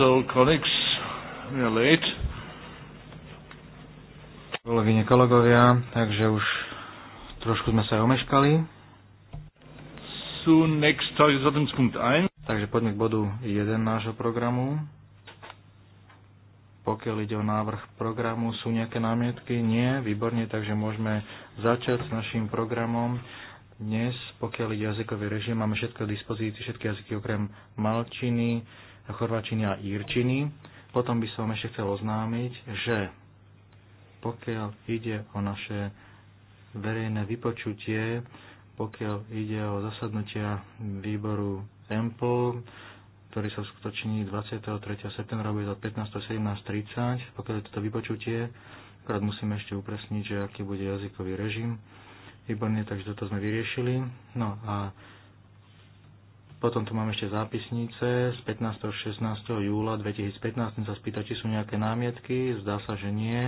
So, colleagues, we are late. Kolegyne, kolegovia, takže už trošku sme sa aj omeškali. Zunächst Tagesordnungspunkt 1. Takže poďme k bodu 1 nášho programu. Pokiaľ ide o návrh programu, sú nejaké námietky? Nie, výborne, takže môžeme začať s našim programom. Dnes, pokiaľ ide jazykový režim, máme všetko k dispozícii, všetky jazyky okrem malčiny, chorvačiny a írčiny. Potom by som ešte chcel oznámiť, že pokiaľ ide o naše verejné vypočutie, pokiaľ ide o zasadnutia výboru EMPL, ktorý sa skutoční 23. septembra, bude to 15.17.30, pokiaľ je toto vypočutie, akorát musíme ešte upresniť, že aký bude jazykový režim. Výborne, takže toto sme vyriešili. No a potom tu máme ešte zápisnice z 15. 16. júla 2015. Chcem sa spýta, či sú nejaké námietky. Zdá sa, že nie.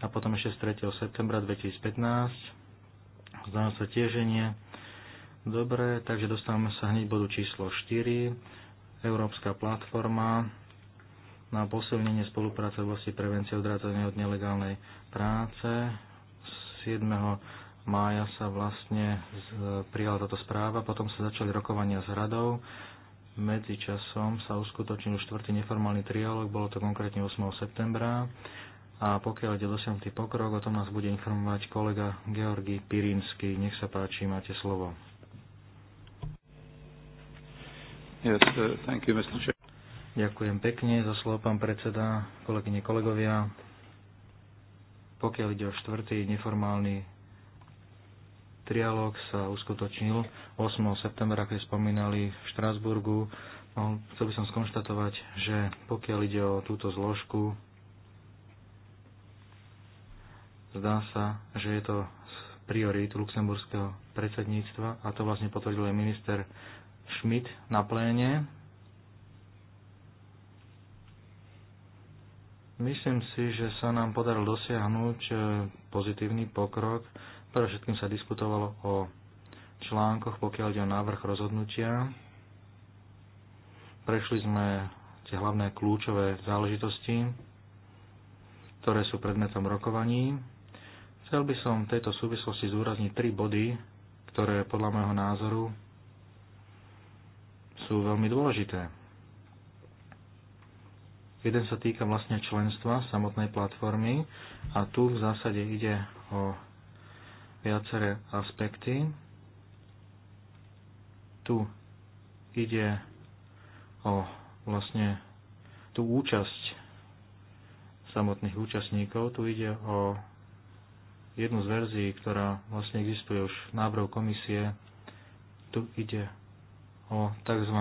A potom ešte z 3. septembra 2015. Zdá sa tiež, že nie. Dobre, takže dostávame sa hneď bodu číslo 4. Európska platforma na posilnenie spolupráce v oblasti prevencie odrádzania od nelegálnej práce 7 mája sa vlastne prijala táto správa, potom sa začali rokovania s radou, časom sa uskutočnil štvrtý neformálny trialog, bolo to konkrétne 8. septembra a pokiaľ ide dosiahnutý pokrok, o tom nás bude informovať kolega Georgi Pirinsky. Nech sa páči, máte slovo. Yes, uh, thank you, Mr. Chair. Ďakujem pekne za slovo, pán predseda, kolegyne, kolegovia. Pokiaľ ide o štvrtý neformálny Trialóg sa uskutočnil 8. septembra, keď spomínali v Štrásburgu. No, chcel by som skonštatovať, že pokiaľ ide o túto zložku, zdá sa, že je to priorít luxemburského predsedníctva a to vlastne potvrdil aj minister Schmidt na pléne. Myslím si, že sa nám podarilo dosiahnuť eh, pozitívny pokrok pre všetkým sa diskutovalo o článkoch, pokiaľ ide o návrh rozhodnutia. Prešli sme tie hlavné kľúčové záležitosti, ktoré sú predmetom rokovaní. Chcel by som v tejto súvislosti zúrazniť tri body, ktoré podľa môjho názoru sú veľmi dôležité. Jeden sa týka vlastne členstva samotnej platformy a tu v zásade ide o viaceré aspekty. Tu ide o vlastne tú účasť samotných účastníkov. Tu ide o jednu z verzií, ktorá vlastne existuje už v návrhu komisie. Tu ide o tzv.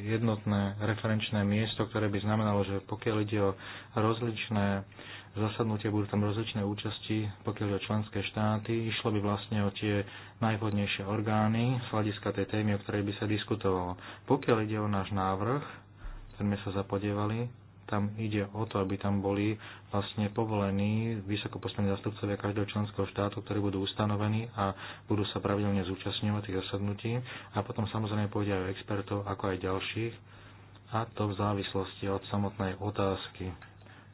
jednotné referenčné miesto, ktoré by znamenalo, že pokiaľ ide o rozličné Zasadnutie budú tam rozličné účasti, pokiaľ o členské štáty. Išlo by vlastne o tie najvhodnejšie orgány z hľadiska tej témy, o ktorej by sa diskutovalo. Pokiaľ ide o náš návrh, ktorý sme sa zapodievali, tam ide o to, aby tam boli vlastne povolení vysokopostavení zastupcovia každého členského štátu, ktorí budú ustanovení a budú sa pravidelne zúčastňovať tých zasadnutí a potom samozrejme pôjde aj expertov, ako aj ďalších a to v závislosti od samotnej otázky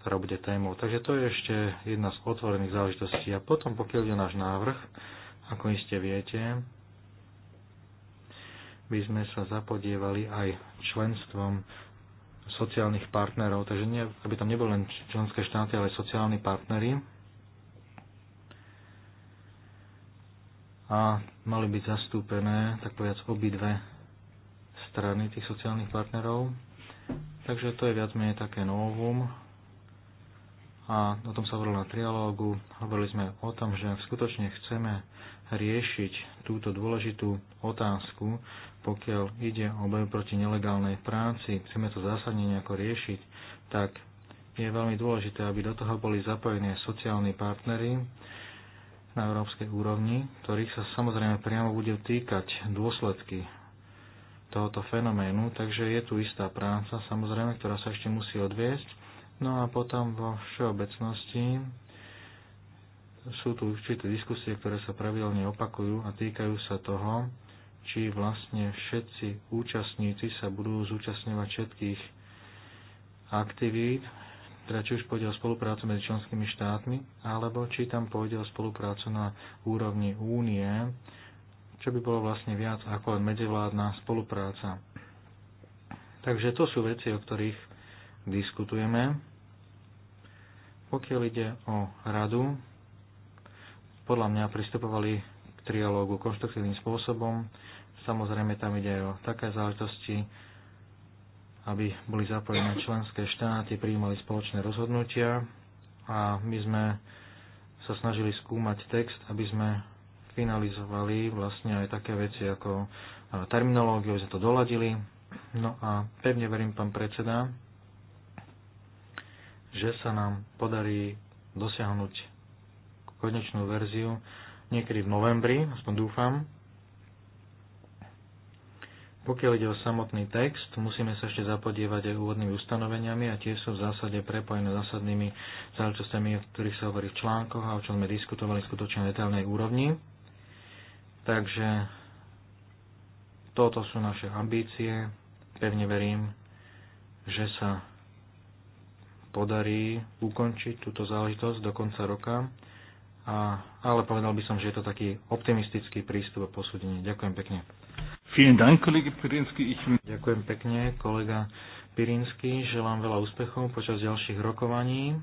ktorá bude témou. Takže to je ešte jedna z otvorených záležitostí. A potom, pokiaľ je náš návrh, ako iste viete, by sme sa zapodievali aj členstvom sociálnych partnerov, takže nie, aby tam neboli len členské štáty, ale sociálni partnery. A mali byť zastúpené, tak povedať, obidve strany tých sociálnych partnerov. Takže to je viac menej také novum, a o tom sa hovorilo na trialógu. Hovorili sme o tom, že ak skutočne chceme riešiť túto dôležitú otázku, pokiaľ ide o boj proti nelegálnej práci, chceme to zásadne nejako riešiť, tak je veľmi dôležité, aby do toho boli zapojení sociálni partnery na európskej úrovni, ktorých sa samozrejme priamo bude týkať dôsledky tohoto fenoménu, takže je tu istá práca, samozrejme, ktorá sa ešte musí odviesť No a potom vo všeobecnosti sú tu určité diskusie, ktoré sa pravidelne opakujú a týkajú sa toho, či vlastne všetci účastníci sa budú zúčastňovať všetkých aktivít, teda či už pôjde o spoluprácu medzi členskými štátmi, alebo či tam pôjde o spoluprácu na úrovni únie, čo by bolo vlastne viac ako len medzivládna spolupráca. Takže to sú veci, o ktorých diskutujeme. Pokiaľ ide o radu, podľa mňa pristupovali k trialógu konštruktívnym spôsobom. Samozrejme tam ide aj o také záležitosti, aby boli zapojené členské štáty, prijímali spoločné rozhodnutia a my sme sa snažili skúmať text, aby sme finalizovali vlastne aj také veci ako e, terminológiu, sme to doladili. No a pevne verím, pán predseda, že sa nám podarí dosiahnuť konečnú verziu niekedy v novembri, aspoň dúfam. Pokiaľ ide o samotný text, musíme sa ešte zapodievať aj úvodnými ustanoveniami a tie sú v zásade prepojené zásadnými záležitostiami, o ktorých sa hovorí v článkoch a o čom sme diskutovali skutočne na detailnej úrovni. Takže toto sú naše ambície. Pevne verím, že sa podarí ukončiť túto záležitosť do konca roka. A, ale povedal by som, že je to taký optimistický prístup a posúdenie. Ďakujem pekne. Ďakujem pekne, kolega Pirinsky. Želám veľa úspechov počas ďalších rokovaní.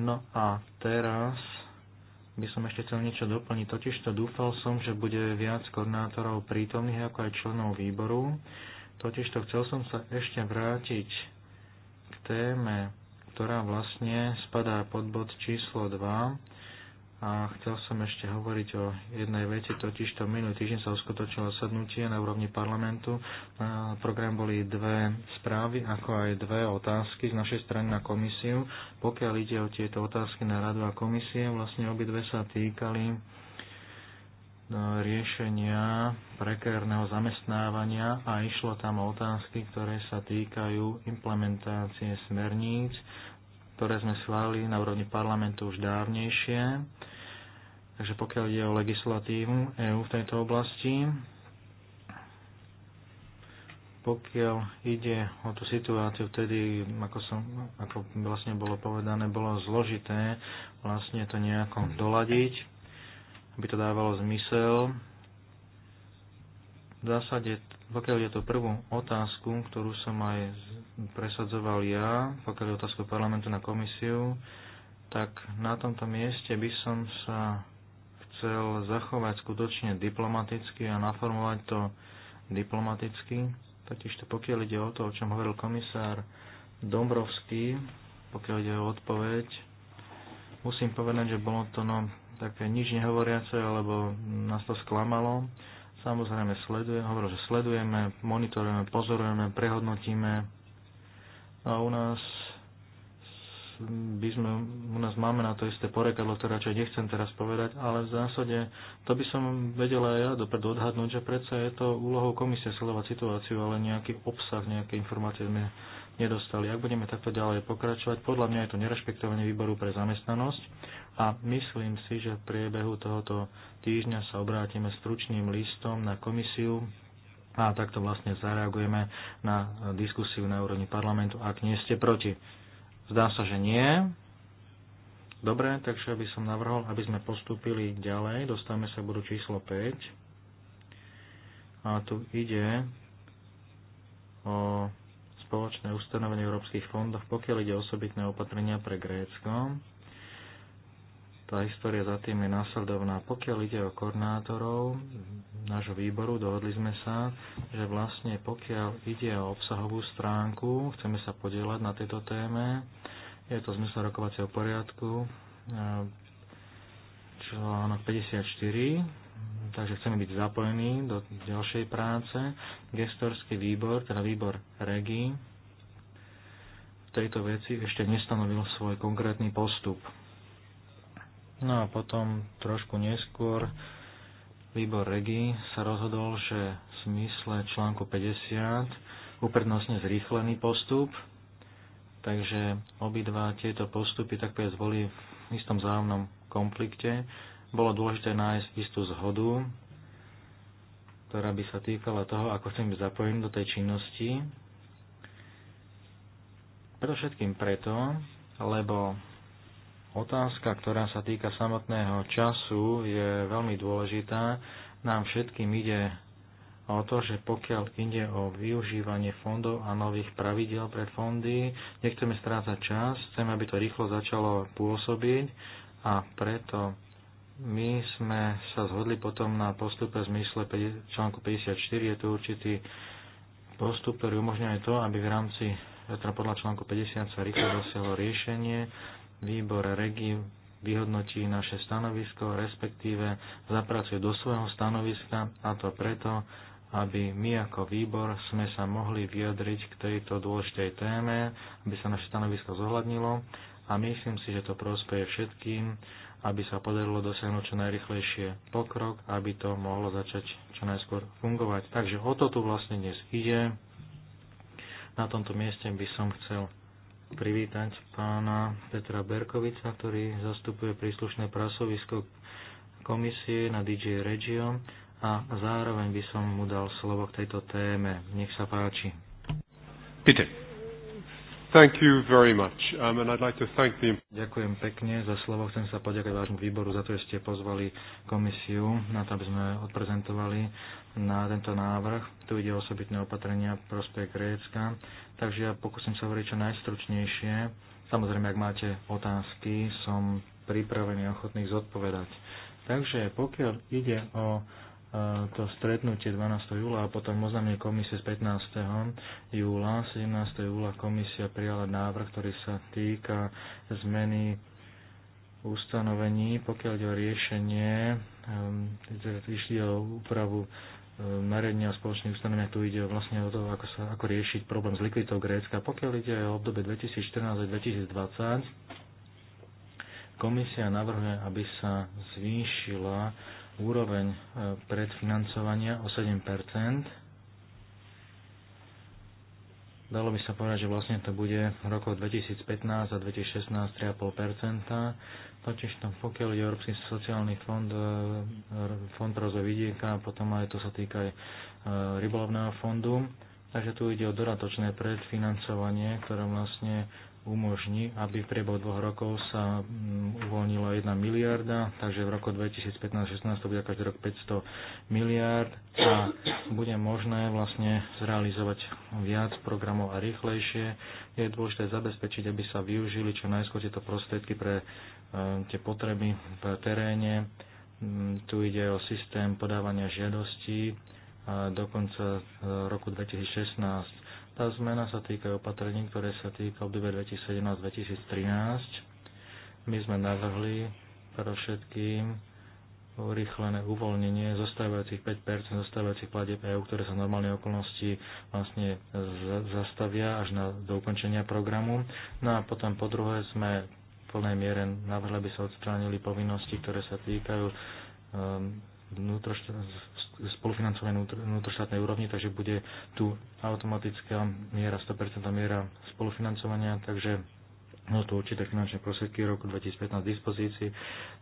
No a teraz by som ešte chcel niečo doplniť. Totižto dúfal som, že bude viac koordinátorov prítomných, ako aj členov výboru. Totižto chcel som sa ešte vrátiť téme, ktorá vlastne spadá pod bod číslo 2 a chcel som ešte hovoriť o jednej veci, totiž to minulý týždeň sa uskutočilo sadnutie na úrovni parlamentu. Na program boli dve správy, ako aj dve otázky z našej strany na komisiu. Pokiaľ ide o tieto otázky na radu a komisie, vlastne obidve sa týkali riešenia prekérneho zamestnávania a išlo tam o otázky, ktoré sa týkajú implementácie smerníc, ktoré sme schválili na úrovni parlamentu už dávnejšie. Takže pokiaľ ide o legislatívu EÚ v tejto oblasti, pokiaľ ide o tú situáciu, vtedy, ako, som, ako vlastne bolo povedané, bolo zložité vlastne to nejako doladiť aby to dávalo zmysel. V zásade, pokiaľ je to prvú otázku, ktorú som aj presadzoval ja, pokiaľ je otázku parlamentu na komisiu, tak na tomto mieste by som sa chcel zachovať skutočne diplomaticky a naformovať to diplomaticky. to, pokiaľ ide o to, o čom hovoril komisár Dombrovský, pokiaľ ide o odpoveď, musím povedať, že bolo to no, také nič nehovoriace, alebo nás to sklamalo. Samozrejme sledujeme, hovoril, že sledujeme, monitorujeme, pozorujeme, prehodnotíme. A u nás by sme, u nás máme na to isté porekadlo, ktoré teda čo nechcem teraz povedať, ale v zásade to by som vedela aj ja dopredu odhadnúť, že predsa je to úlohou komisie sledovať situáciu, ale nejaký obsah, nejaké informácie sme nedostali. Ak budeme takto ďalej pokračovať, podľa mňa je to nerešpektovanie výboru pre zamestnanosť a myslím si, že v priebehu tohoto týždňa sa obrátime stručným listom na komisiu a takto vlastne zareagujeme na diskusiu na úrovni parlamentu, ak nie ste proti. Zdá sa, že nie. Dobre, takže by som navrhol, aby sme postúpili ďalej. Dostávame sa bodu číslo 5. A tu ide o spoločné ustanovenie európskych fondoch, pokiaľ ide osobitné opatrenia pre Grécko. Tá história za tým je následovná. Pokiaľ ide o koordinátorov nášho výboru, dohodli sme sa, že vlastne pokiaľ ide o obsahovú stránku, chceme sa podielať na tejto téme. Je to zmysel rokovacieho poriadku eh, článok 54 takže chceme byť zapojení do ďalšej práce. Gestorský výbor, teda výbor REGI, v tejto veci ešte nestanovil svoj konkrétny postup. No a potom trošku neskôr výbor REGI sa rozhodol, že v smysle článku 50 uprednostne zrýchlený postup, takže obidva tieto postupy tak povedať zvolí v istom zájomnom konflikte, bolo dôležité nájsť istú zhodu, ktorá by sa týkala toho, ako chcem byť zapojený do tej činnosti. Predovšetkým preto, lebo otázka, ktorá sa týka samotného času, je veľmi dôležitá. Nám všetkým ide o to, že pokiaľ ide o využívanie fondov a nových pravidel pre fondy, nechceme strácať čas, chceme, aby to rýchlo začalo pôsobiť a preto my sme sa zhodli potom na postupe v zmysle článku 54. Je to určitý postup, ktorý umožňuje to, aby v rámci, teda podľa článku 50 sa rýchlo dosiahlo riešenie. Výbor regi vyhodnotí naše stanovisko, respektíve zapracuje do svojho stanoviska a to preto, aby my ako výbor sme sa mohli vyjadriť k tejto dôležitej téme, aby sa naše stanovisko zohľadnilo a myslím si, že to prospeje všetkým aby sa podarilo dosiahnuť čo najrychlejšie pokrok, aby to mohlo začať čo najskôr fungovať. Takže o to tu vlastne dnes ide. Na tomto mieste by som chcel privítať pána Petra Berkovica, ktorý zastupuje príslušné prasovisko komisie na DJ Regio a zároveň by som mu dal slovo k tejto téme. Nech sa páči. Peter. Thank you very much. Um, and I'd like to thank the... Ďakujem pekne za slovo. Chcem sa poďakovať vášmu výboru za to, že ste pozvali komisiu na to, aby sme odprezentovali na tento návrh. Tu ide o osobitné opatrenia prospech Grécka. Takže ja pokúsim sa hovoriť čo najstručnejšie. Samozrejme, ak máte otázky, som pripravený a ochotný zodpovedať. Takže pokiaľ ide o Eh, to stretnutie 12. júla a potom oznámenie komisie z 15. júla. 17. júla komisia prijala návrh, ktorý sa týka zmeny ustanovení, pokiaľ ide o riešenie, eh, teda išli o úpravu eh, merenia spoločných ustanovenia, tu ide vlastne o to, ako, sa, ako riešiť problém s likviditou Grécka. Pokiaľ ide o obdobie 2014 až 2020, komisia navrhuje, aby sa zvýšila úroveň e, predfinancovania o 7 Dalo by sa povedať, že vlastne to bude v rokoch 2015 a 2016 3,5 Totiž tam pokiaľ je Európsky sociálny fond, e, fond rozvoj vidieka, potom aj to sa týka aj e, rybolovného fondu, takže tu ide o dodatočné predfinancovanie, ktoré vlastne umožní, aby v priebehu dvoch rokov sa mm, uvoľnila 1 miliarda, takže v roku 2015-16 to bude každý rok 500 miliard a bude možné vlastne zrealizovať viac programov a rýchlejšie. Je dôležité zabezpečiť, aby sa využili čo najskôr tieto prostriedky pre e, tie potreby v teréne. Mm, tu ide o systém podávania žiadostí dokonca e, roku 2016 tá zmena sa týka opatrení, ktoré sa týka obdobia 2017-2013. My sme navrhli pre všetkým urychlené uvoľnenie zostávajúcich 5 zostávajúcich platieb EU, ktoré sa v normálnej okolnosti vlastne zastavia až na, do ukončenia programu. No a potom po druhé sme v plnej miere navrhli, aby sa odstránili povinnosti, ktoré sa týkajú um, ehm, vnútroštátnych spolufinancované vnútr, vnútroštátnej úrovni, takže bude tu automatická miera, 100% miera spolufinancovania, takže No to určité finančné prostriedky v roku 2015 v dispozícii,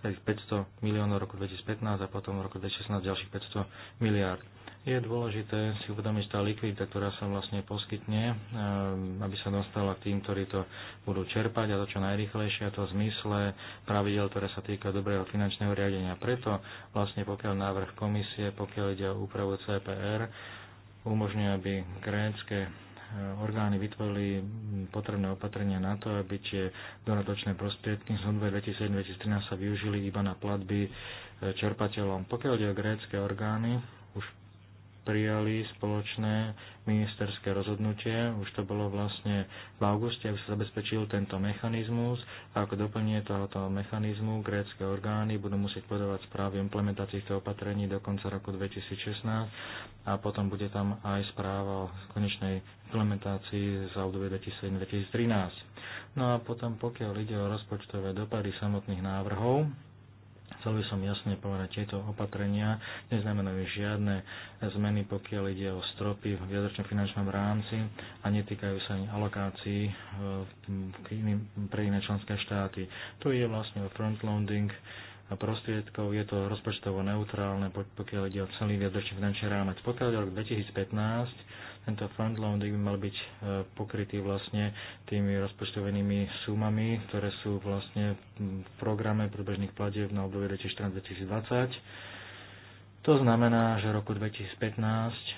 500 miliónov v roku 2015 a potom v roku 2016 ďalších 500 miliárd. Je dôležité si uvedomiť, tá likvidita, ktorá sa vlastne poskytne, ehm, aby sa dostala k tým, ktorí to budú čerpať a to čo najrychlejšie a to v zmysle pravidel, ktoré sa týka dobrého finančného riadenia. Preto vlastne pokiaľ návrh komisie, pokiaľ ide o úpravu CPR, umožňuje, aby grécké orgány vytvorili potrebné opatrenia na to, aby tie donatočné prostriedky z 2007-2013 sa využili iba na platby eh, čerpateľom. Pokiaľ ide o grécké orgány, už prijali spoločné ministerské rozhodnutie, už to bolo vlastne v auguste, aby sa zabezpečil tento mechanizmus a ako doplnenie tohoto mechanizmu grécké orgány budú musieť podávať správy o implementácii týchto opatrení do konca roku 2016 a potom bude tam aj správa o konečnej implementácii za obdobie 2007-2013. No a potom pokiaľ ide o rozpočtové dopady samotných návrhov, Chcel by som jasne povedať, tieto opatrenia neznamenajú žiadne zmeny, pokiaľ ide o stropy v viacročnom finančnom rámci a netýkajú sa ani alokácií e, pre iné členské štáty. Tu je vlastne frontloading prostriedkov, je to rozpočtovo neutrálne, pokiaľ ide o celý viadročný finančný rámec. Pokiaľ rok 2015 tento fund loading by mal byť e, pokrytý vlastne tými rozpočtovenými sumami, ktoré sú vlastne v programe prebežných platieb na obdobie 2014-2020. To znamená, že v roku 2015 e,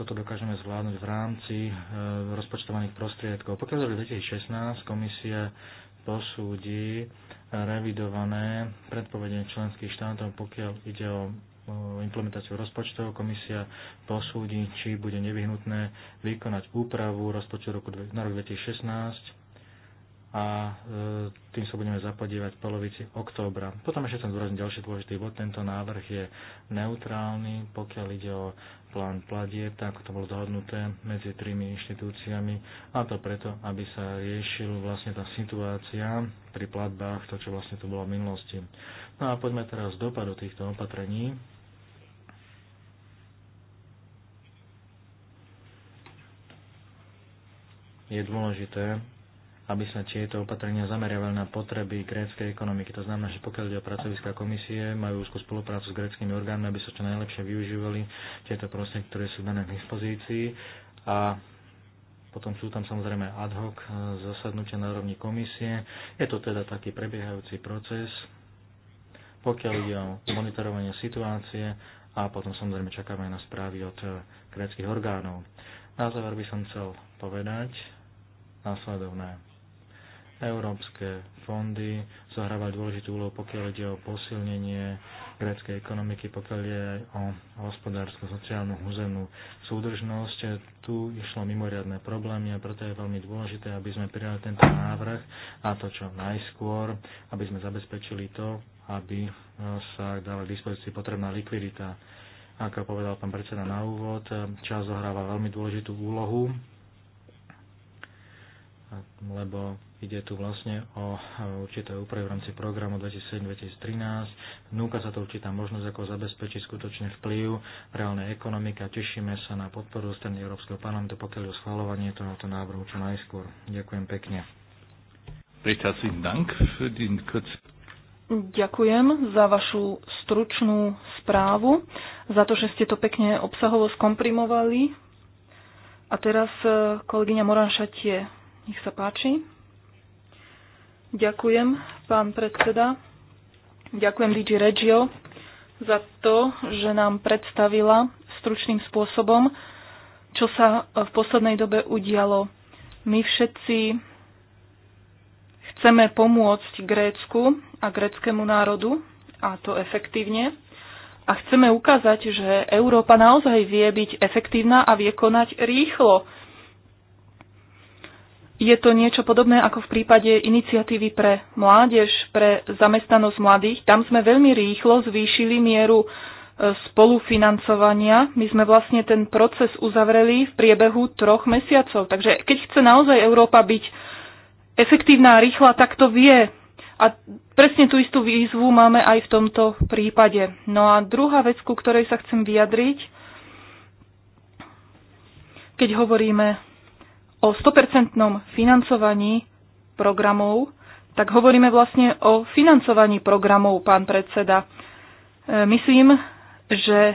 toto dokážeme zvládnuť v rámci e, rozpočtovaných prostriedkov. Pokiaľ v 2016 komisia posúdi revidované predpovedenie členských štátov, pokiaľ ide o Eh, implementáciu rozpočtov komisia posúdi, či bude nevyhnutné vykonať úpravu rozpočtu roku, na rok 2016 a e, tým sa budeme zapodívať v polovici októbra. Potom ešte chcem zdôrazniť ďalší dôležitý bod. Tento návrh je neutrálny, pokiaľ ide o plán platieb, tak to bolo zahodnuté medzi trimi inštitúciami a to preto, aby sa riešil vlastne tá situácia pri platbách, to čo vlastne tu bolo v minulosti. No a poďme teraz dopadu týchto opatrení. je dôležité, aby sa tieto opatrenia zameriavali na potreby gréckej ekonomiky. To znamená, že pokiaľ ide o pracoviská komisie, majú úzkú spoluprácu s gréckými orgánmi, aby sa čo najlepšie využívali tieto prostriedky, ktoré sú dané k dispozícii. A potom sú tam samozrejme ad hoc e, zasadnutia na rovni komisie. Je to teda taký prebiehajúci proces, pokiaľ ide o monitorovanie situácie a potom samozrejme čakáme na správy od e, gréckých orgánov. Na záver by som chcel povedať, nasledovné. Európske fondy zohrávajú dôležitú úlohu, pokiaľ ide o posilnenie gréckej ekonomiky, pokiaľ ide aj o hospodárskú, sociálnu, územnú súdržnosť. Tu išlo mimoriadne problémy a preto je veľmi dôležité, aby sme prijali tento návrh a to čo najskôr, aby sme zabezpečili to, aby e, sa dala k dispozícii potrebná likvidita. Ako povedal pán predseda na úvod, e, čas zohráva veľmi dôležitú úlohu lebo ide tu vlastne o určité úpravy v rámci programu 2007-2013. Vnúka sa to určitá možnosť, ako zabezpečiť skutočne vplyv reálnej ekonomiky a tešíme sa na podporu strany Európskeho parlamentu, pokiaľ je schvalovanie tohoto návrhu čo najskôr. Ďakujem pekne. Ďakujem za vašu stručnú správu, za to, že ste to pekne obsahovo skomprimovali. A teraz eh, kolegyňa Moranšatie. Nech sa páči. Ďakujem, pán predseda. Ďakujem DJ Regio za to, že nám predstavila stručným spôsobom, čo sa v poslednej dobe udialo. My všetci chceme pomôcť Grécku a gréckému národu, a to efektívne. A chceme ukázať, že Európa naozaj vie byť efektívna a vie konať rýchlo. Je to niečo podobné ako v prípade iniciatívy pre mládež, pre zamestnanosť mladých. Tam sme veľmi rýchlo zvýšili mieru e, spolufinancovania. My sme vlastne ten proces uzavreli v priebehu troch mesiacov. Takže keď chce naozaj Európa byť efektívna a rýchla, tak to vie. A presne tú istú výzvu máme aj v tomto prípade. No a druhá vec, ku ktorej sa chcem vyjadriť, keď hovoríme o 100% financovaní programov, tak hovoríme vlastne o financovaní programov, pán predseda. E, myslím, že e,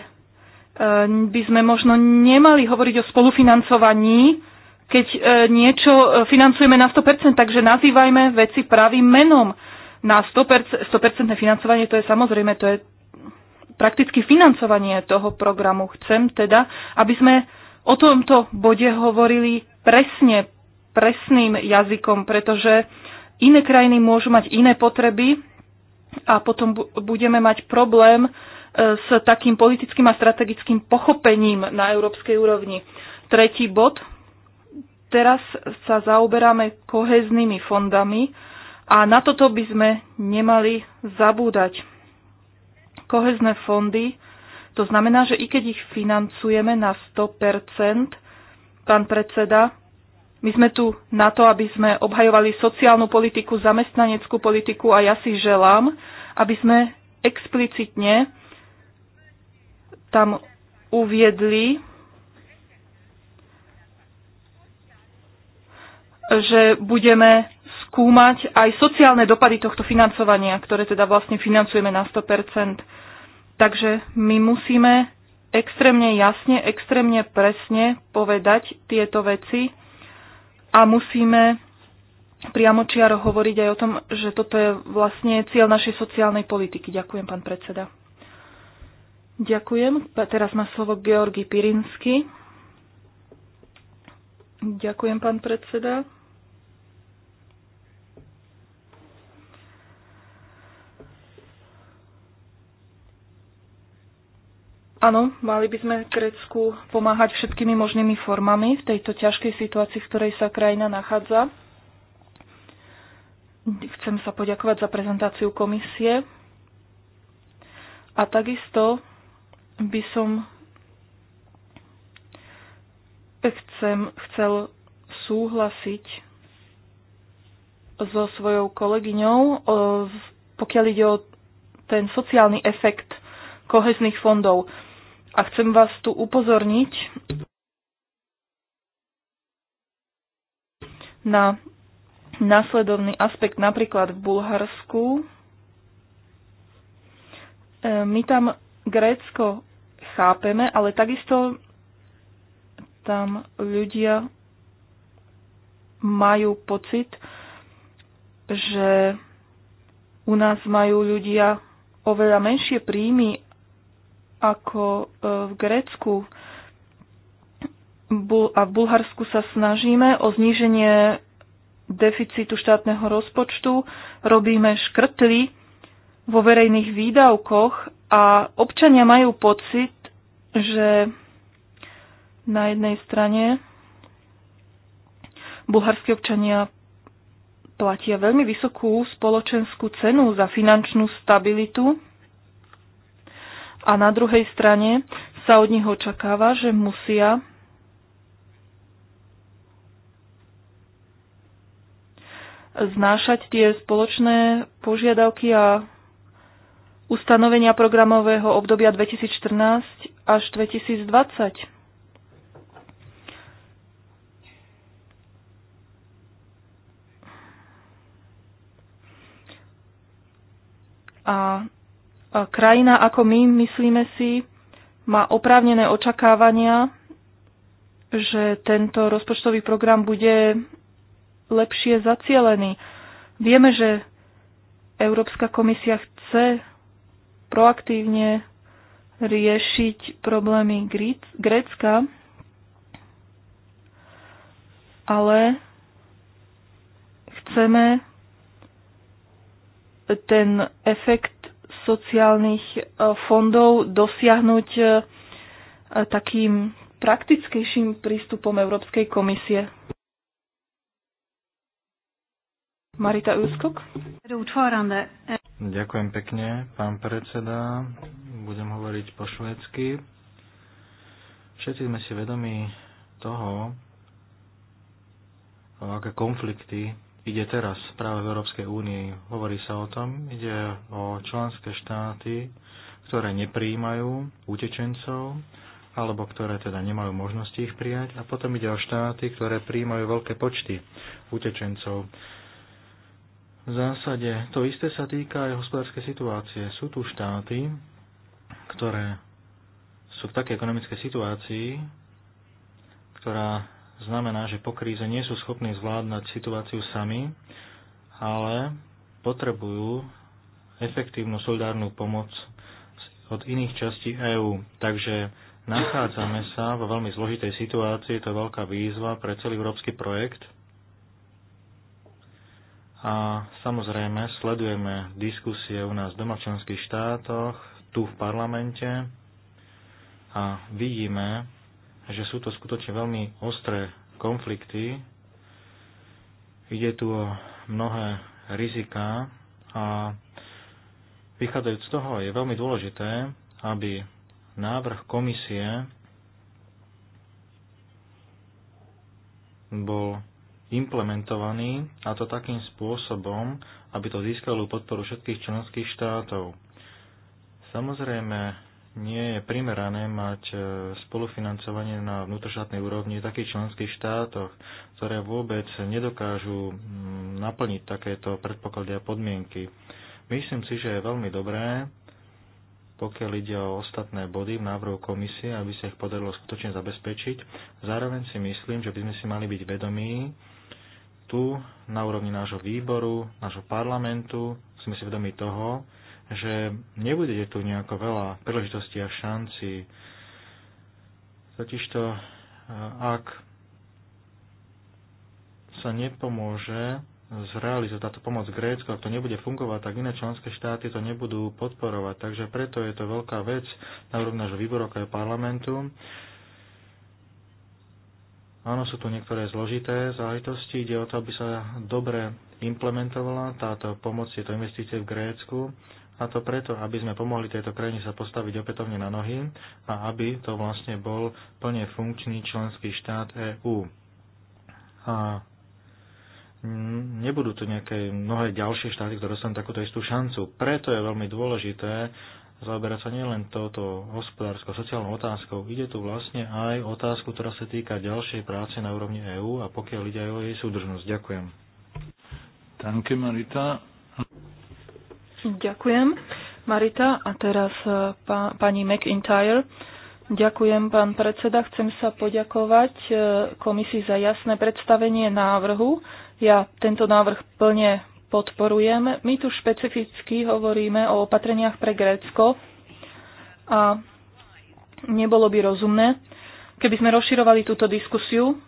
by sme možno nemali hovoriť o spolufinancovaní, keď e, niečo financujeme na 100%, takže nazývajme veci pravým menom. Na 100%, 100% financovanie to je samozrejme, to je prakticky financovanie toho programu. Chcem teda, aby sme o tomto bode hovorili presne, presným jazykom, pretože iné krajiny môžu mať iné potreby a potom budeme mať problém e, s takým politickým a strategickým pochopením na európskej úrovni. Tretí bod. Teraz sa zaoberáme koheznými fondami a na toto by sme nemali zabúdať. Kohezné fondy, to znamená, že i keď ich financujeme na 100%, pán predseda. My sme tu na to, aby sme obhajovali sociálnu politiku, zamestnaneckú politiku a ja si želám, aby sme explicitne tam uviedli, že budeme skúmať aj sociálne dopady tohto financovania, ktoré teda vlastne financujeme na 100%. Takže my musíme extrémne jasne, extrémne presne povedať tieto veci a musíme priamočiaro hovoriť aj o tom, že toto je vlastne cieľ našej sociálnej politiky. Ďakujem, pán predseda. Ďakujem. Teraz má slovo Georgi Pirinsky. Ďakujem, pán predseda. Áno, mali by sme Grécku pomáhať všetkými možnými formami v tejto ťažkej situácii, v ktorej sa krajina nachádza. Chcem sa poďakovať za prezentáciu komisie. A takisto by som chcem, chcel súhlasiť so svojou kolegyňou, pokiaľ ide o ten sociálny efekt kohezných fondov. A chcem vás tu upozorniť na následovný aspekt napríklad v Bulharsku. E, my tam Grécko chápeme, ale takisto tam ľudia majú pocit, že u nás majú ľudia oveľa menšie príjmy ako e, v Grécku a v Bulharsku sa snažíme o zníženie deficitu štátneho rozpočtu, robíme škrtly vo verejných výdavkoch a občania majú pocit, že na jednej strane bulharskí občania platia veľmi vysokú spoločenskú cenu za finančnú stabilitu a na druhej strane sa od nich očakáva, že musia znášať tie spoločné požiadavky a ustanovenia programového obdobia 2014 až 2020. A krajina ako my, myslíme si, má oprávnené očakávania, že tento rozpočtový program bude lepšie zacielený. Vieme, že Európska komisia chce proaktívne riešiť problémy Grécka, ale chceme ten efekt sociálnych e, fondov dosiahnuť e, e, takým praktickejším prístupom Európskej komisie. Marita Úskok. Ďakujem pekne, pán predseda. Budem hovoriť po švédsky. Všetci sme si vedomi toho, aké konflikty ide teraz práve v Európskej únii. Hovorí sa o tom, ide o členské štáty, ktoré nepríjmajú utečencov, alebo ktoré teda nemajú možnosti ich prijať. A potom ide o štáty, ktoré príjmajú veľké počty utečencov. V zásade to isté sa týka aj hospodárskej situácie. Sú tu štáty, ktoré sú v takej ekonomickej situácii, ktorá znamená, že po kríze nie sú schopní zvládnať situáciu sami, ale potrebujú efektívnu solidárnu pomoc od iných častí EÚ. Takže nachádzame sa vo veľmi zložitej situácii, je to veľká výzva pre celý európsky projekt. A samozrejme sledujeme diskusie u nás v domačanských štátoch, tu v parlamente a vidíme, že sú to skutočne veľmi ostré konflikty. Ide tu o mnohé rizika a vychádzajúc z toho je veľmi dôležité, aby návrh komisie bol implementovaný a to takým spôsobom, aby to získalo podporu všetkých členských štátov. Samozrejme, nie je primerané mať e, spolufinancovanie na vnútroštátnej úrovni v takých členských štátoch, ktoré vôbec nedokážu naplniť takéto predpoklady a podmienky. Myslím si, že je veľmi dobré, pokiaľ ide o ostatné body v návrhu komisie, aby sa ich podarilo skutočne zabezpečiť. Zároveň si myslím, že by sme si mali byť vedomí tu na úrovni nášho výboru, nášho parlamentu, sme si vedomi toho, že nebude tu nejako veľa príležitostí a šanci. Totižto, ak sa nepomôže zrealizovať táto pomoc Grécku, ak to nebude fungovať, tak iné členské štáty to nebudú podporovať. Takže preto je to veľká vec na úrovni nášho výboru ako aj parlamentu. Áno, sú tu niektoré zložité záležitosti, ide o to, aby sa dobre implementovala táto pomoc, tieto investície v Grécku a to preto, aby sme pomohli tejto krajine sa postaviť opätovne na nohy a aby to vlastne bol plne funkčný členský štát EÚ. A nebudú to nejaké mnohé ďalšie štáty, ktoré dostanú takúto istú šancu. Preto je veľmi dôležité zaoberať sa nielen touto hospodárskou, sociálnou otázkou. Ide tu vlastne aj otázku, ktorá sa týka ďalšej práce na úrovni EÚ a pokiaľ ide aj o jej súdržnosť. Ďakujem. Danke, Marita. Ďakujem, Marita. A teraz e, pá, pani McIntyre. Ďakujem, pán predseda. Chcem sa poďakovať e, komisii za jasné predstavenie návrhu. Ja tento návrh plne podporujem. My tu špecificky hovoríme o opatreniach pre Grécko a nebolo by rozumné, keby sme rozširovali túto diskusiu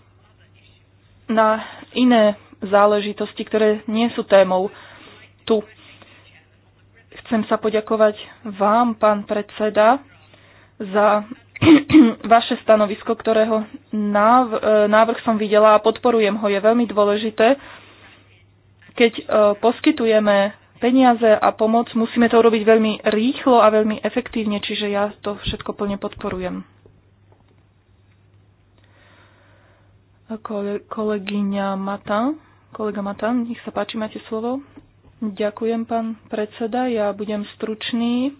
na iné záležitosti, ktoré nie sú témou tu. Chcem sa poďakovať vám, pán predseda, za vaše stanovisko, ktorého e, návrh som videla a podporujem ho, je veľmi dôležité. Keď e, poskytujeme peniaze a pomoc, musíme to urobiť veľmi rýchlo a veľmi efektívne, čiže ja to všetko plne podporujem. Kole, kolegyňa Matan, kolega Matan, nech sa páči, máte slovo. Ďakujem, pán predseda. Ja budem stručný.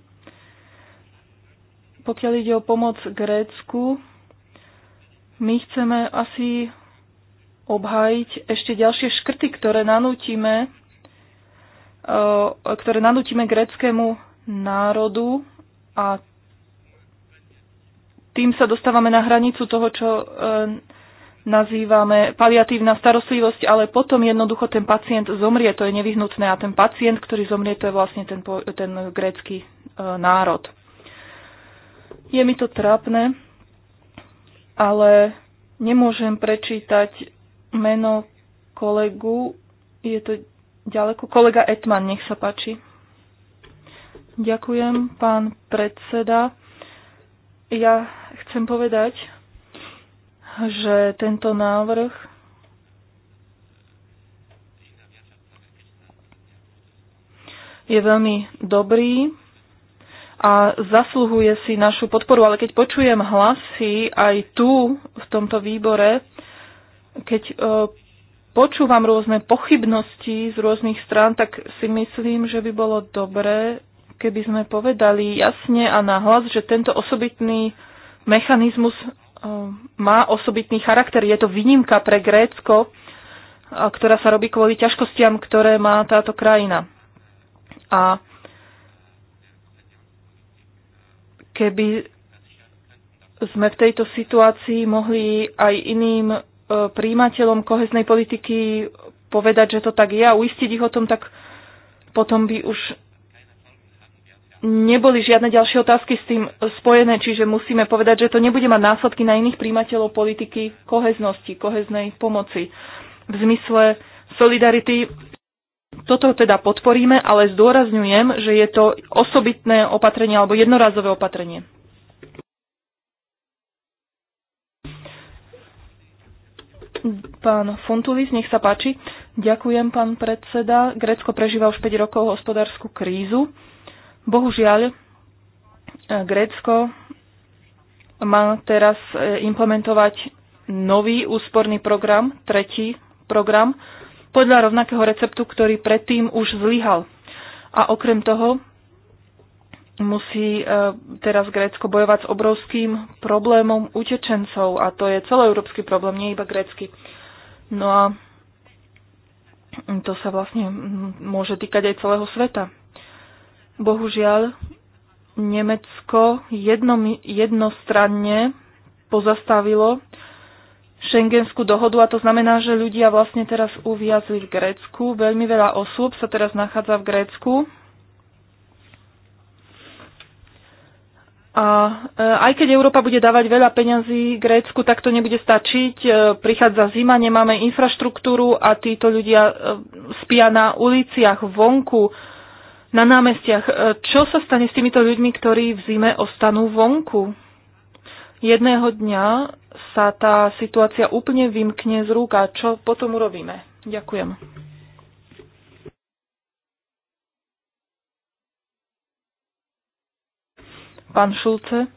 Pokiaľ ide o pomoc Grécku, my chceme asi obhájiť ešte ďalšie škrty, ktoré nanútime, eh, ktoré nanútime gréckému národu a tým sa dostávame na hranicu toho, čo eh, nazývame paliatívna starostlivosť, ale potom jednoducho ten pacient zomrie, to je nevyhnutné a ten pacient, ktorý zomrie, to je vlastne ten, ten grécky e, národ. Je mi to trápne, ale nemôžem prečítať meno kolegu, je to ďaleko, kolega Etman, nech sa páči. Ďakujem, pán predseda. Ja chcem povedať, že tento návrh je veľmi dobrý a zasluhuje si našu podporu. Ale keď počujem hlasy aj tu, v tomto výbore, keď e, počúvam rôzne pochybnosti z rôznych strán, tak si myslím, že by bolo dobré, keby sme povedali jasne a nahlas, že tento osobitný mechanizmus má osobitný charakter. Je to výnimka pre Grécko, ktorá sa robí kvôli ťažkostiam, ktoré má táto krajina. A keby sme v tejto situácii mohli aj iným e, príjimateľom koheznej politiky povedať, že to tak je a uistiť ich o tom, tak potom by už neboli žiadne ďalšie otázky s tým spojené, čiže musíme povedať, že to nebude mať následky na iných príjimateľov politiky koheznosti, koheznej pomoci. V zmysle solidarity toto teda podporíme, ale zdôrazňujem, že je to osobitné opatrenie alebo jednorazové opatrenie. Pán Fontulis, nech sa páči. Ďakujem, pán predseda. Grécko prežíva už 5 rokov hospodárskú krízu Bohužiaľ, e, Grécko má teraz e, implementovať nový úsporný program, tretí program, podľa rovnakého receptu, ktorý predtým už zlyhal. A okrem toho musí e, teraz Grécko bojovať s obrovským problémom utečencov a to je celoeurópsky problém, nie iba grécky. No a to sa vlastne môže týkať aj celého sveta. Bohužiaľ, Nemecko jedno, jednostranne pozastavilo šengenskú dohodu a to znamená, že ľudia vlastne teraz uviazli v Grécku. Veľmi veľa osôb sa teraz nachádza v Grécku. A e, aj keď Európa bude dávať veľa peňazí Grécku, tak to nebude stačiť. E, prichádza zima, nemáme infraštruktúru a títo ľudia e, spia na uliciach vonku na námestiach. E, čo sa stane s týmito ľuďmi, ktorí v zime ostanú vonku? Jedného dňa sa tá situácia úplne vymkne z rúk a čo potom urobíme? Ďakujem. Pán Šulce, e,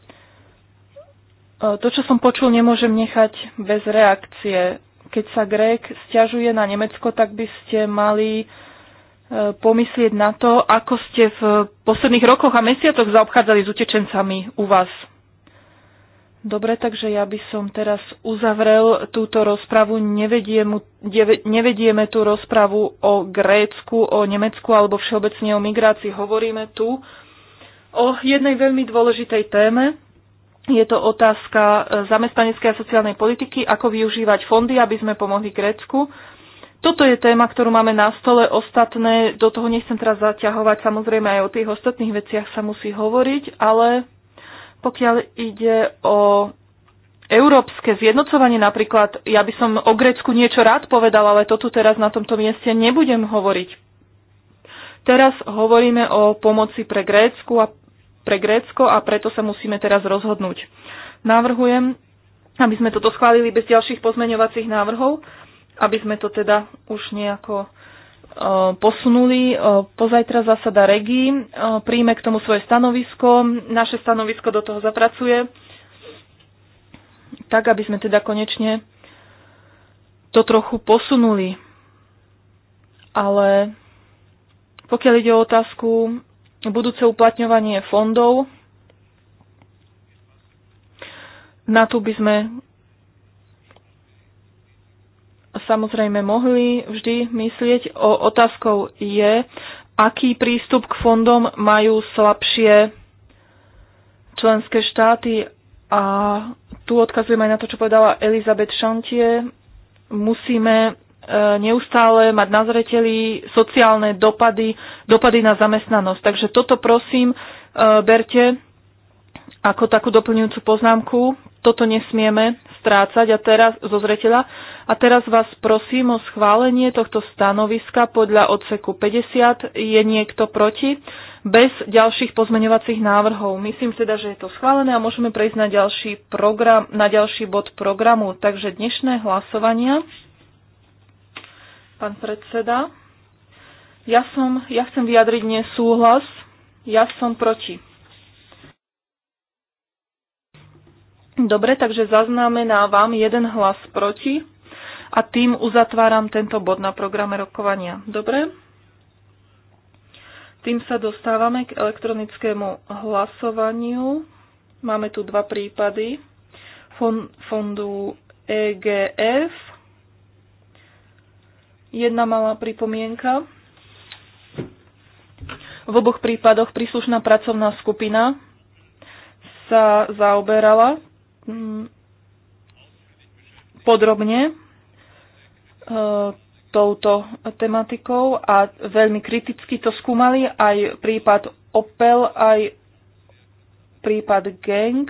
to, čo som počul, nemôžem nechať bez reakcie. Keď sa Grék stiažuje na Nemecko, tak by ste mali uh, pomyslieť na to, ako ste v posledných rokoch a mesiacoch zaobchádzali s utečencami u vás. Dobre, takže ja by som teraz uzavrel túto rozpravu. Nevedieme, nevedieme tú rozpravu o Grécku, o Nemecku alebo všeobecne o migrácii. Hovoríme tu o jednej veľmi dôležitej téme. Je to otázka e, zamestnaneckej a sociálnej politiky, ako využívať fondy, aby sme pomohli Grécku. Toto je téma, ktorú máme na stole. Ostatné, do toho nechcem teraz zaťahovať. Samozrejme aj o tých ostatných veciach sa musí hovoriť, ale pokiaľ ide o európske zjednocovanie napríklad, ja by som o Grécku niečo rád povedal, ale to tu teraz na tomto mieste nebudem hovoriť. Teraz hovoríme o pomoci pre Grécku a pre Grécko a preto sa musíme teraz rozhodnúť. Navrhujem, aby sme toto schválili bez ďalších pozmeňovacích návrhov aby sme to teda už nejako e, posunuli. E, pozajtra zasada regí, e, príjme k tomu svoje stanovisko, naše stanovisko do toho zapracuje, tak aby sme teda konečne to trochu posunuli. Ale pokiaľ ide o otázku budúce uplatňovanie fondov, na tu by sme samozrejme mohli vždy myslieť. O, otázkou je, aký prístup k fondom majú slabšie členské štáty a tu odkazujem aj na to, čo povedala Elizabeth Šantie. Musíme e, neustále mať na zreteli sociálne dopady, dopady na zamestnanosť. Takže toto prosím e, berte ako takú doplňujúcu poznámku toto nesmieme strácať a teraz zo zreteľa. A teraz vás prosím o schválenie tohto stanoviska podľa odseku 50. Je niekto proti? Bez ďalších pozmeňovacích návrhov. Myslím teda, že je to schválené a môžeme prejsť na ďalší, program, na ďalší bod programu. Takže dnešné hlasovania. Pán predseda. Ja, som, ja chcem vyjadriť nesúhlas. Ja som proti. Dobre, takže zaznamenávam jeden hlas proti a tým uzatváram tento bod na programe rokovania. Dobre? Tým sa dostávame k elektronickému hlasovaniu. Máme tu dva prípady fondu EGF. Jedna malá pripomienka. V oboch prípadoch príslušná pracovná skupina sa zaoberala Mm, podrobne e, touto tematikou a veľmi kriticky to skúmali aj prípad Opel, aj prípad Gang.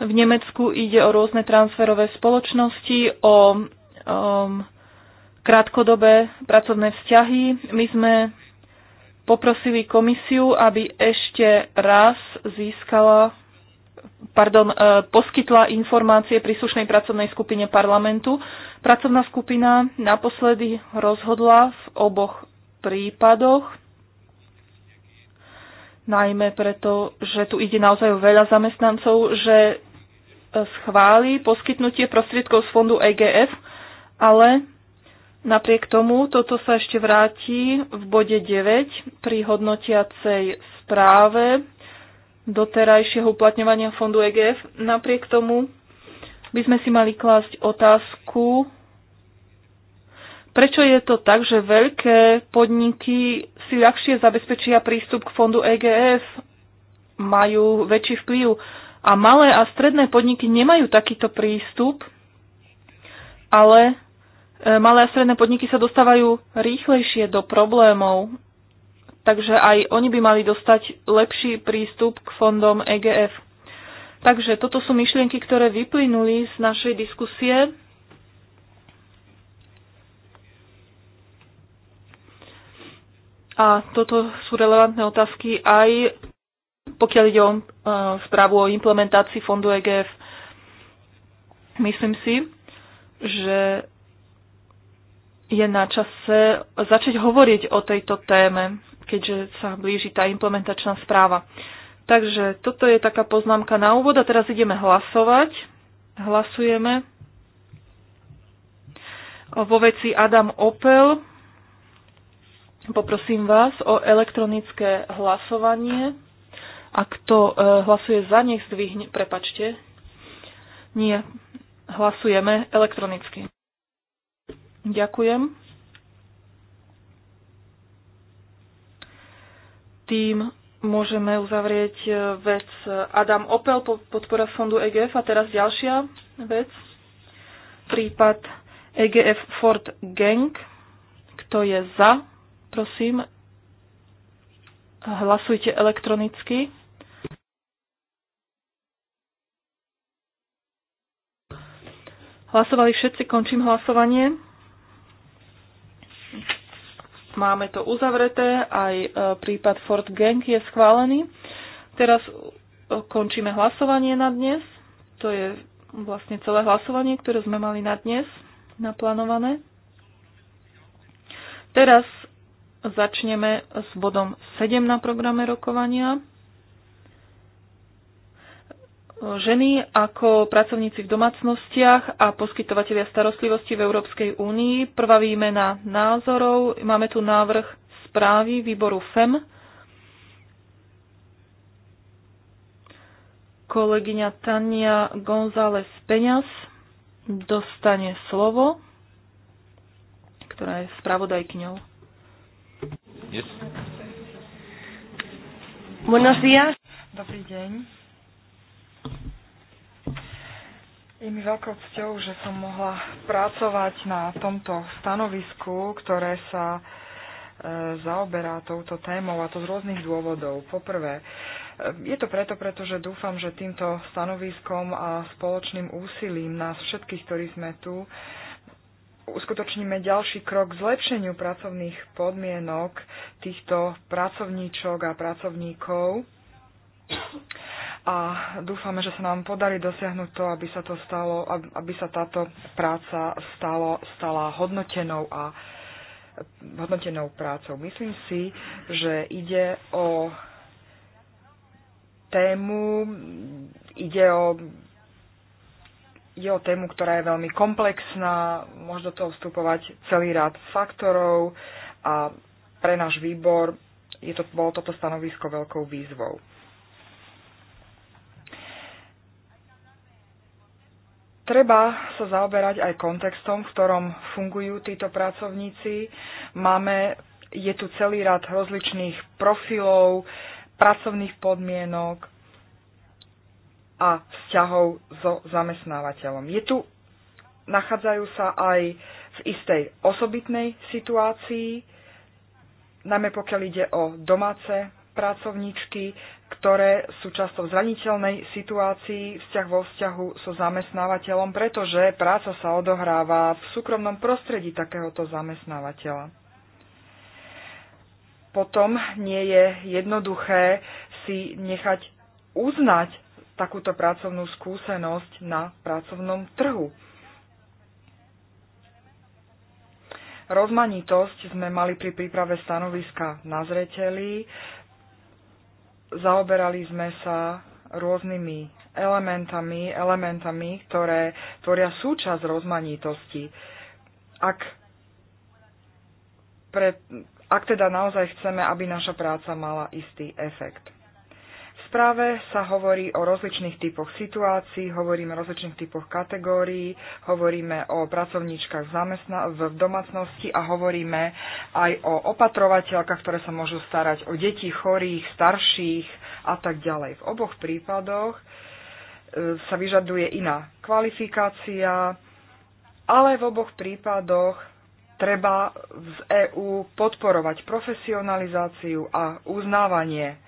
V Nemecku ide o rôzne transferové spoločnosti, o um, krátkodobé pracovné vzťahy. My sme poprosili komisiu, aby ešte raz získala pardon, e, poskytla informácie príslušnej pracovnej skupine parlamentu. Pracovná skupina naposledy rozhodla v oboch prípadoch, najmä preto, že tu ide naozaj o veľa zamestnancov, že e, schváli poskytnutie prostriedkov z fondu EGF, ale napriek tomu toto sa ešte vráti v bode 9 pri hodnotiacej správe doterajšieho uplatňovania fondu EGF. Napriek tomu by sme si mali klásť otázku, prečo je to tak, že veľké podniky si ľahšie zabezpečia prístup k fondu EGF, majú väčší vplyv a malé a stredné podniky nemajú takýto prístup, ale e, malé a stredné podniky sa dostávajú rýchlejšie do problémov Takže aj oni by mali dostať lepší prístup k fondom EGF. Takže toto sú myšlienky, ktoré vyplynuli z našej diskusie. A toto sú relevantné otázky aj pokiaľ ide o e, správu o implementácii fondu EGF. Myslím si, že je na čase začať hovoriť o tejto téme keďže sa blíži tá implementačná správa. Takže toto je taká poznámka na úvod a teraz ideme hlasovať. Hlasujeme vo veci Adam Opel. Poprosím vás o elektronické hlasovanie. A kto e, hlasuje za, nech zdvihne. Prepačte. Nie. Hlasujeme elektronicky. Ďakujem. tým môžeme uzavrieť e, vec Adam Opel, podpora fondu EGF. A teraz ďalšia vec, prípad EGF Ford Gang. Kto je za, prosím, hlasujte elektronicky. Hlasovali všetci, končím hlasovanie. Máme to uzavreté, aj e, prípad Fort Gang je schválený. Teraz e, končíme hlasovanie na dnes. To je vlastne celé hlasovanie, ktoré sme mali na dnes naplánované. Teraz začneme s bodom 7 na programe rokovania. Ženy ako pracovníci v domácnostiach a poskytovateľia starostlivosti v Európskej únii. Prvá výmena názorov. Máme tu návrh správy výboru FEM. Kolegyňa Tania González Peňas dostane slovo, ktorá je spravodajkňou. Yes. Buenos días. Dobrý deň. Je mi veľkou cťou, že som mohla pracovať na tomto stanovisku, ktoré sa e, zaoberá touto témou a to z rôznych dôvodov. Poprvé, e, je to preto, pretože dúfam, že týmto stanoviskom a spoločným úsilím nás všetkých, ktorí sme tu, uskutočníme ďalší krok k zlepšeniu pracovných podmienok týchto pracovníčok a pracovníkov a dúfame, že sa nám podarí dosiahnuť to, aby sa, to stalo, aby sa táto práca stalo, stala hodnotenou a hodnotenou prácou. Myslím si, že ide o tému, ide o ide o tému, ktorá je veľmi komplexná, môže do toho vstupovať celý rád faktorov a pre náš výbor je to, bolo toto stanovisko veľkou výzvou. Treba sa zaoberať aj kontextom, v ktorom fungujú títo pracovníci. Máme, je tu celý rad rozličných profilov, pracovných podmienok a vzťahov so zamestnávateľom. Je tu, nachádzajú sa aj v istej osobitnej situácii, najmä pokiaľ ide o domáce pracovníčky, ktoré sú často v zraniteľnej situácii vzťah vo vzťahu so zamestnávateľom, pretože práca sa odohráva v súkromnom prostredí takéhoto zamestnávateľa. Potom nie je jednoduché si nechať uznať takúto pracovnú skúsenosť na pracovnom trhu. Rozmanitosť sme mali pri príprave stanoviska na zreteli. Zaoberali sme sa rôznymi elementami, elementami, ktoré tvoria súčasť rozmanitosti. Ak, pre, ak teda naozaj chceme, aby naša práca mala istý efekt správe sa hovorí o rozličných typoch situácií, hovoríme o rozličných typoch kategórií, hovoríme o pracovníčkach v, zamestna- v domácnosti a hovoríme aj o opatrovateľkách, ktoré sa môžu starať o deti chorých, starších a tak ďalej. V oboch prípadoch e, sa vyžaduje iná kvalifikácia, ale v oboch prípadoch treba z EÚ podporovať profesionalizáciu a uznávanie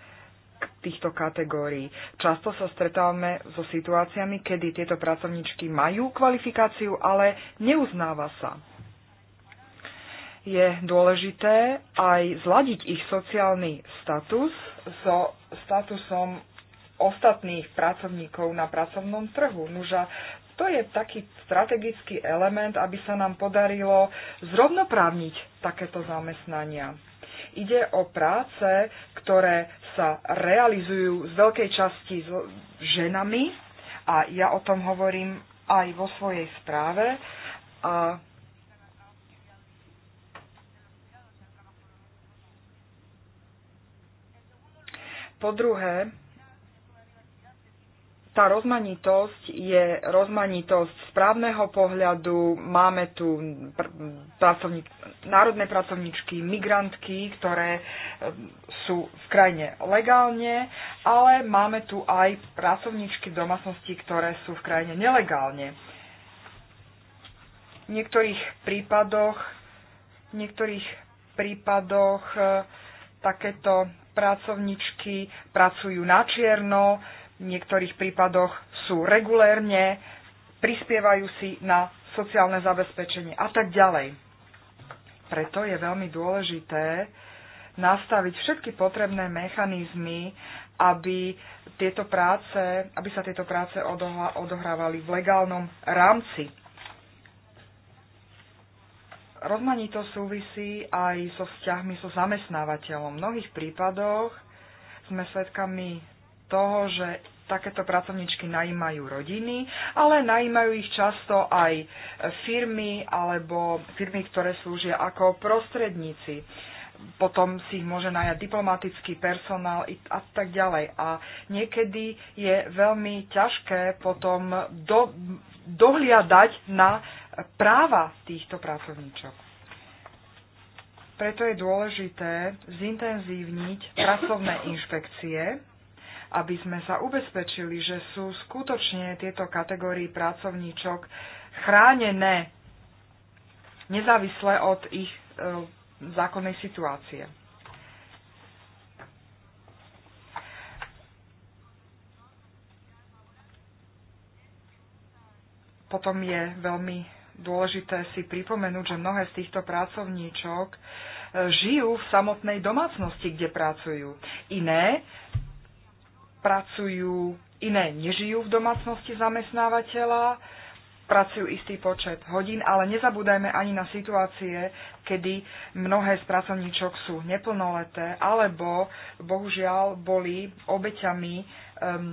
týchto kategórií. Často sa stretávame so situáciami, kedy tieto pracovníčky majú kvalifikáciu, ale neuznáva sa. Je dôležité aj zladiť ich sociálny status so statusom ostatných pracovníkov na pracovnom trhu. Nuža, to je taký strategický element, aby sa nám podarilo zrovnoprávniť takéto zamestnania ide o práce, ktoré sa realizujú z veľkej časti s ženami a ja o tom hovorím aj vo svojej správe. A po druhé, tá rozmanitosť je rozmanitosť správneho pohľadu. Máme tu pr- pracovník, národné pracovničky, migrantky, ktoré eh, sú v krajine legálne, ale máme tu aj pracovničky domácnosti, ktoré sú v krajine nelegálne. V niektorých prípadoch, v niektorých prípadoch eh, takéto pracovničky pracujú na čierno, v niektorých prípadoch sú regulérne, prispievajú si na sociálne zabezpečenie a tak ďalej. Preto je veľmi dôležité nastaviť všetky potrebné mechanizmy, aby, tieto práce, aby sa tieto práce odohrávali v legálnom rámci. Rozmanito súvisí aj so vzťahmi so zamestnávateľom. V mnohých prípadoch sme svedkami toho, že takéto pracovničky najímajú rodiny, ale najímajú ich často aj firmy alebo firmy, ktoré slúžia ako prostredníci. Potom si ich môže najať diplomatický personál a tak ďalej. A niekedy je veľmi ťažké potom do, dohliadať na práva týchto pracovníčok. Preto je dôležité zintenzívniť pracovné inšpekcie aby sme sa ubezpečili, že sú skutočne tieto kategórie pracovníčok chránené nezávisle od ich e, zákonnej situácie. Potom je veľmi dôležité si pripomenúť, že mnohé z týchto pracovníčok e, žijú v samotnej domácnosti, kde pracujú. Iné pracujú, iné nežijú v domácnosti zamestnávateľa, pracujú istý počet hodín, ale nezabúdajme ani na situácie, kedy mnohé z pracovníčok sú neplnoleté alebo bohužiaľ boli obeťami um,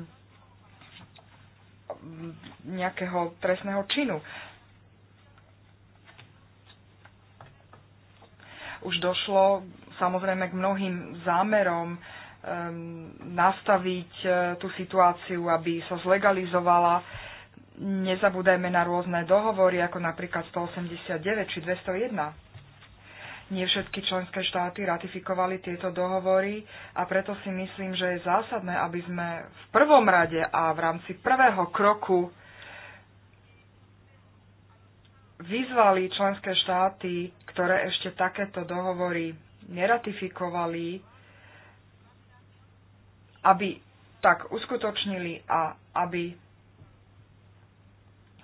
nejakého trestného činu. Už došlo samozrejme k mnohým zámerom Um, nastaviť uh, tú situáciu, aby sa zlegalizovala. Nezabúdajme na rôzne dohovory, ako napríklad 189 či 201. Nie všetky členské štáty ratifikovali tieto dohovory a preto si myslím, že je zásadné, aby sme v prvom rade a v rámci prvého kroku vyzvali členské štáty, ktoré ešte takéto dohovory neratifikovali, aby tak uskutočnili a aby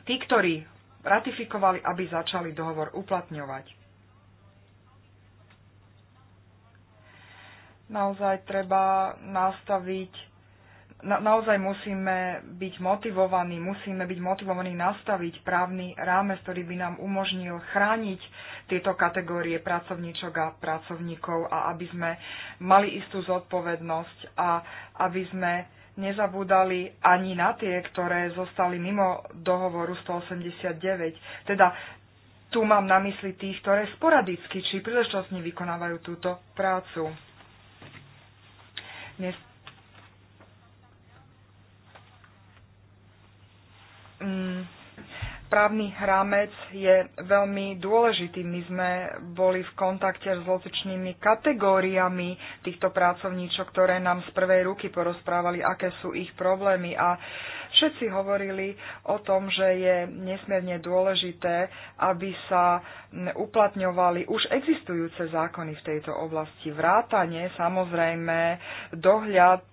tí, ktorí ratifikovali, aby začali dohovor uplatňovať. Naozaj treba nastaviť na, naozaj musíme byť motivovaní, musíme byť motivovaní nastaviť právny rámec, ktorý by nám umožnil chrániť tieto kategórie pracovníčok a pracovníkov a aby sme mali istú zodpovednosť a aby sme nezabúdali ani na tie, ktoré zostali mimo dohovoru 189. Teda tu mám na mysli tých, ktoré sporadicky či príležitostne vykonávajú túto prácu. Dnes Mm, právny rámec je veľmi dôležitý. My sme boli v kontakte s zlotečnými kategóriami týchto pracovníčok, ktoré nám z prvej ruky porozprávali, aké sú ich problémy a všetci hovorili o tom, že je nesmierne dôležité, aby sa mm, uplatňovali už existujúce zákony v tejto oblasti. Vrátanie, samozrejme, dohľad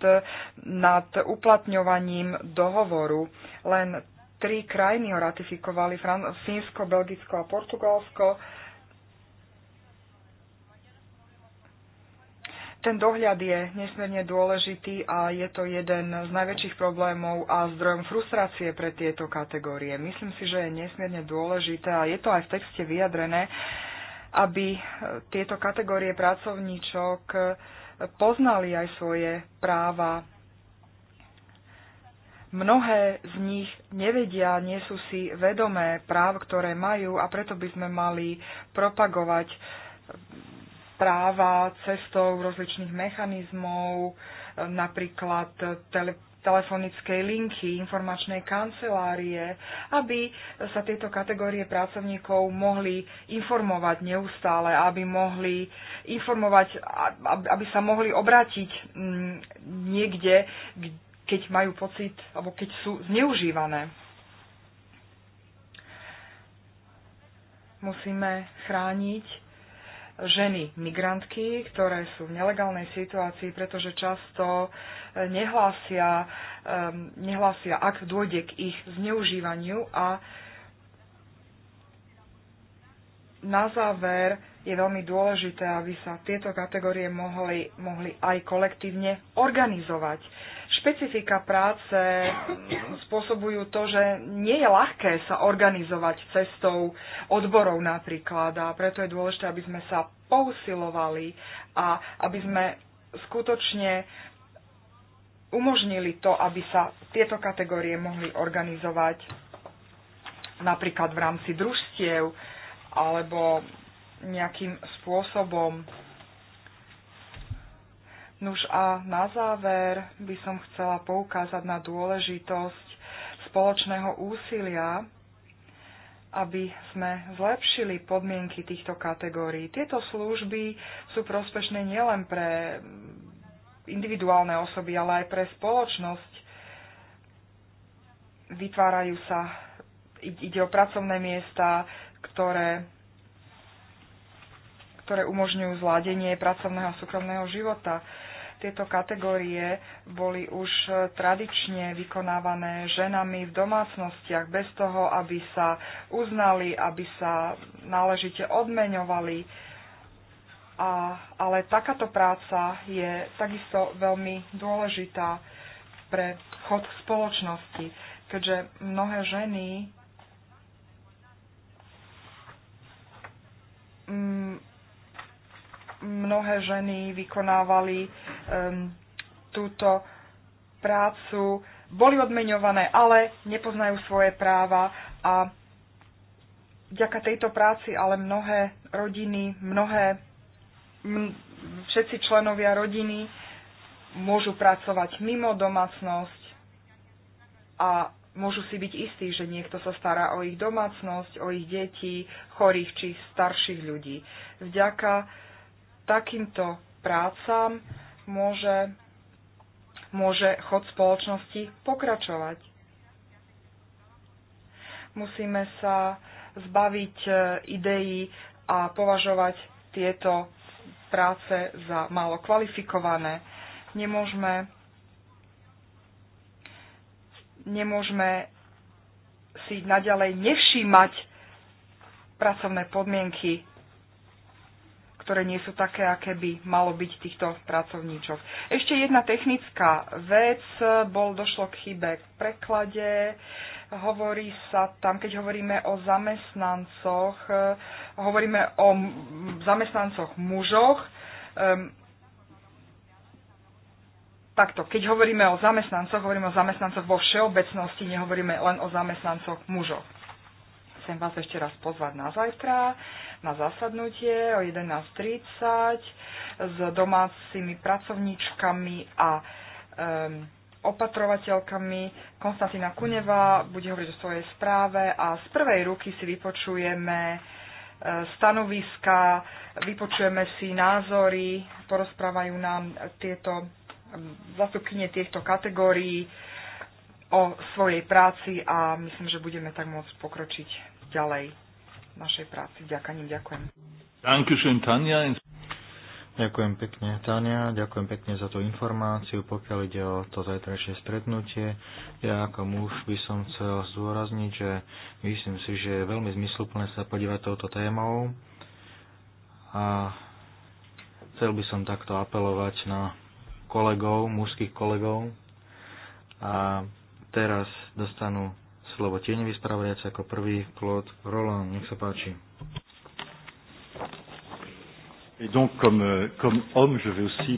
nad uplatňovaním dohovoru. Len tri krajiny ho ratifikovali, Fran- Fínsko, Belgicko a Portugalsko. Ten dohľad je nesmierne dôležitý a je to jeden z najväčších problémov a zdrojom frustrácie pre tieto kategórie. Myslím si, že je nesmierne dôležité a je to aj v texte vyjadrené, aby e, tieto kategórie pracovníčok e, poznali aj svoje práva Mnohé z nich nevedia, nie sú si vedomé práv, ktoré majú a preto by sme mali propagovať práva cestou rozličných mechanizmov, napríklad tele, telefonickej linky, informačnej kancelárie, aby sa tieto kategórie pracovníkov mohli informovať neustále, aby mohli informovať, aby sa mohli obrátiť mm, niekde, kde keď majú pocit, alebo keď sú zneužívané. Musíme chrániť ženy migrantky, ktoré sú v nelegálnej situácii, pretože často eh, nehlásia, ehm, nehlásia ak dôjde k ich zneužívaniu a na záver je veľmi dôležité, aby sa tieto kategórie mohli, mohli aj kolektívne organizovať. Špecifika práce mm, spôsobujú to, že nie je ľahké sa organizovať cestou odborov napríklad a preto je dôležité, aby sme sa pousilovali a aby sme skutočne umožnili to, aby sa tieto kategórie mohli organizovať napríklad v rámci družstiev alebo nejakým spôsobom Nuž a na záver by som chcela poukázať na dôležitosť spoločného úsilia, aby sme zlepšili podmienky týchto kategórií. Tieto služby sú prospešné nielen pre individuálne osoby, ale aj pre spoločnosť. Vytvárajú sa, ide o pracovné miesta, ktoré ktoré umožňujú zladenie pracovného a súkromného života. Tieto kategórie boli už tradične vykonávané ženami v domácnostiach bez toho, aby sa uznali, aby sa náležite odmeňovali. A, ale takáto práca je takisto veľmi dôležitá pre chod spoločnosti, keďže mnohé ženy mm, mnohé ženy vykonávali um, túto prácu, boli odmeňované, ale nepoznajú svoje práva a vďaka tejto práci ale mnohé rodiny, mnohé, m, všetci členovia rodiny môžu pracovať mimo domácnosť a môžu si byť istí, že niekto sa stará o ich domácnosť, o ich deti, chorých či starších ľudí. Vďaka takýmto prácam môže, môže chod spoločnosti pokračovať. Musíme sa zbaviť e, ideí a považovať tieto práce za málo kvalifikované. Nemôžeme, nemôžeme si naďalej nevšímať pracovné podmienky ktoré nie sú také, aké by malo byť týchto pracovníčok. Ešte jedna technická vec, bol došlo k chybe v preklade, hovorí sa tam, keď hovoríme o zamestnancoch, eh, hovoríme o zamestnancoch mužoch, um, takto, keď hovoríme o zamestnancoch, hovoríme o zamestnancoch vo všeobecnosti, nehovoríme len o zamestnancoch mužoch chcem vás ešte raz pozvať na zajtra, na zasadnutie o 11.30 s domácimi pracovníčkami a um, opatrovateľkami. Konstantina Kuneva bude hovoriť o svojej správe a z prvej ruky si vypočujeme e, stanoviska, vypočujeme si názory, porozprávajú nám tieto zastupkynie týchto kategórií o svojej práci a myslím, že budeme tak môcť pokročiť ďalej našej práci. Ďakaním, ďakujem. Ďakujem pekne, Tania. Ďakujem pekne za tú informáciu, pokiaľ ide o to zajtrajšie stretnutie. Ja ako muž by som chcel zdôrazniť, že myslím si, že je veľmi zmysluplné sa podívať touto témou a chcel by som takto apelovať na kolegov, mužských kolegov a teraz dostanú slovo tieňový spravodajca ako prvý Klod Roland. Nech sa páči. Et donc, comme, comme homme, je vais aussi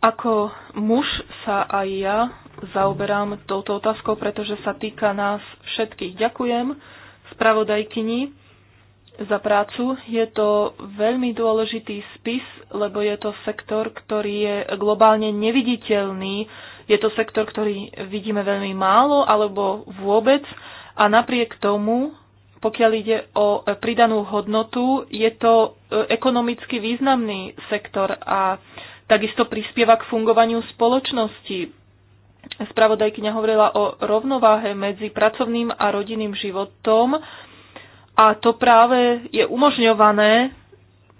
ako muž sa aj ja zaoberám touto otázkou, pretože sa týka nás všetkých. Ďakujem spravodajkyni za prácu. Je to veľmi dôležitý spis, lebo je to sektor, ktorý je globálne neviditeľný. Je to sektor, ktorý vidíme veľmi málo alebo vôbec a napriek tomu, pokiaľ ide o e, pridanú hodnotu, je to e, ekonomicky významný sektor a takisto prispieva k fungovaniu spoločnosti. Spravodajkyňa hovorila o rovnováhe medzi pracovným a rodinným životom a to práve je umožňované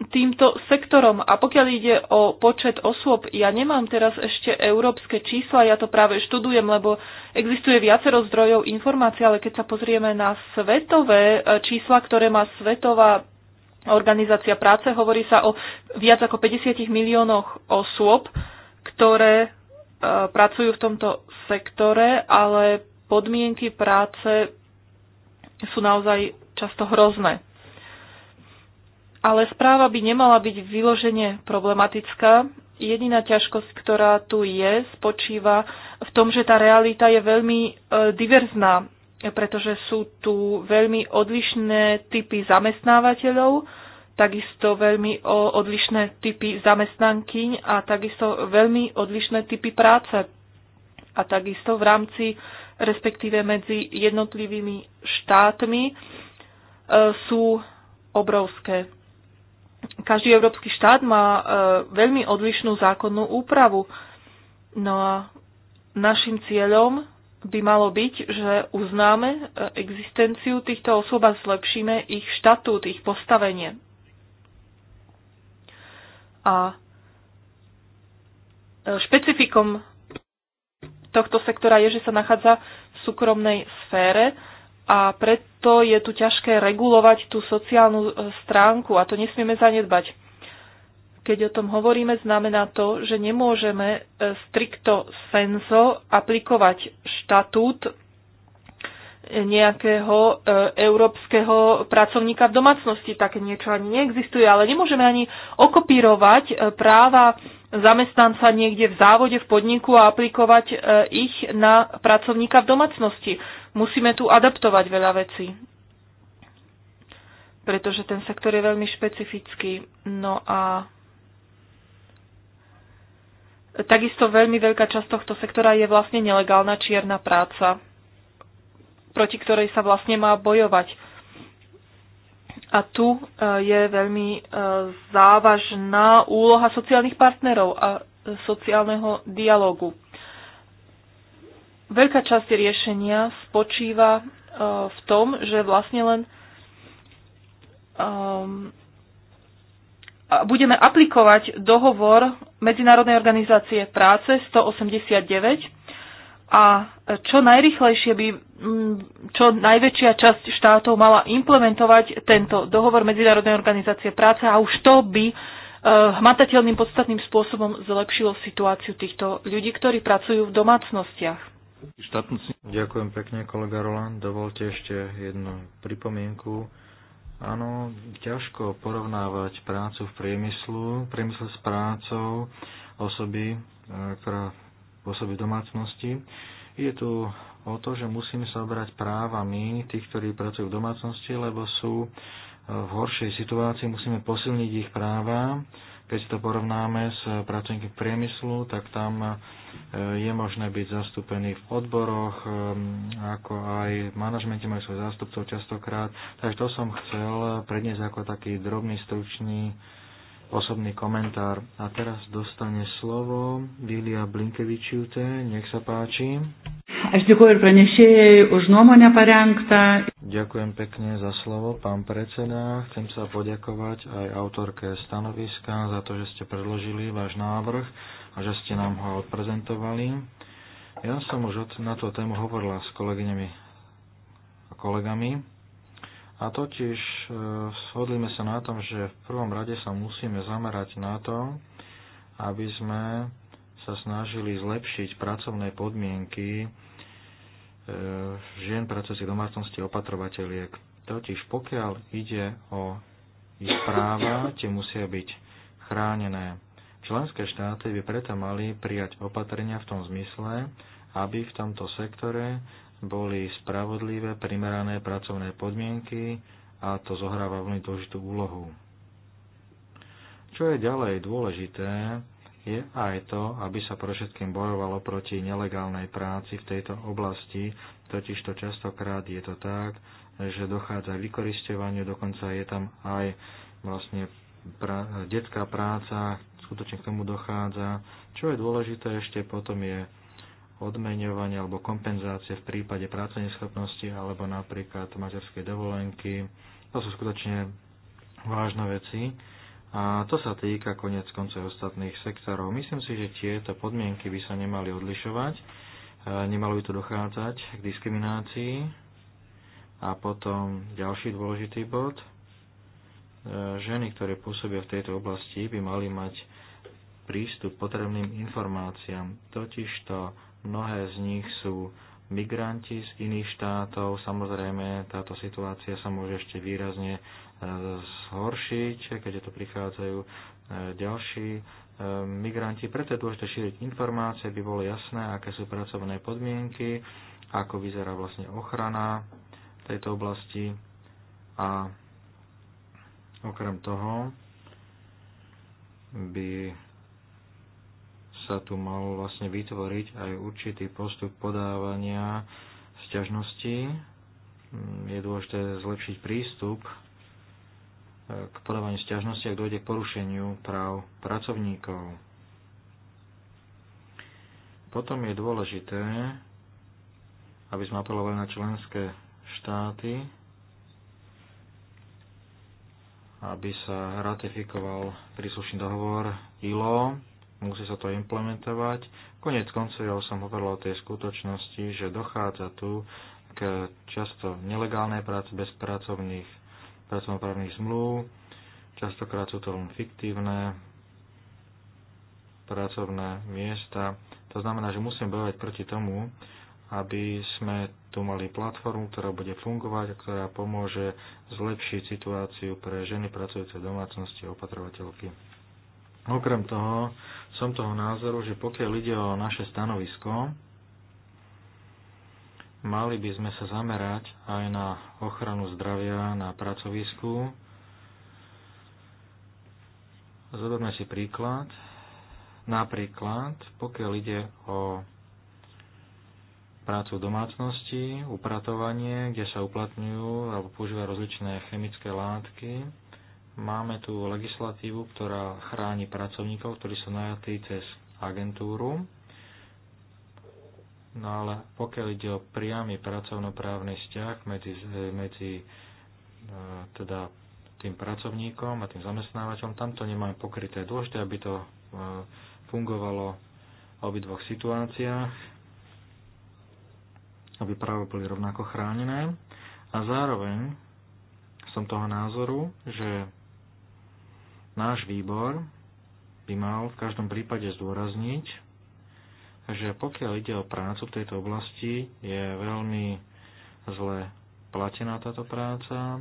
týmto sektorom. A pokiaľ ide o počet osôb, ja nemám teraz ešte európske čísla, ja to práve študujem, lebo existuje viacero zdrojov informácií, ale keď sa pozrieme na svetové e, čísla, ktoré má Svetová organizácia práce, hovorí sa o viac ako 50 miliónoch osôb, ktoré e, pracujú v tomto sektore, ale podmienky práce sú naozaj často hrozné. Ale správa by nemala byť vyložene problematická. Jediná ťažkosť, ktorá tu je, spočíva v tom, že tá realita je veľmi e, diverzná, pretože sú tu veľmi odlišné typy zamestnávateľov, takisto veľmi odlišné typy zamestnankyň a takisto veľmi odlišné typy práce. A takisto v rámci, respektíve medzi jednotlivými štátmi e, sú obrovské. Každý európsky štát má e, veľmi odlišnú zákonnú úpravu. No a našim cieľom by malo byť, že uznáme e, existenciu týchto osôb a zlepšíme ich štatút, ich postavenie. A e, špecifikom tohto sektora je, že sa nachádza v súkromnej sfére a preto je tu ťažké regulovať tú sociálnu e, stránku a to nesmieme zanedbať. Keď o tom hovoríme, znamená to, že nemôžeme e, strikto senso aplikovať štatút e, nejakého európskeho pracovníka v domácnosti. Také niečo ani neexistuje, ale nemôžeme ani okopírovať práva zamestnanca niekde v závode, v podniku a aplikovať ich na pracovníka v domácnosti musíme tu adaptovať veľa vecí, pretože ten sektor je veľmi špecifický. No a takisto veľmi veľká časť tohto sektora je vlastne nelegálna čierna práca, proti ktorej sa vlastne má bojovať. A tu e, je veľmi e, závažná úloha sociálnych partnerov a sociálneho dialogu. Veľká časť riešenia spočíva e, v tom, že vlastne len um, budeme aplikovať dohovor Medzinárodnej organizácie práce 189 a čo najrychlejšie by, čo najväčšia časť štátov mala implementovať tento dohovor Medzinárodnej organizácie práce a už to by e, hmatateľným podstatným spôsobom zlepšilo situáciu týchto ľudí, ktorí pracujú v domácnostiach. Ďakujem pekne, kolega Roland. Dovolte ešte jednu pripomienku. Áno, ťažko porovnávať prácu v priemyslu, priemysle s prácou osoby, e, ktorá pôsobí v domácnosti. Je tu o to, že musíme sa obrať právami tých, ktorí pracujú v domácnosti, lebo sú e, v horšej situácii, musíme posilniť ich práva keď si to porovnáme s pracovníkmi priemyslu, tak tam e, je možné byť zastúpený v odboroch, e, ako aj v manažmente majú svoj zástupcov častokrát. Takže to som chcel predniesť ako taký drobný, stručný osobný komentár. A teraz dostane slovo Vilia Blinkevičiute. Nech sa páči. Aš ďakujem pranešėjai už nuomonę parengtą. Ďakujem pekne za slovo, pán predseda. Chcem sa poďakovať aj autorke stanoviska za to, že ste predložili váš návrh a že ste nám ho odprezentovali. Ja som už na tú tému hovorila s kolegyňami a kolegami. A totiž e, shodlíme sa na tom, že v prvom rade sa musíme zamerať na to, aby sme sa snažili zlepšiť pracovné podmienky E, žien pracujúcich domácnosti opatrovateľiek. Totiž pokiaľ ide o ich práva, tie musia byť chránené. Členské štáty by preto mali prijať opatrenia v tom zmysle, aby v tomto sektore boli spravodlivé, primerané pracovné podmienky a to zohráva veľmi dôležitú úlohu. Čo je ďalej dôležité, je aj to, aby sa pre všetkým bojovalo proti nelegálnej práci v tejto oblasti, totižto častokrát je to tak, že dochádza k vykoristovaniu, dokonca je tam aj vlastne pra, detská práca, skutočne k tomu dochádza. Čo je dôležité ešte potom je odmeňovanie alebo kompenzácie v prípade práce neschopnosti alebo napríklad materskej dovolenky. To sú skutočne vážne veci a to sa týka konec koncov ostatných sektorov. Myslím si, že tieto podmienky by sa nemali odlišovať, e, nemalo by tu dochádzať k diskriminácii. A potom ďalší dôležitý bod. E, ženy, ktoré pôsobia v tejto oblasti, by mali mať prístup potrebným informáciám. Totižto mnohé z nich sú migranti z iných štátov. Samozrejme, táto situácia sa môže ešte výrazne zhoršiť, keď to prichádzajú e, ďalší e, migranti. Preto je dôležité šíriť informácie, by bolo jasné, aké sú pracovné podmienky, ako vyzerá vlastne ochrana tejto oblasti a okrem toho by sa tu mal vlastne vytvoriť aj určitý postup podávania sťažností. Mm, je dôležité zlepšiť prístup k podávaniu stiažnosti, ak dojde k porušeniu práv pracovníkov. Potom je dôležité, aby sme apelovali na členské štáty, aby sa ratifikoval príslušný dohovor ILO, musí sa to implementovať. Konec koncov ja som hovoril o tej skutočnosti, že dochádza tu k často nelegálnej práci bez pracovných pracovnoprávnych zmluv. Častokrát sú to len fiktívne pracovné miesta. To znamená, že musíme bojovať proti tomu, aby sme tu mali platformu, ktorá bude fungovať a ktorá pomôže zlepšiť situáciu pre ženy pracujúce v domácnosti a opatrovateľky. Okrem toho som toho názoru, že pokiaľ ide o naše stanovisko, Mali by sme sa zamerať aj na ochranu zdravia na pracovisku. Zoberme si príklad. Napríklad, pokiaľ ide o prácu v domácnosti, upratovanie, kde sa uplatňujú alebo používajú rozličné chemické látky. Máme tu legislatívu, ktorá chráni pracovníkov, ktorí sú najatí cez agentúru. No ale pokiaľ ide o priamy pracovnoprávny vzťah medzi, medzi e, teda tým pracovníkom a tým zamestnávateľom, tam to nemáme pokryté. Dôležité, aby to e, fungovalo v obidvoch situáciách, aby práva boli rovnako chránené. A zároveň som toho názoru, že náš výbor by mal v každom prípade zdôrazniť, že pokiaľ ide o prácu v tejto oblasti, je veľmi zle platená táto práca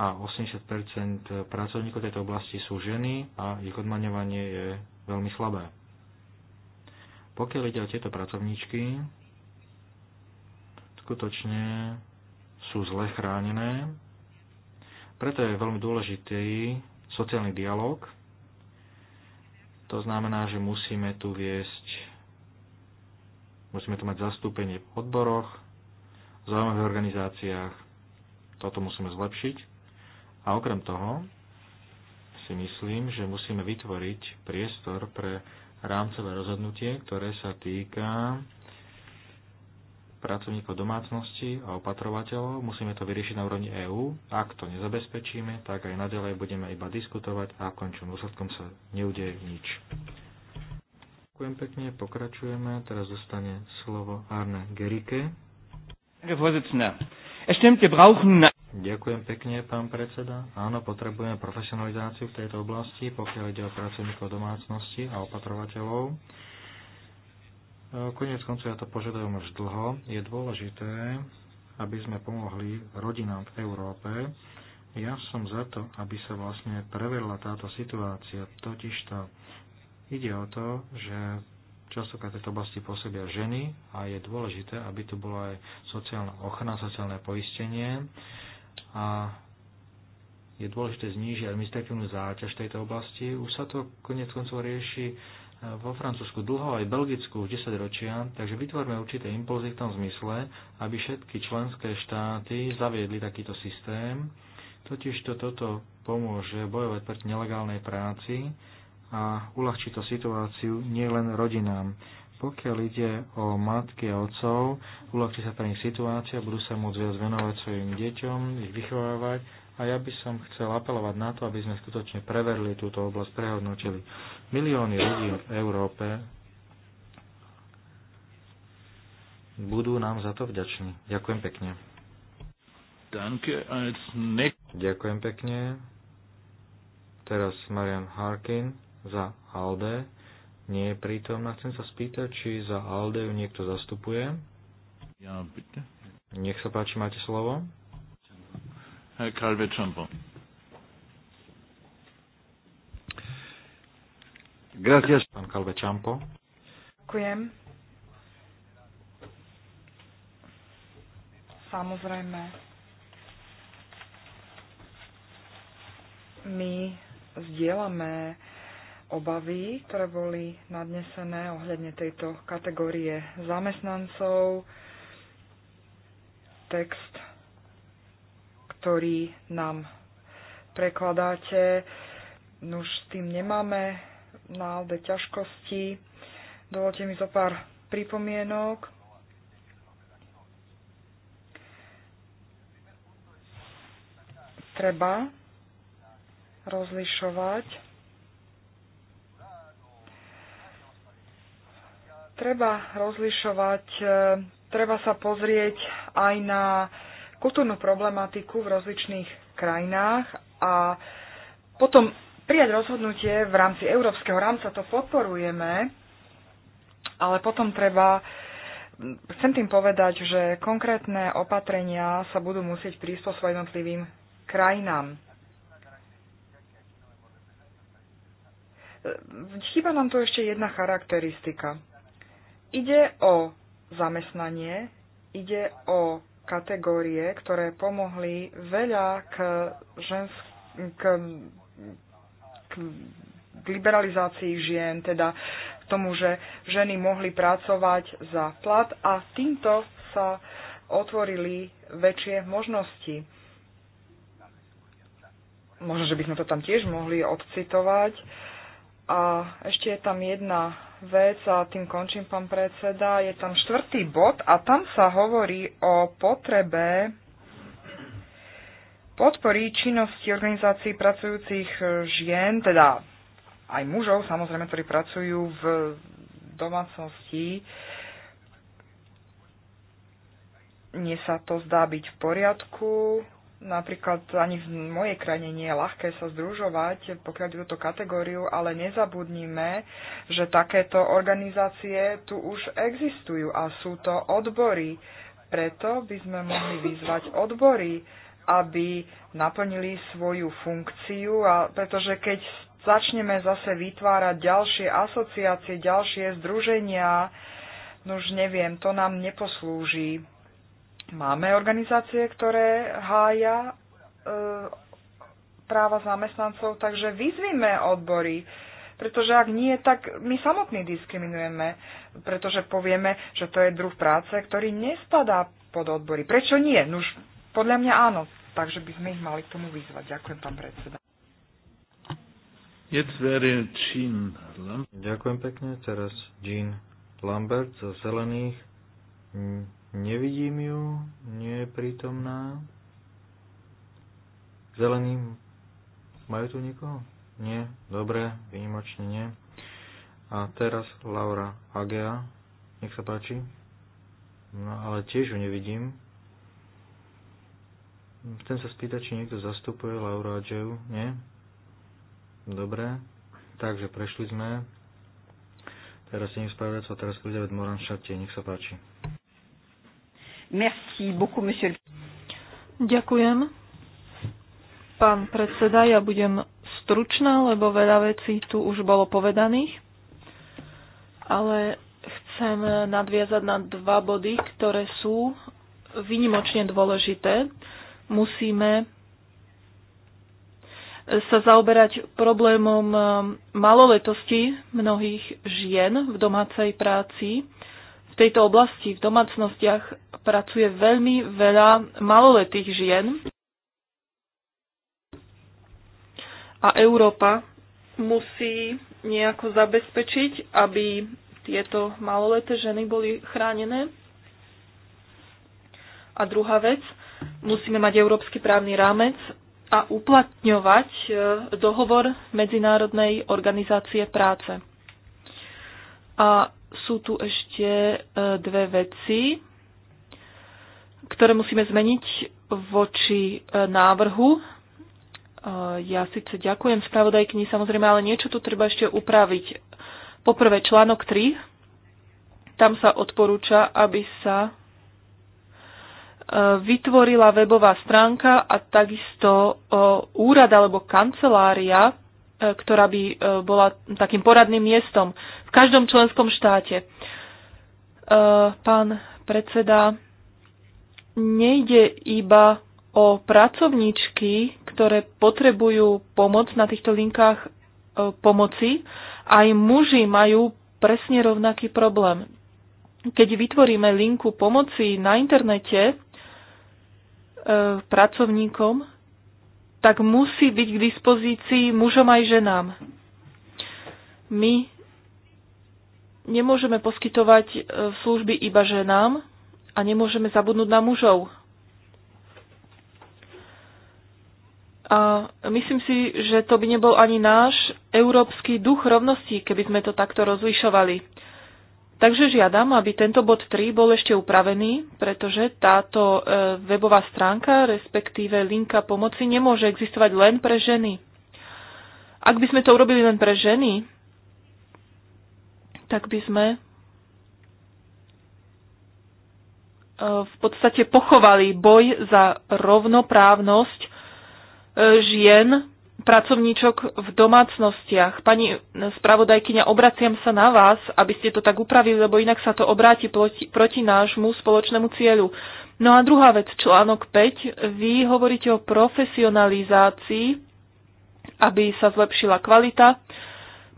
a 80 pracovníkov tejto oblasti sú ženy a ich odmaňovanie je veľmi slabé. Pokiaľ ide o tieto pracovníčky, skutočne sú zle chránené, preto je veľmi dôležitý sociálny dialog to znamená, že musíme tu viesť, musíme tu mať zastúpenie v odboroch, v zaujímavých organizáciách. Toto musíme zlepšiť. A okrem toho si myslím, že musíme vytvoriť priestor pre rámcové rozhodnutie, ktoré sa týka pracovníkov domácnosti a opatrovateľov. Musíme to vyriešiť na úrovni EÚ. Ak to nezabezpečíme, tak aj naďalej budeme iba diskutovať a končom dôsledkom sa neudeje nič. Ďakujem pekne, pokračujeme. Teraz zostane slovo Arne Gerike. Ďakujem pekne, pán predseda. Áno, potrebujeme profesionalizáciu v tejto oblasti, pokiaľ ide o pracovníkov domácnosti a opatrovateľov Konec konca ja to požadujem už dlho. Je dôležité, aby sme pomohli rodinám v Európe. Ja som za to, aby sa vlastne preverila táto situácia. to ide o to, že častokrát v tejto oblasti pôsobia ženy a je dôležité, aby tu bola aj sociálna ochrana, sociálne poistenie a je dôležité znížiť administratívnu záťaž v tejto oblasti. Už sa to konec koncov rieši vo Francúzsku dlho aj Belgicku už 10 ročia, takže vytvorme určité impulzy v tom zmysle, aby všetky členské štáty zaviedli takýto systém. Totiž to, toto pomôže bojovať proti nelegálnej práci a uľahčí to situáciu nielen rodinám. Pokiaľ ide o matky a otcov, uľahčí sa pre nich situácia, budú sa môcť viac venovať svojim deťom, ich vychovávať a ja by som chcel apelovať na to, aby sme skutočne preverili túto oblasť, prehodnotili. Milióny ľudí v Európe budú nám za to vďační. Ďakujem pekne. Ďakujem pekne. Teraz Marian Harkin za ALDE. Nie je prítomná. Chcem sa spýtať, či za ALDE ju niekto zastupuje. Ja, bitte. Nech sa páči, máte slovo. Herr Calvet-Champon. Gracias. Pán Kalve Ďakujem. Samozrejme, my zdieľame obavy, ktoré boli nadnesené ohľadne tejto kategórie zamestnancov. Text, ktorý nám prekladáte, už s tým nemáme na obe ťažkosti. Dovolte mi zo pár pripomienok. Treba rozlišovať. Treba rozlišovať, e, treba sa pozrieť aj na kultúrnu problematiku v rozličných krajinách a potom prijať rozhodnutie v rámci európskeho rámca, to podporujeme, ale potom treba, chcem tým povedať, že konkrétne opatrenia sa budú musieť prispôsobiť jednotlivým krajinám. Chýba nám tu ešte jedna charakteristika. Ide o zamestnanie, ide o kategórie, ktoré pomohli veľa k, žensk- k k liberalizácii žien, teda k tomu, že ženy mohli pracovať za plat a týmto sa otvorili väčšie možnosti. Možno, že by sme to tam tiež mohli odcitovať. A ešte je tam jedna vec a tým končím, pán predseda. Je tam štvrtý bod a tam sa hovorí o potrebe podporí činnosti organizácií pracujúcich e, žien, teda aj mužov, samozrejme, ktorí pracujú v domácnosti. Mne sa to zdá byť v poriadku. Napríklad ani v mojej krajine nie je ľahké sa združovať, pokiaľ túto kategóriu, ale nezabudnime, že takéto organizácie tu už existujú a sú to odbory. Preto by sme mohli vyzvať odbory, aby naplnili svoju funkciu, a pretože keď začneme zase vytvárať ďalšie asociácie, ďalšie združenia, no už neviem, to nám neposlúži. Máme organizácie, ktoré hája e, práva zamestnancov, takže vyzvime odbory, pretože ak nie, tak my samotní diskriminujeme, pretože povieme, že to je druh práce, ktorý nespadá pod odbory. Prečo nie? Nuž, podľa mňa áno, takže by sme ich mali k tomu vyzvať. Ďakujem, pán predseda. Ďakujem pekne. Teraz Jean Lambert zo Zelených. Nevidím ju, nie je prítomná. Zelení? majú tu nikoho? Nie, dobre, výnimočne nie. A teraz Laura Agea, nech sa páči. No ale tiež ju nevidím. Chcem sa spýtať, či niekto zastupuje Laura Adžeju. Nie? Dobre. Takže prešli sme. Teraz nech nespravedlec a teraz príde ved Moran Šatie. Nech sa páči. Merci beaucoup, monsieur. Ďakujem. Pán predseda, ja budem stručná, lebo veľa vecí tu už bolo povedaných. Ale chcem nadviazať na dva body, ktoré sú vynimočne dôležité musíme sa zaoberať problémom um, maloletosti mnohých žien v domácej práci. V tejto oblasti, v domácnostiach, pracuje veľmi veľa maloletých žien. A Európa musí nejako zabezpečiť, aby tieto maloleté ženy boli chránené. A druhá vec – Musíme mať európsky právny rámec a uplatňovať e, dohovor Medzinárodnej organizácie práce. A sú tu ešte e, dve veci, ktoré musíme zmeniť voči e, návrhu. Ja síce ďakujem spravodajkyni, samozrejme, ale niečo tu treba ešte upraviť. Poprvé, článok 3. Tam sa odporúča, aby sa vytvorila webová stránka a takisto e, úrad alebo kancelária, e, ktorá by e, bola takým poradným miestom v každom členskom štáte. Pán predseda, nejde iba o pracovníčky, ktoré potrebujú pomoc na týchto linkách pomoci, aj muži majú presne rovnaký problém. Keď vytvoríme linku pomoci na internete, E, pracovníkom, tak musí byť k dispozícii mužom aj ženám. My nemôžeme poskytovať e, služby iba ženám a nemôžeme zabudnúť na mužov. A myslím si, že to by nebol ani náš európsky duch rovnosti, keby sme to takto rozlišovali. Takže žiadam, aby tento bod 3 bol ešte upravený, pretože táto e, webová stránka, respektíve linka pomoci, nemôže existovať len pre ženy. Ak by sme to urobili len pre ženy, tak by sme e, v podstate pochovali boj za rovnoprávnosť e, žien pracovníčok v domácnostiach. Pani spravodajkyňa, obraciam sa na vás, aby ste to tak upravili, lebo inak sa to obráti proti, proti nášmu spoločnému cieľu. No a druhá vec, článok 5. Vy hovoríte o profesionalizácii, aby sa zlepšila kvalita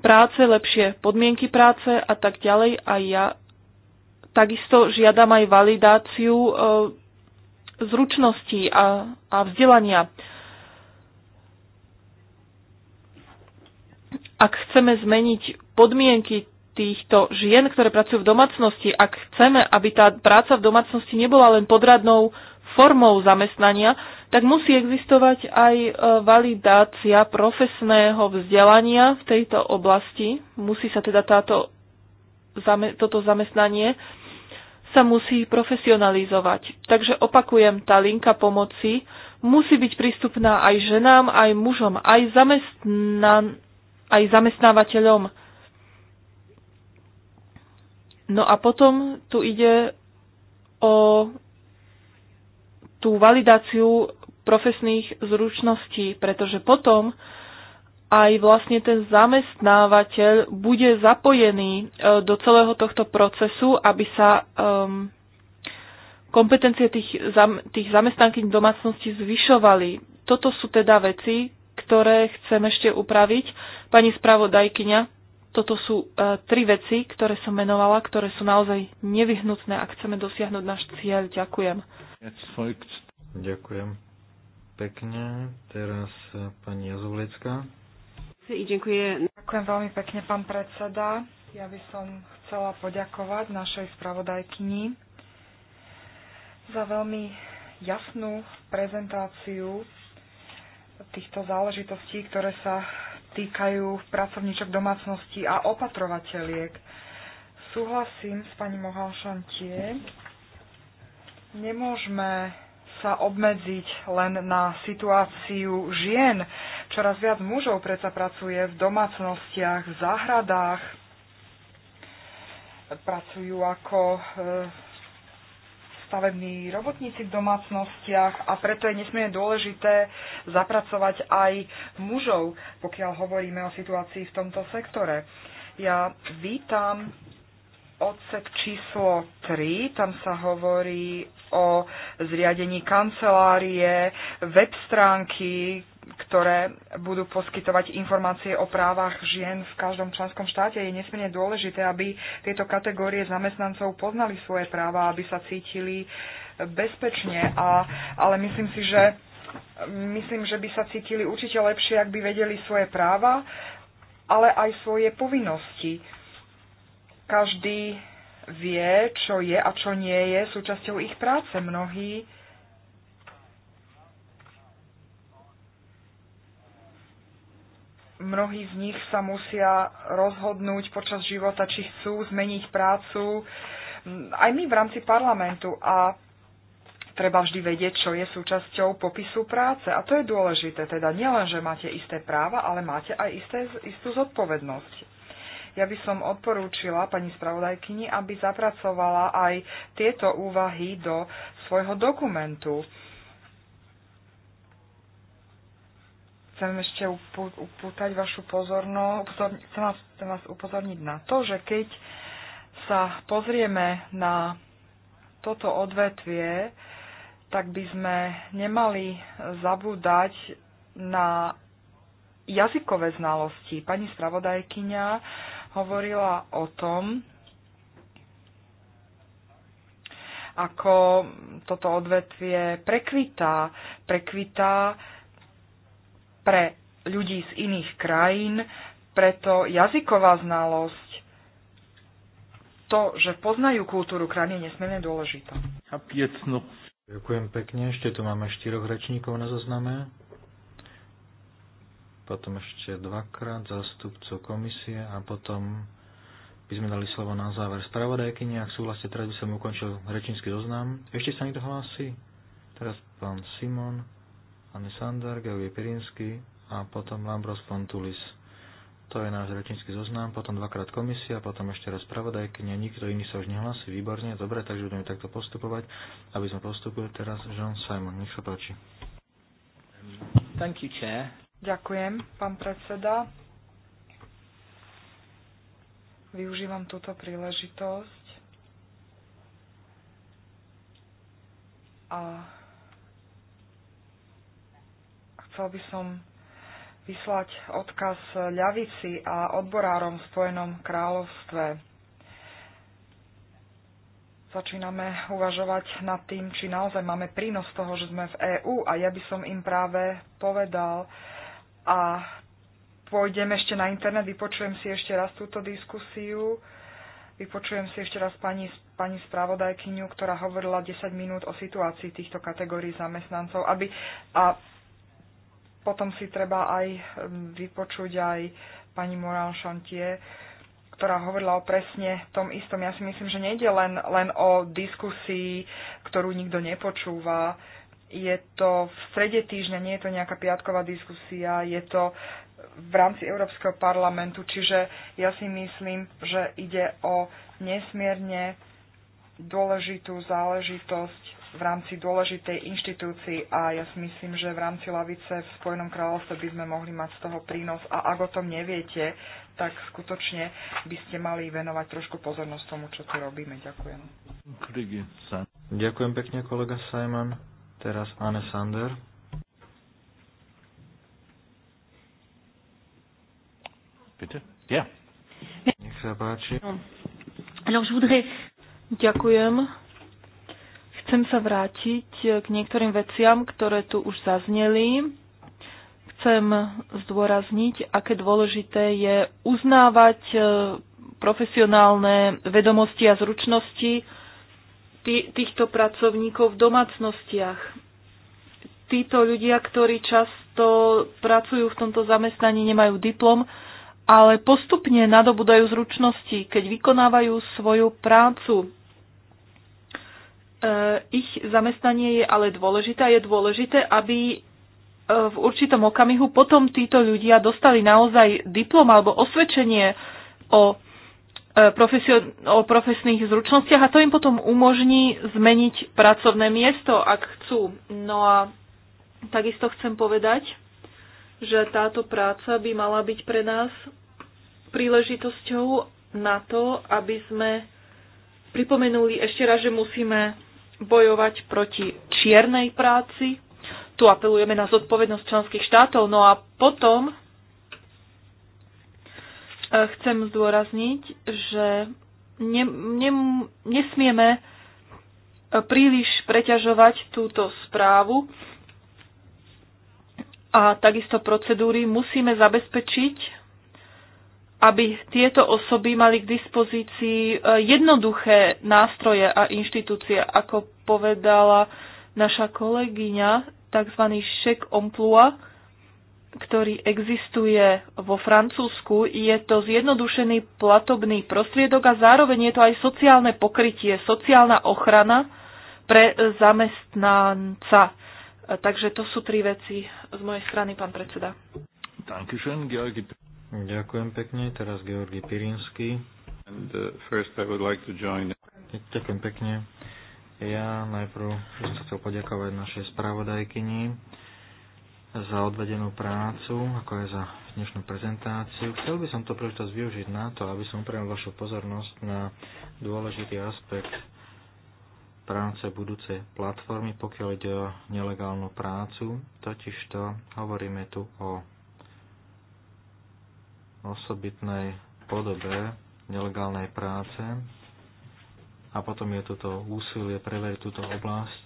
práce, lepšie podmienky práce a tak ďalej. A ja takisto žiadam aj validáciu e, zručností a, a vzdelania. ak chceme zmeniť podmienky týchto žien, ktoré pracujú v domácnosti, ak chceme, aby tá práca v domácnosti nebola len podradnou formou zamestnania, tak musí existovať aj e, validácia profesného vzdelania v tejto oblasti. Musí sa teda táto, toto zamestnanie sa musí profesionalizovať. Takže opakujem, tá linka pomoci musí byť prístupná aj ženám, aj mužom, aj zamestnan- aj zamestnávateľom. No a potom tu ide o tú validáciu profesných zručností, pretože potom aj vlastne ten zamestnávateľ bude zapojený e, do celého tohto procesu, aby sa um, kompetencie tých, zam, tých zamestnankyň domácnosti zvyšovali. Toto sú teda veci, ktoré chcem ešte upraviť. Pani spravodajkyňa, toto sú e, tri veci, ktoré som menovala, ktoré sú naozaj nevyhnutné, ak chceme dosiahnuť náš cieľ. Ďakujem. Ďakujem pekne. Teraz e, pani Jazovlecká. Ďakujem. Ďakujem veľmi pekne, pán predseda. Ja by som chcela poďakovať našej spravodajkyni za veľmi jasnú prezentáciu týchto záležitostí, ktoré sa týkajú pracovníčok domácnosti a opatrovateľiek. Súhlasím s pani Mohalšantie. Nemôžeme sa obmedziť len na situáciu žien. Čoraz viac mužov predsa pracuje v domácnostiach, v záhradách, pracujú ako e, stavební robotníci v domácnostiach a preto je nesmierne dôležité zapracovať aj mužov, pokiaľ hovoríme o situácii v tomto sektore. Ja vítam odsek číslo 3, tam sa hovorí o zriadení kancelárie, web stránky, ktoré budú poskytovať informácie o právach žien v každom členskom štáte. Je nesmierne dôležité, aby tieto kategórie zamestnancov poznali svoje práva, aby sa cítili bezpečne. A, ale myslím si, že myslím, že by sa cítili určite lepšie, ak by vedeli svoje práva, ale aj svoje povinnosti. Každý vie, čo je a čo nie je súčasťou ich práce. Mnohí mnohí z nich sa musia rozhodnúť počas života, či chcú zmeniť prácu, aj my v rámci parlamentu a treba vždy vedieť, čo je súčasťou popisu práce. A to je dôležité, teda nielen, že máte isté práva, ale máte aj isté, istú zodpovednosť. Ja by som odporúčila pani spravodajkyni, aby zapracovala aj tieto úvahy do svojho dokumentu. chcem ešte upútať vašu pozornosť, chcem vás, chcem vás upozorniť na to, že keď sa pozrieme na toto odvetvie, tak by sme nemali zabúdať na jazykové znalosti. Pani spravodajkyňa hovorila o tom, ako toto odvetvie prekvitá. Prekvitá pre ľudí z iných krajín, preto jazyková znalosť, to, že poznajú kultúru krajiny, je nesmierne dôležitá. Ďakujem pekne, ešte tu máme štyroch rečníkov na zozname. Potom ešte dvakrát zástupcu komisie a potom by sme dali slovo na záver spravodajkyni. Ak súhlasíte, teraz by som ukončil rečnícky zoznam. Ešte sa niekto hlási? Teraz pán Simon. Anne Sandar, Pirinsky a potom Lambros Pontulis. To je náš rečnícky zoznam, potom dvakrát komisia, potom ešte raz pravodajkynia, nikto iný sa už nehlasí, výborne, dobre, takže budeme takto postupovať, aby sme postupili teraz John Simon, nech sa páči. Thank you, chair. Ďakujem, pán predseda. Využívam túto príležitosť a Chcel by som vyslať odkaz ľavici a odborárom v Spojenom kráľovstve. Začíname uvažovať nad tým, či naozaj máme prínos toho, že sme v EÚ a ja by som im práve povedal a pôjdem ešte na internet, vypočujem si ešte raz túto diskusiu, vypočujem si ešte raz pani, pani spravodajkyňu, ktorá hovorila 10 minút o situácii týchto kategórií zamestnancov, aby, a potom si treba aj mm, vypočuť aj pani Morán Šantie, ktorá hovorila o presne tom istom. Ja si myslím, že nejde len, len o diskusii, ktorú nikto nepočúva. Je to v strede týždňa, nie je to nejaká piatková diskusia, je to v rámci Európskeho parlamentu, čiže ja si myslím, že ide o nesmierne dôležitú záležitosť v rámci dôležitej inštitúcii a ja si myslím, že v rámci lavice v Spojenom kráľovstve by sme mohli mať z toho prínos a ak o tom neviete, tak skutočne by ste mali venovať trošku pozornosť tomu, čo tu robíme. Ďakujem. Ďakujem pekne, kolega Simon. Teraz Anne Sander. Bitte? Ja. Nech sa páči. No. Alors, je voudrais... Ďakujem Chcem sa vrátiť eh, k niektorým veciam, ktoré tu už zazneli. Chcem zdôrazniť, aké dôležité je uznávať eh, profesionálne vedomosti a zručnosti týchto pracovníkov v domácnostiach. Títo ľudia, ktorí často pracujú v tomto zamestnaní, nemajú diplom, ale postupne nadobudajú zručnosti, keď vykonávajú svoju prácu. Eh, ich zamestnanie je ale dôležité a je dôležité, aby eh, v určitom okamihu potom títo ľudia dostali naozaj diplom alebo osvedčenie o, eh, profesio- o profesných zručnostiach a to im potom umožní zmeniť pracovné miesto, ak chcú. No a takisto chcem povedať, že táto práca by mala byť pre nás príležitosťou na to, aby sme pripomenuli ešte raz, že musíme bojovať proti čiernej práci. Tu apelujeme na zodpovednosť členských štátov. No a potom eh, chcem zdôrazniť, že ne, ne, nesmieme eh, príliš preťažovať túto správu a takisto procedúry musíme zabezpečiť, aby tieto osoby mali k dispozícii eh, jednoduché nástroje a inštitúcie. Ako povedala naša kolegyňa, tzv. šek omplua, ktorý existuje vo Francúzsku. Je to zjednodušený platobný prostriedok a zároveň je to aj sociálne pokrytie, sociálna ochrana pre zamestnanca. Takže to sú tri veci z mojej strany, pán predseda. Ďakujem pekne. Teraz Georgi Pirinsky. Uh, like join... Ďakujem pekne. Ja najprv by som chcel poďakovať našej spravodajkyni za odvedenú prácu, ako aj za dnešnú prezentáciu. Chcel by som to príležitosť využiť na to, aby som upriamil vašu pozornosť na dôležitý aspekt práce budúcej platformy, pokiaľ ide o nelegálnu prácu. Totižto hovoríme tu o osobitnej podobe nelegálnej práce, a potom je toto úsilie preveriť túto oblasť.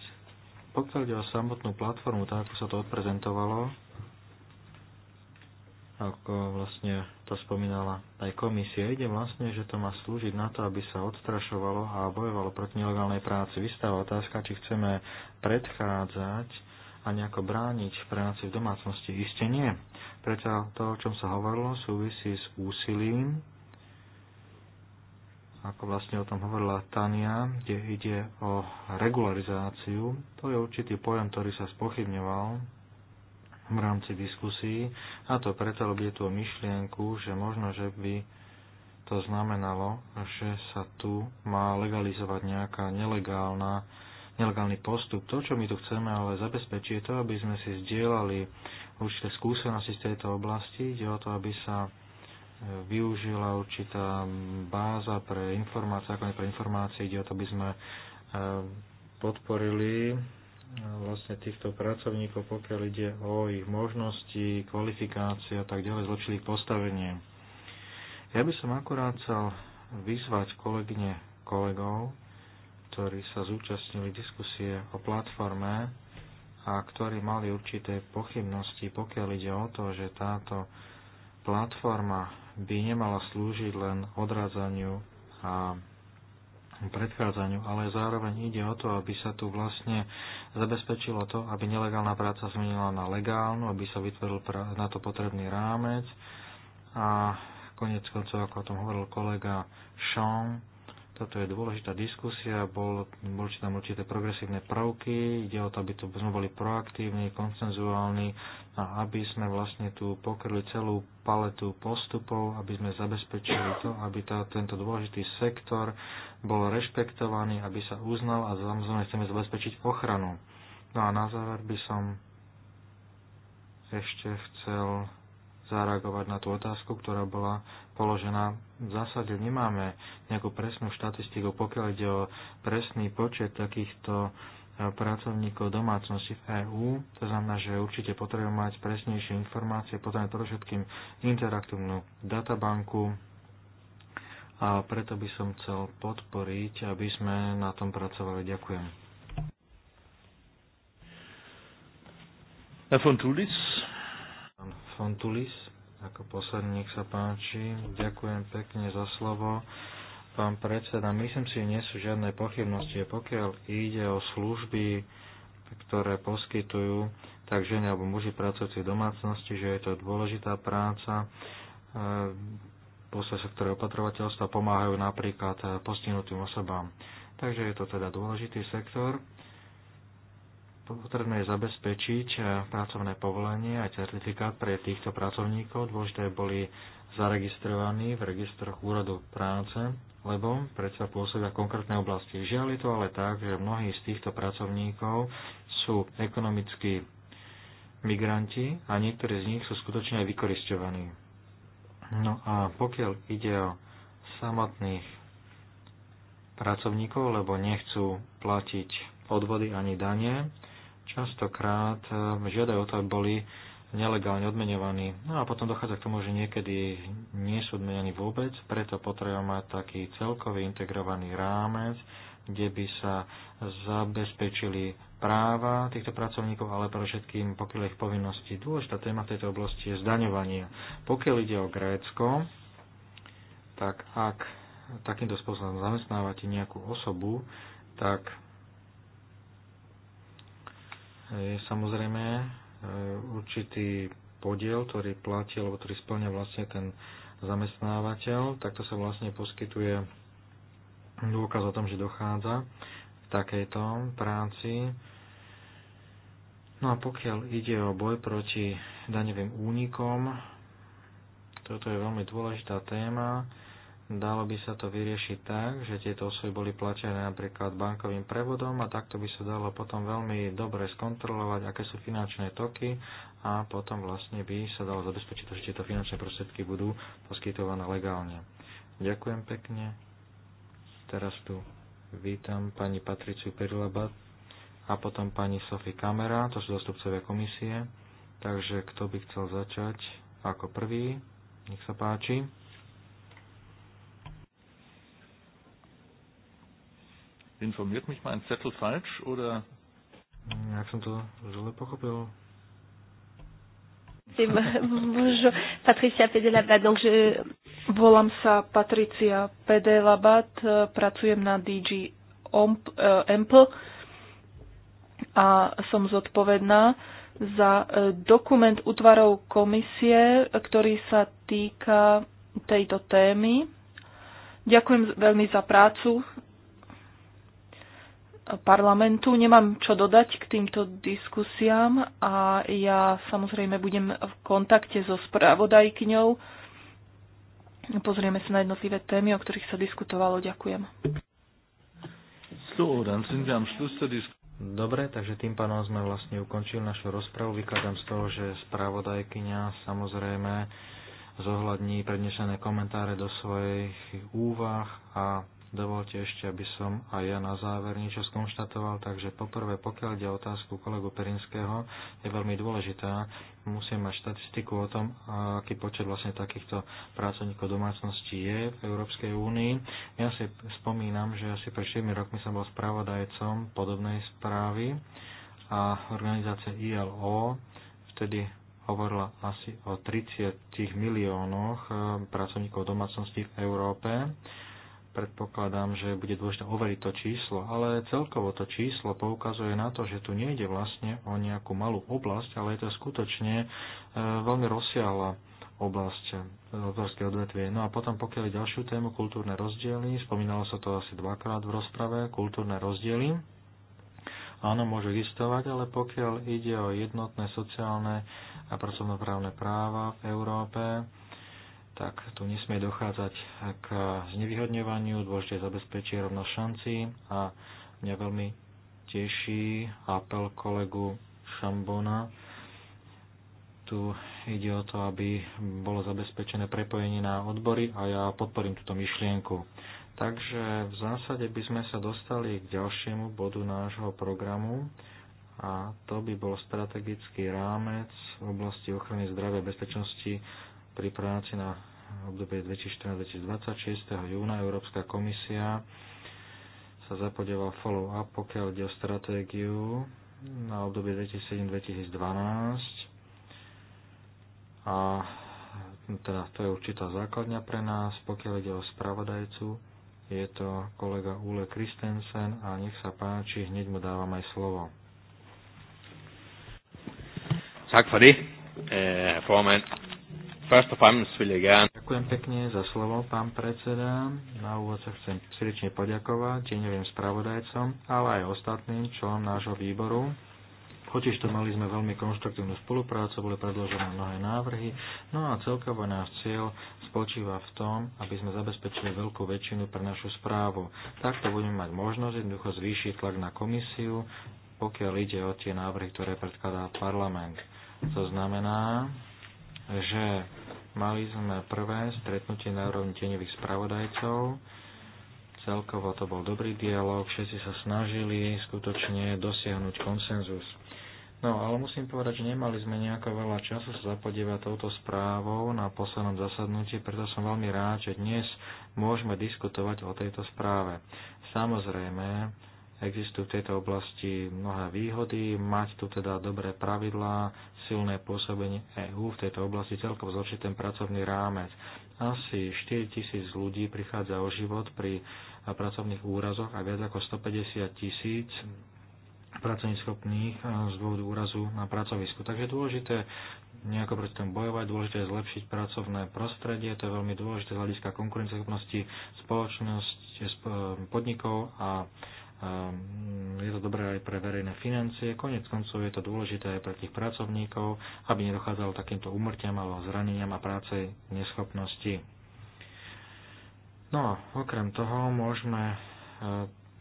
Pokiaľ ide o samotnú platformu, tak ako sa to odprezentovalo, ako vlastne to spomínala aj komisia, ide vlastne, že to má slúžiť na to, aby sa odstrašovalo a bojovalo proti nelegálnej práci. Vystáva otázka, či chceme predchádzať a nejako brániť práci v domácnosti. Isté nie. Preto to, o čom sa hovorilo, súvisí s úsilím ako vlastne o tom hovorila Tania, kde ide o regularizáciu. To je určitý pojem, ktorý sa spochybňoval v rámci diskusí a to preto, lebo je tu myšlienku, že možno, že by to znamenalo, že sa tu má legalizovať nejaká nelegálna, nelegálny postup. To, čo my tu chceme ale zabezpečiť, je to, aby sme si zdieľali určité skúsenosti z tejto oblasti. Ide o to, aby sa využila určitá báza pre informácie, ako pre informácie, ide o to, by sme e, podporili e, vlastne týchto pracovníkov, pokiaľ ide o ich možnosti, kvalifikácie a tak ďalej, zlepšili ich postavenie. Ja by som akurát chcel vyzvať kolegyne kolegov, ktorí sa zúčastnili diskusie o platforme a ktorí mali určité pochybnosti, pokiaľ ide o to, že táto platforma by nemala slúžiť len odrádzaniu a predchádzaniu, ale zároveň ide o to, aby sa tu vlastne zabezpečilo to, aby nelegálna práca zmenila na legálnu, aby sa vytvoril na to potrebný rámec a konec koncov, ako o tom hovoril kolega Sean, toto je dôležitá diskusia, bol, či tam určité progresívne prvky, ide o to, aby tu sme boli proaktívni, koncenzuálni, a aby sme vlastne tu pokryli celú paletu postupov, aby sme zabezpečili to, aby tá, tento dôležitý sektor bol rešpektovaný, aby sa uznal a samozrejme chceme zabezpečiť ochranu. No a na záver by som ešte chcel zareagovať na tú otázku, ktorá bola položená. V zásade nemáme nejakú presnú štatistiku, pokiaľ ide o presný počet takýchto pracovníkov domácnosti v EÚ. To znamená, že určite potrebujeme mať presnejšie informácie, potrebujeme všetkým interaktívnu databanku a preto by som chcel podporiť, aby sme na tom pracovali. Ďakujem. Fontulis. Pán Tulis, ako posledník sa páči. Ďakujem pekne za slovo. Pán predseda, myslím si, nie sú žiadne pochybnosti, pokiaľ ide o služby, ktoré poskytujú tak ženy alebo muži pracujúci v domácnosti, že je to dôležitá práca. Eh, Posle sektore opatrovateľstva pomáhajú napríklad eh, postihnutým osobám. Takže je to teda dôležitý sektor. Potrebné je zabezpečiť eh, pracovné povolenie a certifikát pre týchto pracovníkov. Dôležité boli zaregistrovaní v registroch úradov práce, lebo predsa pôsobia konkrétne oblasti. Žiaľ je to ale tak, že mnohí z týchto pracovníkov sú ekonomickí migranti a niektorí z nich sú skutočne aj vykoristovaní. No a pokiaľ ide o samotných pracovníkov, lebo nechcú platiť odvody ani dane, častokrát eh, žiadajú o to, aby boli nelegálne odmenovaní. No a potom dochádza k tomu, že niekedy nie sú odmenení vôbec, preto potrebujeme mať taký celkový integrovaný rámec, kde by sa zabezpečili práva týchto pracovníkov, ale pre všetkým pokiaľ ich povinnosti. Dôležitá téma v tejto oblasti je zdaňovanie. Pokiaľ ide o Grécko, tak ak takýmto spôsobom zamestnávate nejakú osobu, tak je samozrejme E, určitý podiel, ktorý platí, alebo ktorý splňa vlastne ten zamestnávateľ. Takto sa vlastne poskytuje dôkaz o tom, že dochádza v takejto práci. No a pokiaľ ide o boj proti daňovým únikom, toto je veľmi dôležitá téma. Dalo by sa to vyriešiť tak, že tieto osoby boli platené napríklad bankovým prevodom a takto by sa dalo potom veľmi dobre skontrolovať, aké sú finančné toky a potom vlastne by sa dalo zabezpečiť to, že tieto finančné prostriedky budú poskytované legálne. Ďakujem pekne. Teraz tu vítam pani Patriciu Perilaba a potom pani Sofie Kamera, to sú zastupcovia komisie. Takže kto by chcel začať ako prvý, nech sa páči. Informiert mich mein Zettel falsch oder? Ja som to zle pochopil. Patricia Pedelabat, donc je... Volám sa Patricia Pedelabat, pracujem na DG eh, Ample a som zodpovedná za eh, dokument útvarov komisie, ktorý sa týka tejto témy. Ďakujem veľmi za prácu parlamentu. Nemám čo dodať k týmto diskusiám a ja samozrejme budem v kontakte so spravodajkyňou. Pozrieme sa na jednotlivé témy, o ktorých sa diskutovalo. Ďakujem. Dobre, takže tým pánom sme vlastne ukončili našu rozpravu. Vykladám z toho, že spravodajkyňa samozrejme zohľadní prednešené komentáre do svojich úvah a Dovolte ešte, aby som aj ja na záver niečo skonštatoval, takže poprvé, pokiaľ ide o otázku kolegu Perinského, je veľmi dôležitá. musím mať štatistiku o tom, aký počet vlastne takýchto pracovníkov domácnosti je v Európskej únii. Ja si spomínam, že asi pred 4 rokmi som bol spravodajcom podobnej správy a organizácia ILO vtedy hovorila asi o 30 miliónoch eh, pracovníkov domácností v Európe predpokladám, že bude dôležité overiť to číslo, ale celkovo to číslo poukazuje na to, že tu nejde vlastne o nejakú malú oblasť, ale je to skutočne e, veľmi rozsiahla oblasť e, autorské odvetvie. No a potom pokiaľ je ďalšiu tému, kultúrne rozdiely, spomínalo sa to asi dvakrát v rozprave, kultúrne rozdiely. Áno, môžu existovať, ale pokiaľ ide o jednotné sociálne a pracovnoprávne práva v Európe, tak tu nesmie dochádzať k znevýhodňovaniu, dôležite zabezpečí rovnosť šanci a mňa veľmi teší apel kolegu Šambona. Tu ide o to, aby bolo zabezpečené prepojenie na odbory a ja podporím túto myšlienku. Takže v zásade by sme sa dostali k ďalšiemu bodu nášho programu a to by bol strategický rámec v oblasti ochrany zdravia a bezpečnosti pri práci na obdobie 2014-2020, 6. júna Európska komisia sa zapodieva follow-up, pokiaľ ide o stratégiu na obdobie 2007-2012 a teda to je určitá základňa pre nás, pokiaľ ide o spravodajcu, je to kolega Ule Kristensen a nech sa páči, hneď mu dávam aj slovo. Tak Fadi. Eh, formand. First of all, Ďakujem pekne za slovo, pán predseda. Na úvod sa chcem srdečne poďakovať tieňovým spravodajcom, ale aj ostatným členom nášho výboru. Hotiž to mali sme veľmi konštruktívnu spoluprácu, boli predložené mnohé návrhy, no a celkovo náš cieľ spočíva v tom, aby sme zabezpečili veľkú väčšinu pre našu správu. Takto budeme mať možnosť jednoducho zvýšiť tlak na komisiu, pokiaľ ide o tie návrhy, ktoré predkladá parlament. To znamená, že mali sme prvé stretnutie na úrovni tenových spravodajcov. Celkovo to bol dobrý dialog, všetci sa snažili skutočne dosiahnuť konsenzus. No, ale musím povedať, že nemali sme nejako veľa času sa zapodievať touto správou na poslednom zasadnutí, preto som veľmi rád, že dnes môžeme diskutovať o tejto správe. Samozrejme, Existujú v tejto oblasti mnohé výhody, mať tu teda dobré pravidlá, silné pôsobenie EÚ v tejto oblasti celkom zlepšiť ten pracovný rámec. Asi 4 tisíc ľudí prichádza o život pri pracovných úrazoch a viac ako 150 tisíc pracovne schopných eh, z dôvodu úrazu na pracovisku. Takže dôležité nejako proti tomu bojovať, dôležité je zlepšiť pracovné prostredie, to je veľmi dôležité z hľadiska konkurenceschopnosti spoločnosti, eh, podnikov a Mm, je to dobré aj pre verejné financie, konec koncov je to dôležité aj pre tých pracovníkov, aby nedochádzalo takýmto umrtiam alebo zraneniam a prácej neschopnosti. No a okrem toho môžeme e,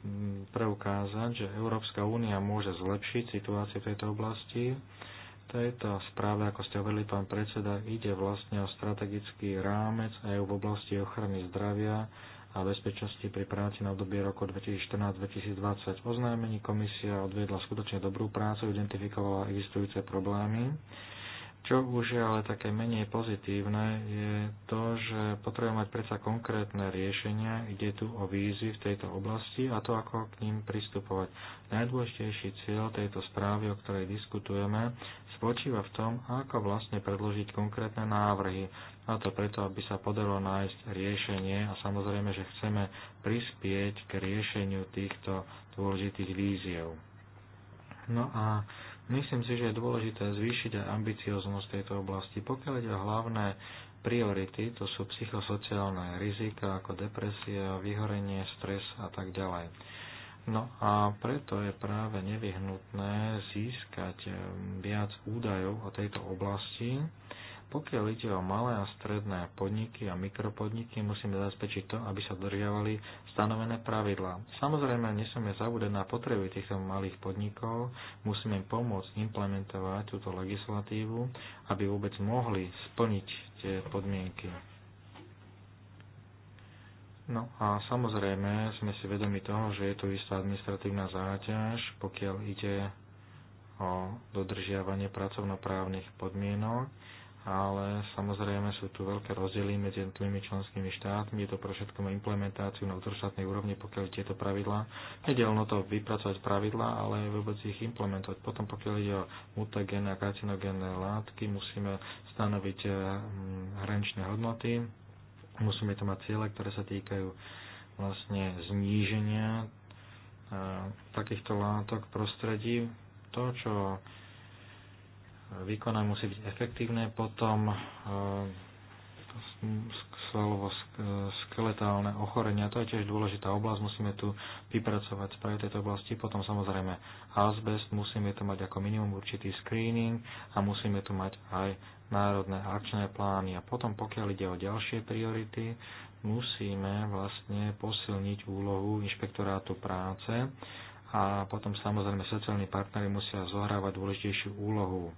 mm, preukázať, že Európska únia môže zlepšiť situáciu v tejto oblasti. V tejto správe, ako ste hovorili, pán predseda, ide vlastne o strategický rámec aj e v oblasti ochrany zdravia, a bezpečnosti pri práci na obdobie roku 2014-2020. Oznámení komisia odviedla skutočne dobrú prácu, identifikovala existujúce problémy. Čo už je ale také menej pozitívne, je to, že potrebujeme mať predsa konkrétne riešenia, ide tu o výzvy v tejto oblasti a to, ako k ním pristupovať. Najdôležitejší cieľ tejto správy, o ktorej diskutujeme, spočíva v tom, ako vlastne predložiť konkrétne návrhy. A to preto, aby sa podarilo nájsť riešenie a samozrejme, že chceme prispieť k riešeniu týchto dôležitých víziev. No a myslím si, že je dôležité zvýšiť aj ambicioznosť tejto oblasti. Pokiaľ ide o hlavné priority, to sú psychosociálne rizika ako depresia, vyhorenie, stres a tak ďalej. No a preto je práve nevyhnutné získať eh, viac údajov o tejto oblasti, pokiaľ ide o malé a stredné podniky a mikropodniky, musíme zabezpečiť to, aby sa držiavali stanovené pravidlá. Samozrejme, nesmieme zabúdať na potreby týchto malých podnikov, musíme im pomôcť implementovať túto legislatívu, aby vôbec mohli splniť tie podmienky. No a samozrejme sme si vedomi toho, že je tu istá administratívna záťaž, pokiaľ ide o dodržiavanie pracovnoprávnych podmienok ale samozrejme sú tu veľké rozdiely medzi jednotlivými členskými štátmi. Je to pre všetko implementáciu na vnútroštátnej úrovni, pokiaľ tieto pravidlá. Nede len to vypracovať pravidlá, ale vôbec ich implementovať. Potom, pokiaľ ide o mutagénne a karcinogénne látky, musíme stanoviť eh, mm, hraničné hodnoty, musíme to mať ciele, ktoré sa týkajú vlastne zníženia eh, takýchto látok prostredí. To, čo výkonné musí byť efektívne, potom e, svalovo skeletálne ochorenia, to je tiež dôležitá oblasť, musíme tu vypracovať správe tejto oblasti, potom samozrejme Asbest, musíme tu mať ako minimum určitý screening a musíme tu mať aj národné akčné plány a potom pokiaľ ide o ďalšie priority, musíme vlastne posilniť úlohu inšpektorátu práce a potom samozrejme sociálni partnery musia zohrávať dôležitejšiu úlohu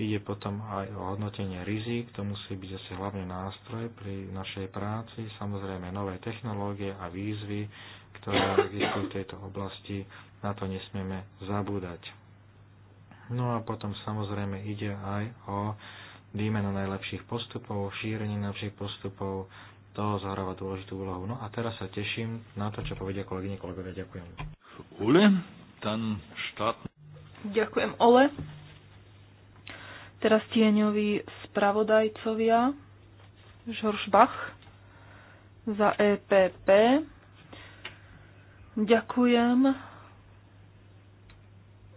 Ide potom aj o hodnotenie rizik, to musí byť asi hlavný nástroj pri našej práci, samozrejme nové technológie a výzvy, ktoré existujú v tejto oblasti, na to nesmieme zabúdať. No a potom samozrejme ide aj o výmenu najlepších postupov, šírenie najlepších postupov, to zahráva dôležitú úlohu. No a teraz sa teším na to, čo povedia kolegyne, kolegovia. Ďakujem. Ule, ten štát. Ďakujem, Ole. Teraz tieňoví spravodajcovia Žorž Bach za EPP. Ďakujem.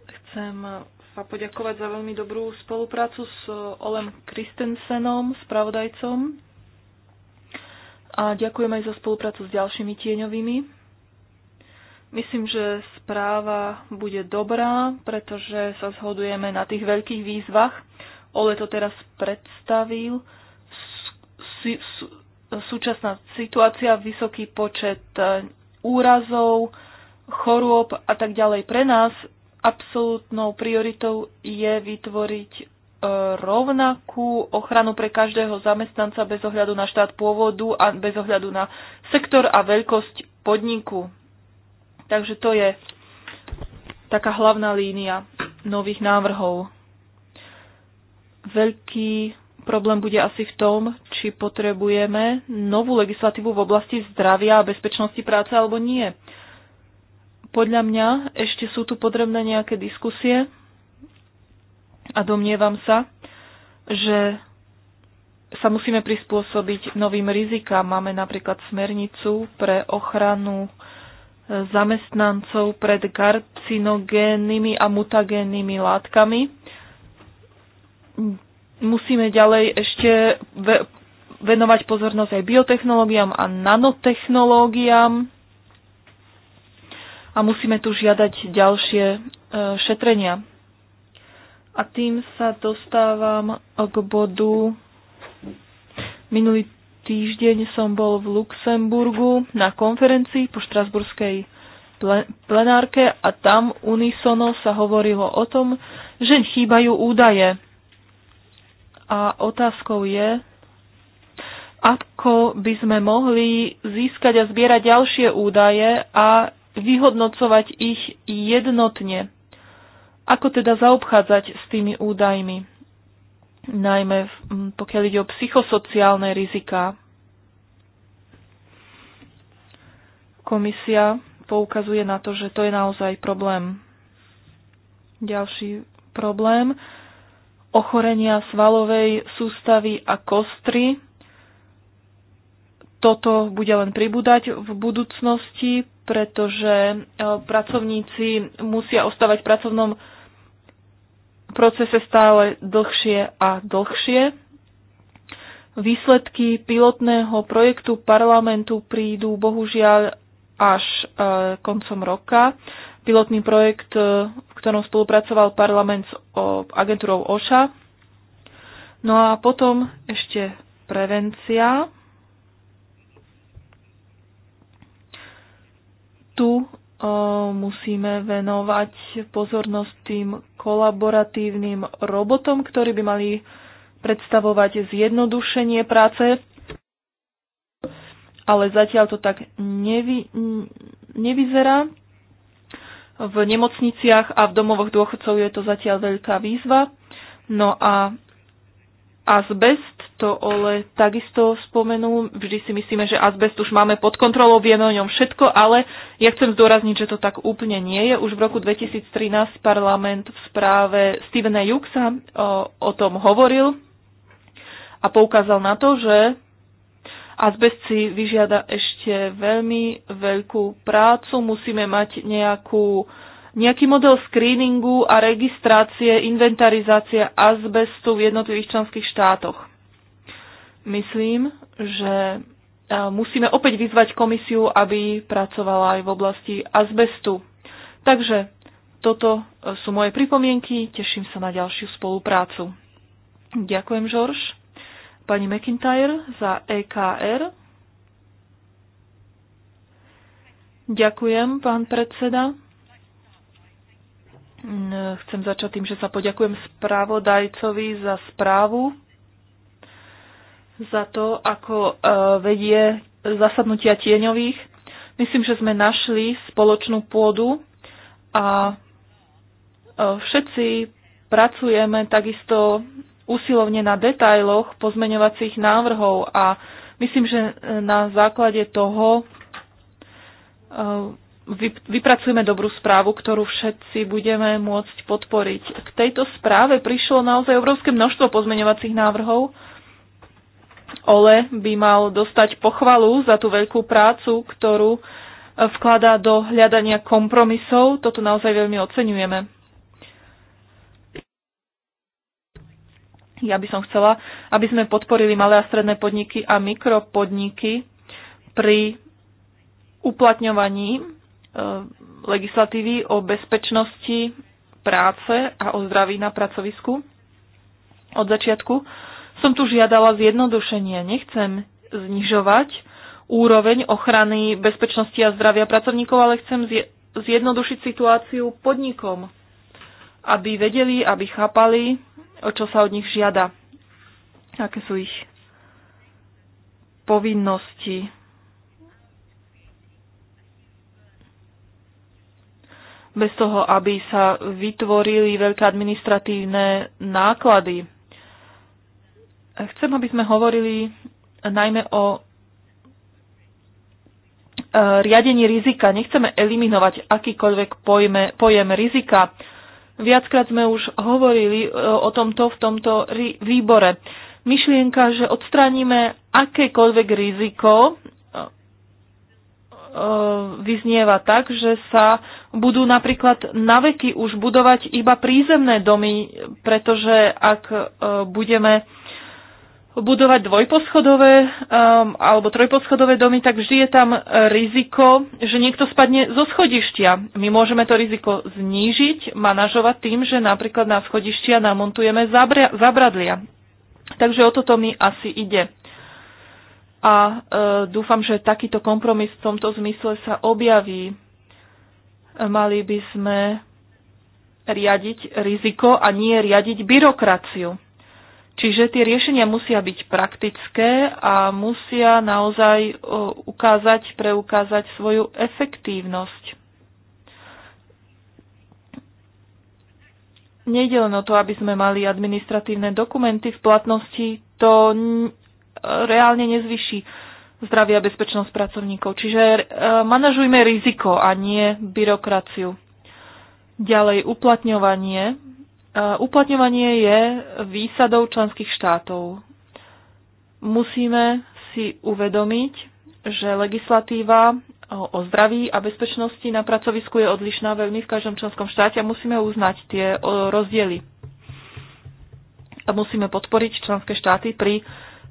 Chcem sa poďakovať za veľmi dobrú spoluprácu s Olem Kristensenom, spravodajcom. A ďakujem aj za spoluprácu s ďalšími tieňovými. Myslím, že správa bude dobrá, pretože sa zhodujeme na tých veľkých výzvach, Ole to teraz predstavil. Súčasná situácia, vysoký počet e, úrazov, chorôb a tak ďalej. Pre nás absolútnou prioritou je vytvoriť e, rovnakú ochranu pre každého zamestnanca bez ohľadu na štát pôvodu a bez ohľadu na sektor a veľkosť podniku. Takže to je taká hlavná línia nových návrhov. Veľký problém bude asi v tom, či potrebujeme novú legislatívu v oblasti zdravia a bezpečnosti práce alebo nie. Podľa mňa ešte sú tu potrebné nejaké diskusie a domnievam sa, že sa musíme prispôsobiť novým rizikám. Máme napríklad smernicu pre ochranu zamestnancov pred karcinogénnymi a mutagénnymi látkami musíme ďalej ešte venovať pozornosť aj biotechnológiám a nanotechnológiám a musíme tu žiadať ďalšie e, šetrenia. A tým sa dostávam e, k bodu. Minulý týždeň som bol v Luxemburgu na konferencii po štrasburskej plenárke a tam unisono sa hovorilo o tom, že chýbajú údaje a otázkou je, ako by sme mohli získať a zbierať ďalšie údaje a vyhodnocovať ich jednotne. Ako teda zaobchádzať s tými údajmi, najmä pokiaľ ide o psychosociálne riziká. Komisia poukazuje na to, že to je naozaj problém. Ďalší problém ochorenia svalovej sústavy a kostry. Toto bude len pribúdať v budúcnosti, pretože e, pracovníci musia ostávať v pracovnom procese stále dlhšie a dlhšie. Výsledky pilotného projektu parlamentu prídu bohužiaľ až e, koncom roka. Pilotný projekt, e, v ktorom spolupracoval parlament s agentúrou OŠA. No a potom ešte prevencia. Tu e, musíme venovať pozornosť tým kolaboratívnym robotom, ktorí by mali predstavovať zjednodušenie práce ale zatiaľ to tak nevy, nevyzerá. V nemocniciach a v domovoch dôchodcov je to zatiaľ veľká výzva. No a azbest, to Ole takisto spomenul, vždy si myslíme, že azbest už máme pod kontrolou, vieme o ňom všetko, ale ja chcem zdôrazniť, že to tak úplne nie je. Už v roku 2013 parlament v správe Stevena Juxa o, o tom hovoril a poukázal na to, že Azbest si vyžiada ešte veľmi veľkú prácu. Musíme mať nejakú, nejaký model screeningu a registrácie, inventarizácie azbestu v jednotlivých členských štátoch. Myslím, že musíme opäť vyzvať komisiu, aby pracovala aj v oblasti azbestu. Takže toto e, sú moje pripomienky, teším sa na ďalšiu spoluprácu. Ďakujem, George. Pani McIntyre za EKR. Ďakujem, pán predseda. Chcem začať tým, že sa poďakujem správodajcovi za správu, za to, ako e, vedie zasadnutia tieňových. Myslím, že sme našli spoločnú pôdu a e, všetci pracujeme takisto usilovne na detailoch pozmeňovacích návrhov a myslím, že e, na základe toho e, vypracujeme dobrú správu, ktorú všetci budeme môcť podporiť. K tejto správe prišlo naozaj obrovské množstvo pozmeňovacích návrhov. Ole by mal dostať pochvalu za tú veľkú prácu, ktorú e, vkladá do hľadania kompromisov. Toto naozaj veľmi oceňujeme. Ja by som chcela, aby sme podporili malé a stredné podniky a mikropodniky pri uplatňovaní e, legislatívy o bezpečnosti práce a o zdraví na pracovisku. Od začiatku som tu žiadala zjednodušenie. Nechcem znižovať úroveň ochrany bezpečnosti a zdravia pracovníkov, ale chcem zjednodušiť situáciu podnikom, aby vedeli, aby chápali, čo sa od nich žiada, aké sú ich povinnosti. Bez toho, aby sa vytvorili veľké administratívne náklady. Chcem, aby sme hovorili najmä o e, riadení rizika. Nechceme eliminovať akýkoľvek pojme, pojem rizika, Viackrát sme už hovorili e, o tomto v tomto výbore. Myšlienka, že odstraníme akékoľvek riziko, e, e, vyznieva tak, že sa budú napríklad na veky už budovať iba prízemné domy, pretože ak budeme budovať dvojposchodové um, alebo trojposchodové domy, tak vždy je tam riziko, že niekto spadne zo schodištia. My môžeme to riziko znížiť, manažovať tým, že napríklad na schodištia namontujeme zabria, zabradlia. Takže o toto mi asi ide. A e, dúfam, že takýto kompromis v tomto zmysle sa objaví. Mali by sme riadiť riziko a nie riadiť byrokraciu. Čiže tie riešenia musia byť praktické a musia naozaj e, ukázať, preukázať svoju efektívnosť. Nejde len o to, aby sme mali administratívne dokumenty v platnosti, to e, reálne nezvyší zdravie a bezpečnosť pracovníkov. Čiže e, manažujme riziko a nie byrokraciu. Ďalej uplatňovanie E, uplatňovanie je výsadou členských štátov. Musíme si uvedomiť, že legislatíva o zdraví a bezpečnosti na pracovisku je odlišná veľmi v každom členskom štáte a musíme uznať tie rozdiely. A musíme podporiť členské štáty pri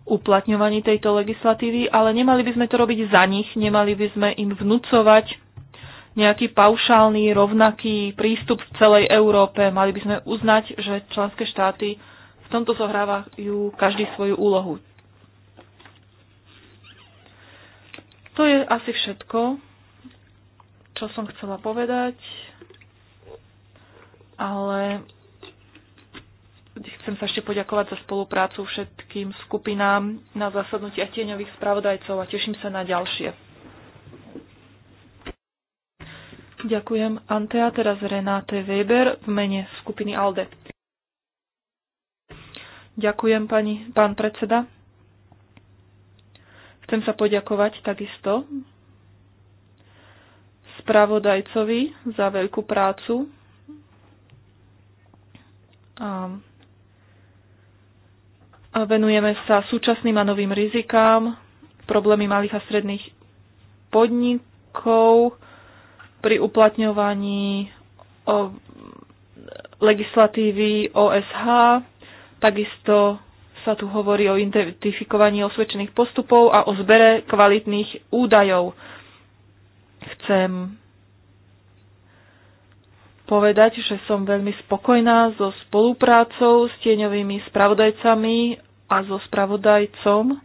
uplatňovaní tejto legislatívy, ale nemali by sme to robiť za nich, nemali by sme im vnúcovať nejaký paušálny, rovnaký prístup v celej Európe. Mali by sme uznať, že členské štáty v tomto zohrávajú každý svoju úlohu. To je asi všetko, čo som chcela povedať, ale chcem sa ešte poďakovať za spoluprácu všetkým skupinám na zasadnutia tieňových spravodajcov a teším sa na ďalšie. Ďakujem Antea, teraz Renáte Weber v mene skupiny ALDE. Ďakujem pani, pán predseda. Chcem sa poďakovať takisto spravodajcovi za veľkú prácu. A venujeme sa súčasným a novým rizikám, problémy malých a stredných podnikov, pri uplatňovaní o legislatívy OSH. Takisto sa tu hovorí o identifikovaní osvedčených postupov a o zbere kvalitných údajov. Chcem povedať, že som veľmi spokojná so spoluprácou s tieňovými spravodajcami a so spravodajcom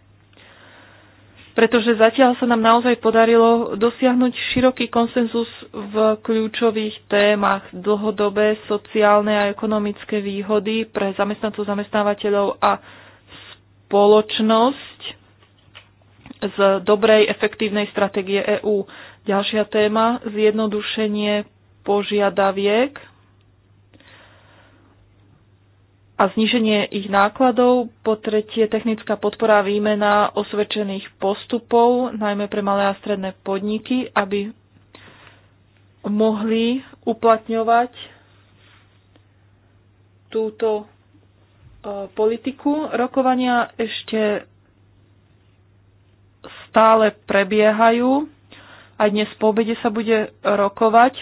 pretože zatiaľ sa nám naozaj podarilo dosiahnuť široký konsenzus v kľúčových témach dlhodobé sociálne a ekonomické výhody pre zamestnancov, zamestnávateľov a spoločnosť z dobrej, efektívnej stratégie EÚ. Ďalšia téma, zjednodušenie požiadaviek a zníženie ich nákladov, po tretie technická podpora a výmena osvedčených postupov, najmä pre malé a stredné podniky, aby mohli uplatňovať túto e, politiku. Rokovania ešte stále prebiehajú. Aj dnes po obede sa bude rokovať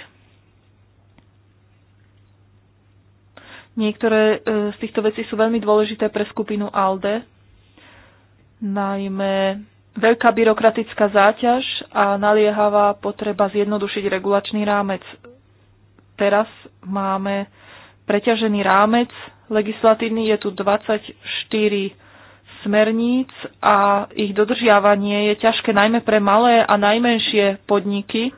Niektoré e, z týchto vecí sú veľmi dôležité pre skupinu ALDE, najmä veľká byrokratická záťaž a naliehavá potreba zjednodušiť regulačný rámec. Teraz máme preťažený rámec legislatívny, je tu 24 smerníc a ich dodržiavanie je ťažké najmä pre malé a najmenšie podniky,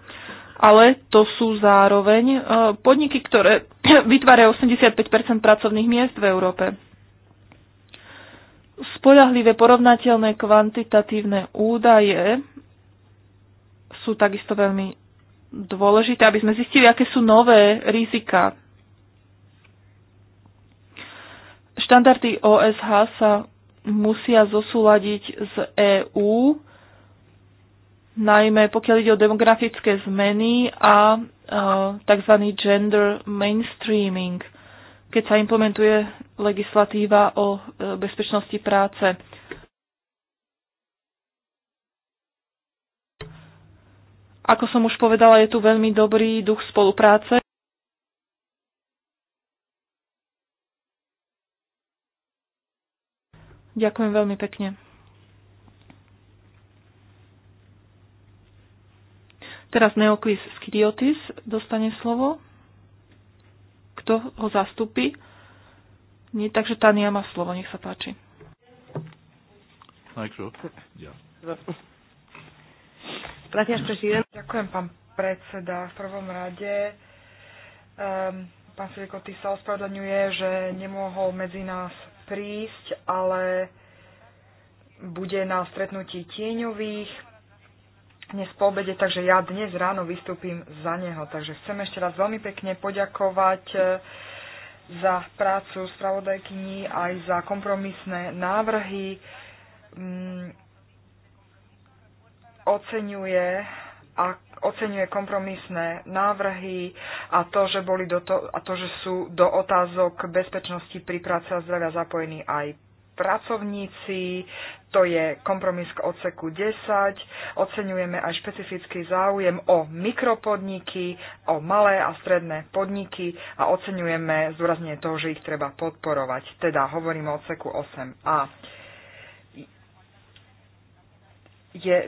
ale to sú zároveň e, podniky, ktoré vytvárajú 85 pracovných miest v Európe. Spoľahlivé porovnateľné kvantitatívne údaje sú takisto veľmi dôležité, aby sme zistili, aké sú nové rizika. Štandardy OSH sa musia zosúľadiť z EÚ najmä pokiaľ ide o demografické zmeny a e, tzv. gender mainstreaming, keď sa implementuje legislatíva o e, bezpečnosti práce. Ako som už povedala, je tu veľmi dobrý duch spolupráce. Ďakujem veľmi pekne. Teraz Neoklis Skidiotis dostane slovo. Kto ho zastupí? Nie, takže Tania má slovo, nech sa páči. Ďakujem, pán predseda. V prvom rade um, pán Silikoty sa ospravedlňuje, že nemohol medzi nás prísť, ale bude na stretnutí tieňových dnes po obede, takže ja dnes ráno vystúpim za neho. Takže chcem ešte raz veľmi pekne poďakovať e, za prácu spravodajkyni aj za kompromisné návrhy. Mm, oceňuje a oceňuje kompromisné návrhy a to, že, boli do to, a to, že sú do otázok bezpečnosti pri práce a zdravia zapojení aj pracovníci to je kompromis k odseku 10. Oceňujeme aj špecifický záujem o mikropodniky, o malé a stredné podniky a oceňujeme zdôraznenie toho, že ich treba podporovať. Teda hovoríme o odseku 8a. Je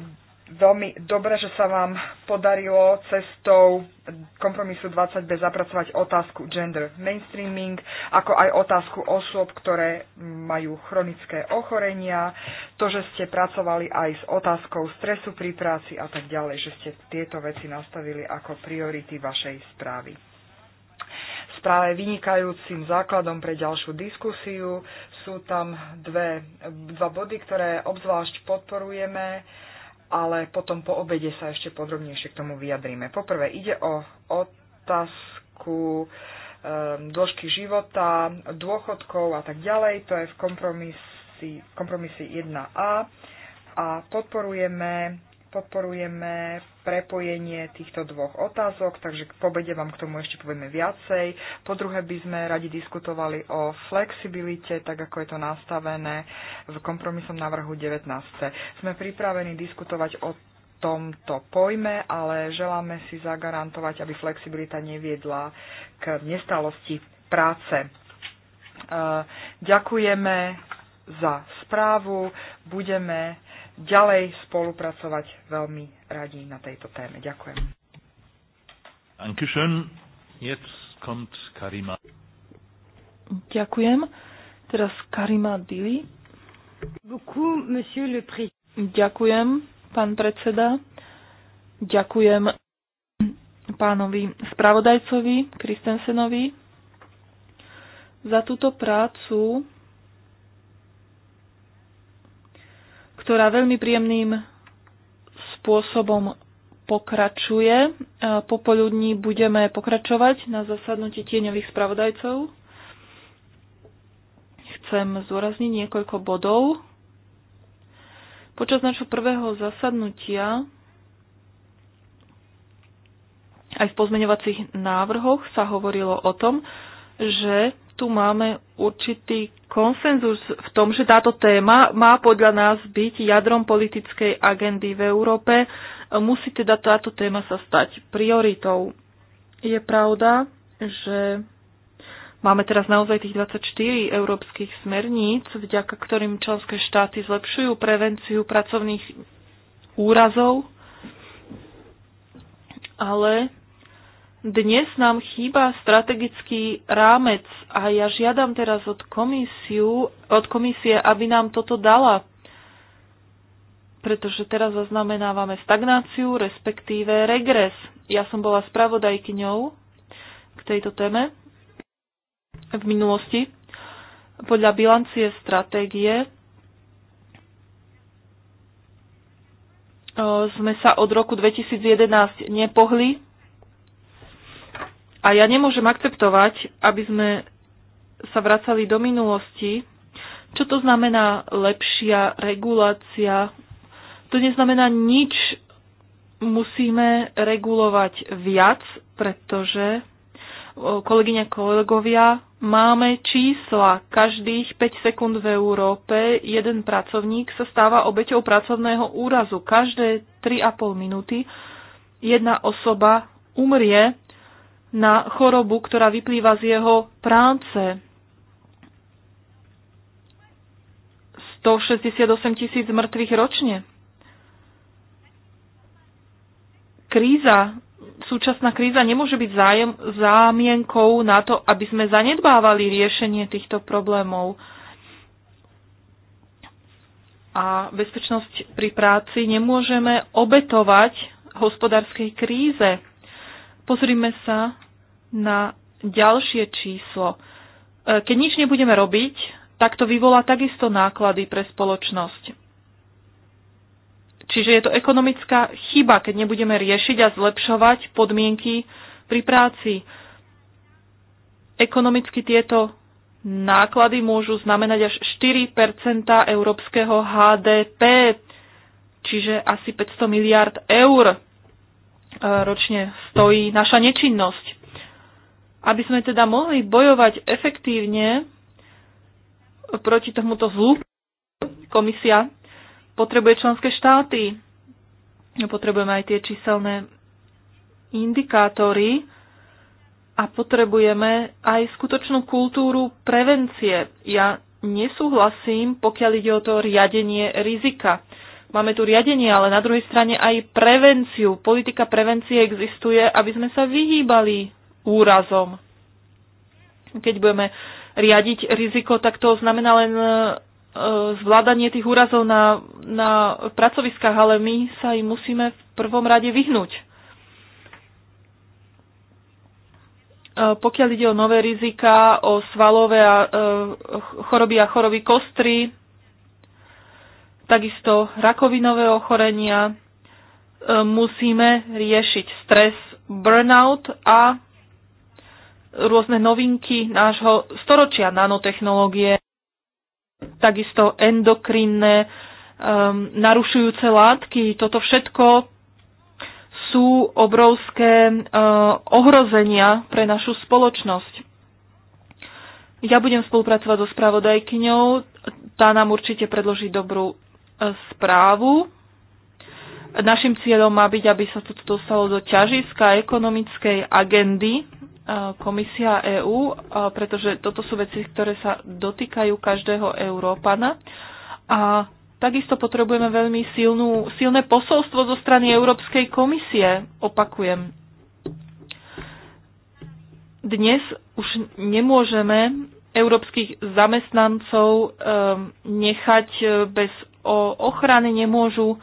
veľmi dobre, že sa vám podarilo cestou kompromisu 20b zapracovať otázku gender mainstreaming, ako aj otázku osôb, ktoré majú chronické ochorenia, to, že ste pracovali aj s otázkou stresu pri práci a tak ďalej, že ste tieto veci nastavili ako priority vašej správy. Správe vynikajúcim základom pre ďalšiu diskusiu sú tam dve, dva body, ktoré obzvlášť podporujeme ale potom po obede sa ešte podrobnejšie k tomu vyjadríme. Poprvé ide o otázku e, dĺžky života, dôchodkov a tak ďalej. To je v kompromisi, kompromisi 1a a podporujeme podporujeme prepojenie týchto dvoch otázok, takže k pobede vám k tomu ešte povieme viacej. Po druhé by sme radi diskutovali o flexibilite, tak ako je to nastavené v kompromisom návrhu 19. Sme pripravení diskutovať o tomto pojme, ale želáme si zagarantovať, aby flexibilita neviedla k nestalosti práce. E, ďakujeme za správu. Budeme ďalej spolupracovať veľmi radi na tejto téme. Ďakujem. Dankeschön. Jetzt kommt Karima. Ďakujem. Teraz Karima Dili. Beaucoup, monsieur le président. Ďakujem, pán predseda. Ďakujem pánovi spravodajcovi Kristensenovi za túto prácu, ktorá veľmi príjemným spôsobom pokračuje. E, Popoludní budeme pokračovať na zasadnutí tieňových spravodajcov. Chcem zdôrazniť niekoľko bodov. Počas našho prvého zasadnutia aj v pozmeňovacích návrhoch sa hovorilo o tom, že tu máme určitý konsenzus v tom, že táto téma má podľa nás byť jadrom politickej agendy v Európe. Musí teda táto téma sa stať prioritou. Je pravda, že Máme teraz naozaj tých 24 európskych smerníc, vďaka ktorým členské štáty zlepšujú prevenciu pracovných úrazov, ale dnes nám chýba strategický rámec a ja žiadam teraz od, komisiu, od komisie, aby nám toto dala, pretože teraz zaznamenávame stagnáciu, respektíve regres. Ja som bola spravodajkyňou k tejto téme v minulosti. Podľa bilancie stratégie sme sa od roku 2011 nepohli a ja nemôžem akceptovať, aby sme sa vracali do minulosti. Čo to znamená lepšia regulácia? To neznamená nič. Musíme regulovať viac, pretože kolegyňa, kolegovia, máme čísla. Každých 5 sekúnd v Európe jeden pracovník sa stáva obeťou pracovného úrazu. Každé 3,5 minúty jedna osoba umrie na chorobu, ktorá vyplýva z jeho práce. 168 tisíc mŕtvych ročne. Kríza, súčasná kríza nemôže byť zájem, zámienkou na to, aby sme zanedbávali riešenie týchto problémov. A bezpečnosť pri práci nemôžeme obetovať hospodárskej kríze. Pozrime sa na ďalšie číslo. E, keď nič nebudeme robiť, tak to vyvolá takisto náklady pre spoločnosť. Čiže je to ekonomická chyba, keď nebudeme riešiť a zlepšovať podmienky pri práci. Ekonomicky tieto náklady môžu znamenať až 4 európskeho HDP, čiže asi 500 miliard eur ročne stojí naša nečinnosť. Aby sme teda mohli bojovať efektívne proti tomuto zlu, komisia potrebuje členské štáty. Potrebujeme aj tie číselné indikátory a potrebujeme aj skutočnú kultúru prevencie. Ja nesúhlasím, pokiaľ ide o to riadenie rizika. Máme tu riadenie, ale na druhej strane aj prevenciu. Politika prevencie existuje, aby sme sa vyhýbali úrazom. Keď budeme riadiť riziko, tak to znamená len e, zvládanie tých úrazov na, na pracoviskách, ale my sa im musíme v prvom rade vyhnúť. E, pokiaľ ide o nové rizika, o svalové a, e, choroby a choroby kostry, takisto rakovinové ochorenia, e, musíme riešiť stres, burnout a rôzne novinky nášho storočia, nanotechnológie, takisto endokrinné, um, narušujúce látky. Toto všetko sú obrovské uh, ohrozenia pre našu spoločnosť. Ja budem spolupracovať so spravodajkyňou, tá nám určite predloží dobrú správu. Našim cieľom má byť, aby sa toto dostalo do ťažiska ekonomickej agendy e, Komisia EÚ, e, pretože toto sú veci, ktoré sa dotýkajú každého Európana. A takisto potrebujeme veľmi silnú, silné posolstvo zo strany Európskej komisie, opakujem. Dnes už nemôžeme európskych zamestnancov e, nechať bez o ochrany, nemôžu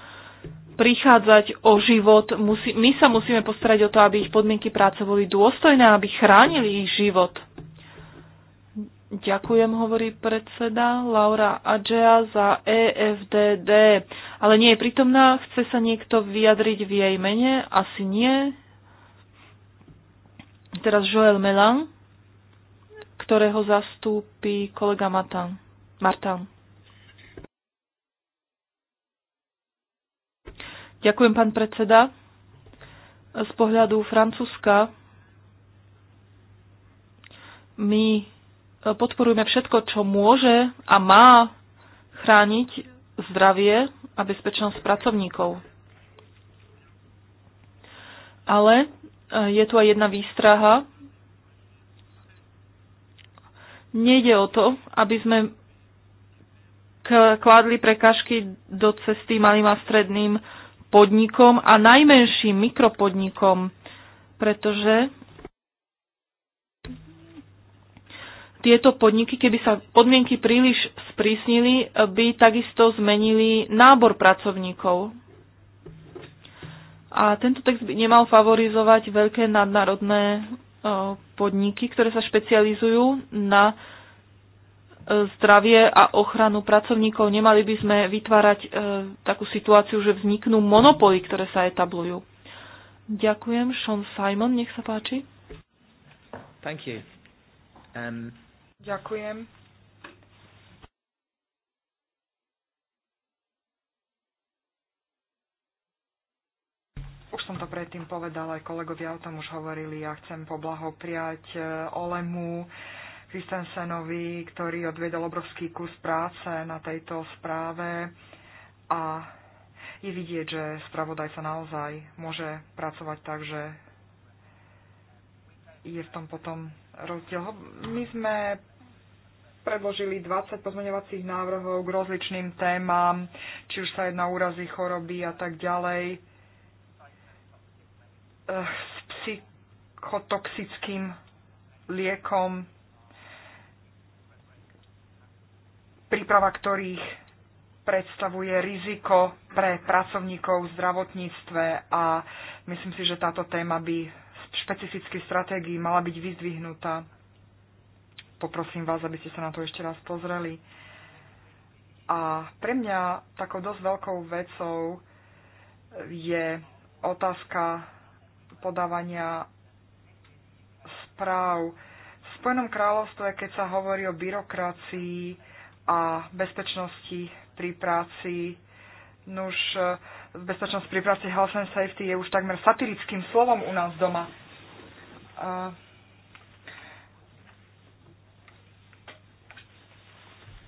prichádzať o život. Musí, my sa musíme postarať o to, aby ich podmienky práce boli dôstojné, aby chránili ich život. Ďakujem, hovorí predseda Laura Adžea za EFDD, ale nie je prítomná. Chce sa niekto vyjadriť v jej mene? Asi nie. Teraz Joel Melan, ktorého zastúpi kolega Martin. Martin. Ďakujem, pán predseda. Z pohľadu Francúzska my podporujeme všetko, čo môže a má chrániť zdravie a bezpečnosť pracovníkov. Ale je tu aj jedna výstraha. Nejde o to, aby sme kládli prekážky do cesty malým a stredným podnikom a najmenším mikropodnikom, pretože tieto podniky, keby sa podmienky príliš sprísnili, by takisto zmenili nábor pracovníkov. A tento text by nemal favorizovať veľké nadnárodné eh, podniky, ktoré sa špecializujú na zdravie a ochranu pracovníkov. Nemali by sme vytvárať e, takú situáciu, že vzniknú monopoly, ktoré sa etablujú. Ďakujem. Sean Simon, nech sa páči. Thank you. Um... Ďakujem. Už som to predtým povedala, aj kolegovia o tom už hovorili. Ja chcem poblahopriať e, Olemu Christensenovi, ktorý odvedol obrovský kus práce na tejto správe a je vidieť, že spravodajca naozaj môže pracovať tak, že je v tom potom rozdiel. My sme predložili 20 pozmeňovacích návrhov k rozličným témam, či už sa jedná úrazy, choroby a tak ďalej, eh, s psychotoxickým liekom príprava ktorých predstavuje riziko pre pracovníkov v zdravotníctve a myslím si, že táto téma by v špecifickej stratégii mala byť vyzdvihnutá. Poprosím vás, aby ste sa na to ešte raz pozreli. A pre mňa takou dosť veľkou vecou je otázka podávania správ. V Spojenom kráľovstve, keď sa hovorí o byrokracii, a bezpečnosti pri práci. Nuž, e, bezpečnosť pri práci health and safety je už takmer satirickým slovom u nás doma. A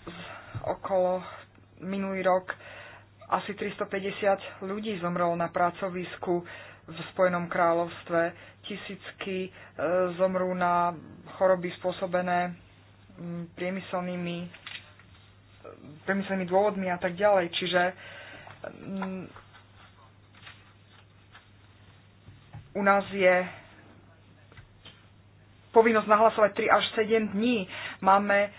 e, okolo minulý rok asi 350 ľudí zomrelo na pracovisku v Spojenom kráľovstve. Tisícky e, zomrú na choroby spôsobené priemyselnými premyslenými dôvodmi a tak ďalej. Čiže mm, u nás je povinnosť nahlasovať 3 až 7 dní. Máme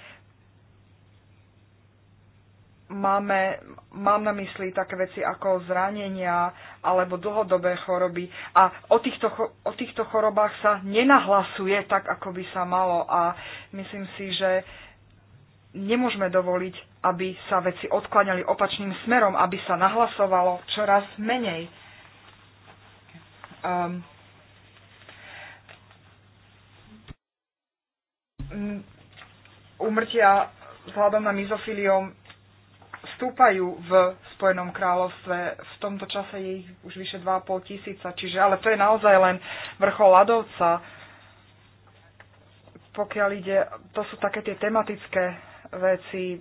máme, mám na mysli také veci ako zranenia alebo dlhodobé choroby. A o týchto, o týchto chorobách sa nenahlasuje tak, ako by sa malo. A myslím si, že nemôžeme dovoliť, aby sa veci odkláňali opačným smerom, aby sa nahlasovalo čoraz menej. Um, umrtia vzhľadom na mizofiliom stúpajú v Spojenom kráľovstve. V tomto čase je ich už vyše 2,5 tisíca, čiže ale to je naozaj len vrchol ľadovca. Pokiaľ ide, to sú také tie tematické veci.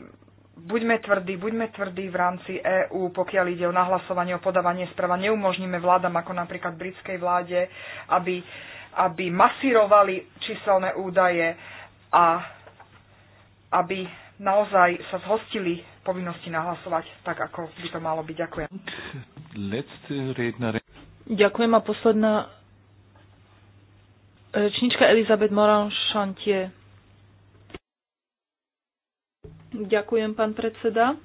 Buďme tvrdí, buďme tvrdí v rámci EÚ, pokiaľ ide o nahlasovanie, o podávanie správa. Neumožníme vládam, ako napríklad britskej vláde, aby, aby masírovali číselné údaje a aby naozaj sa zhostili povinnosti nahlasovať tak, ako by to malo byť. Ďakujem. Ďakujem a posledná rečnička Elizabeth Moran Chantier. Ďakujem, pán predseda.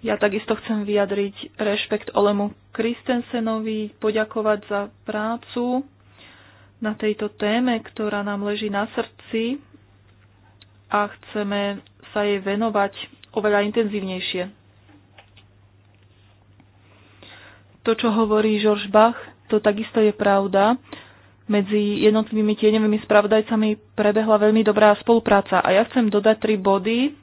Ja takisto chcem vyjadriť rešpekt Olemu Kristensenovi, poďakovať za prácu na tejto téme, ktorá nám leží na srdci a chceme sa jej venovať oveľa intenzívnejšie. To, čo hovorí George Bach, to takisto je pravda medzi jednotlivými tieňovými spravodajcami prebehla veľmi dobrá spolupráca. A ja chcem dodať tri body,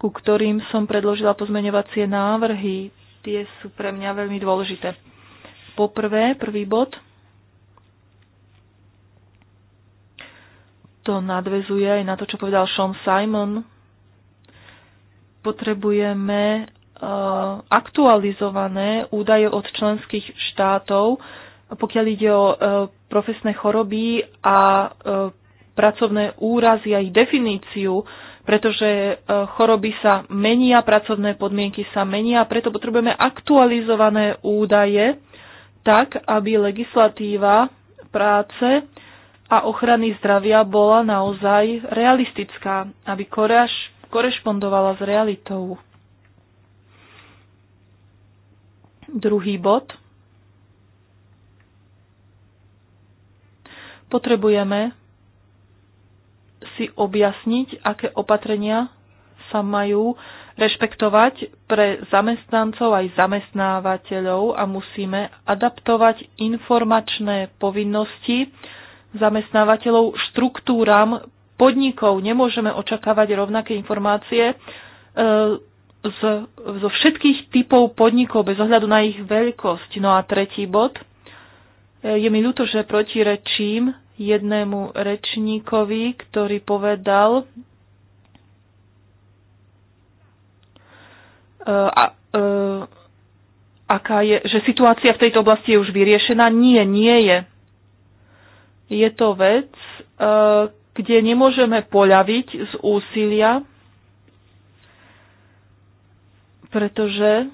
ku ktorým som predložila pozmeňovacie návrhy. Tie sú pre mňa veľmi dôležité. Poprvé, prvý bod. To nadvezuje aj na to, čo povedal Sean Simon. Potrebujeme eh, aktualizované údaje od členských štátov, pokiaľ ide o e, profesné choroby a e, pracovné úrazy a ich definíciu, pretože e, choroby sa menia, pracovné podmienky sa menia, preto potrebujeme aktualizované údaje tak, aby legislatíva práce a ochrany zdravia bola naozaj realistická, aby koreš, korešpondovala s realitou. Druhý bod. Potrebujeme si objasniť, aké opatrenia sa majú rešpektovať pre zamestnancov aj zamestnávateľov a musíme adaptovať informačné povinnosti zamestnávateľov štruktúram podnikov. Nemôžeme očakávať rovnaké informácie e, zo všetkých typov podnikov bez ohľadu na ich veľkosť. No a tretí bod – je mi ľúto, že protirečím jednému rečníkovi, ktorý povedal, e, a, a, e, aká je, že situácia v tejto oblasti je už vyriešená. Nie, nie je. Je to vec, e, kde nemôžeme poľaviť z úsilia, pretože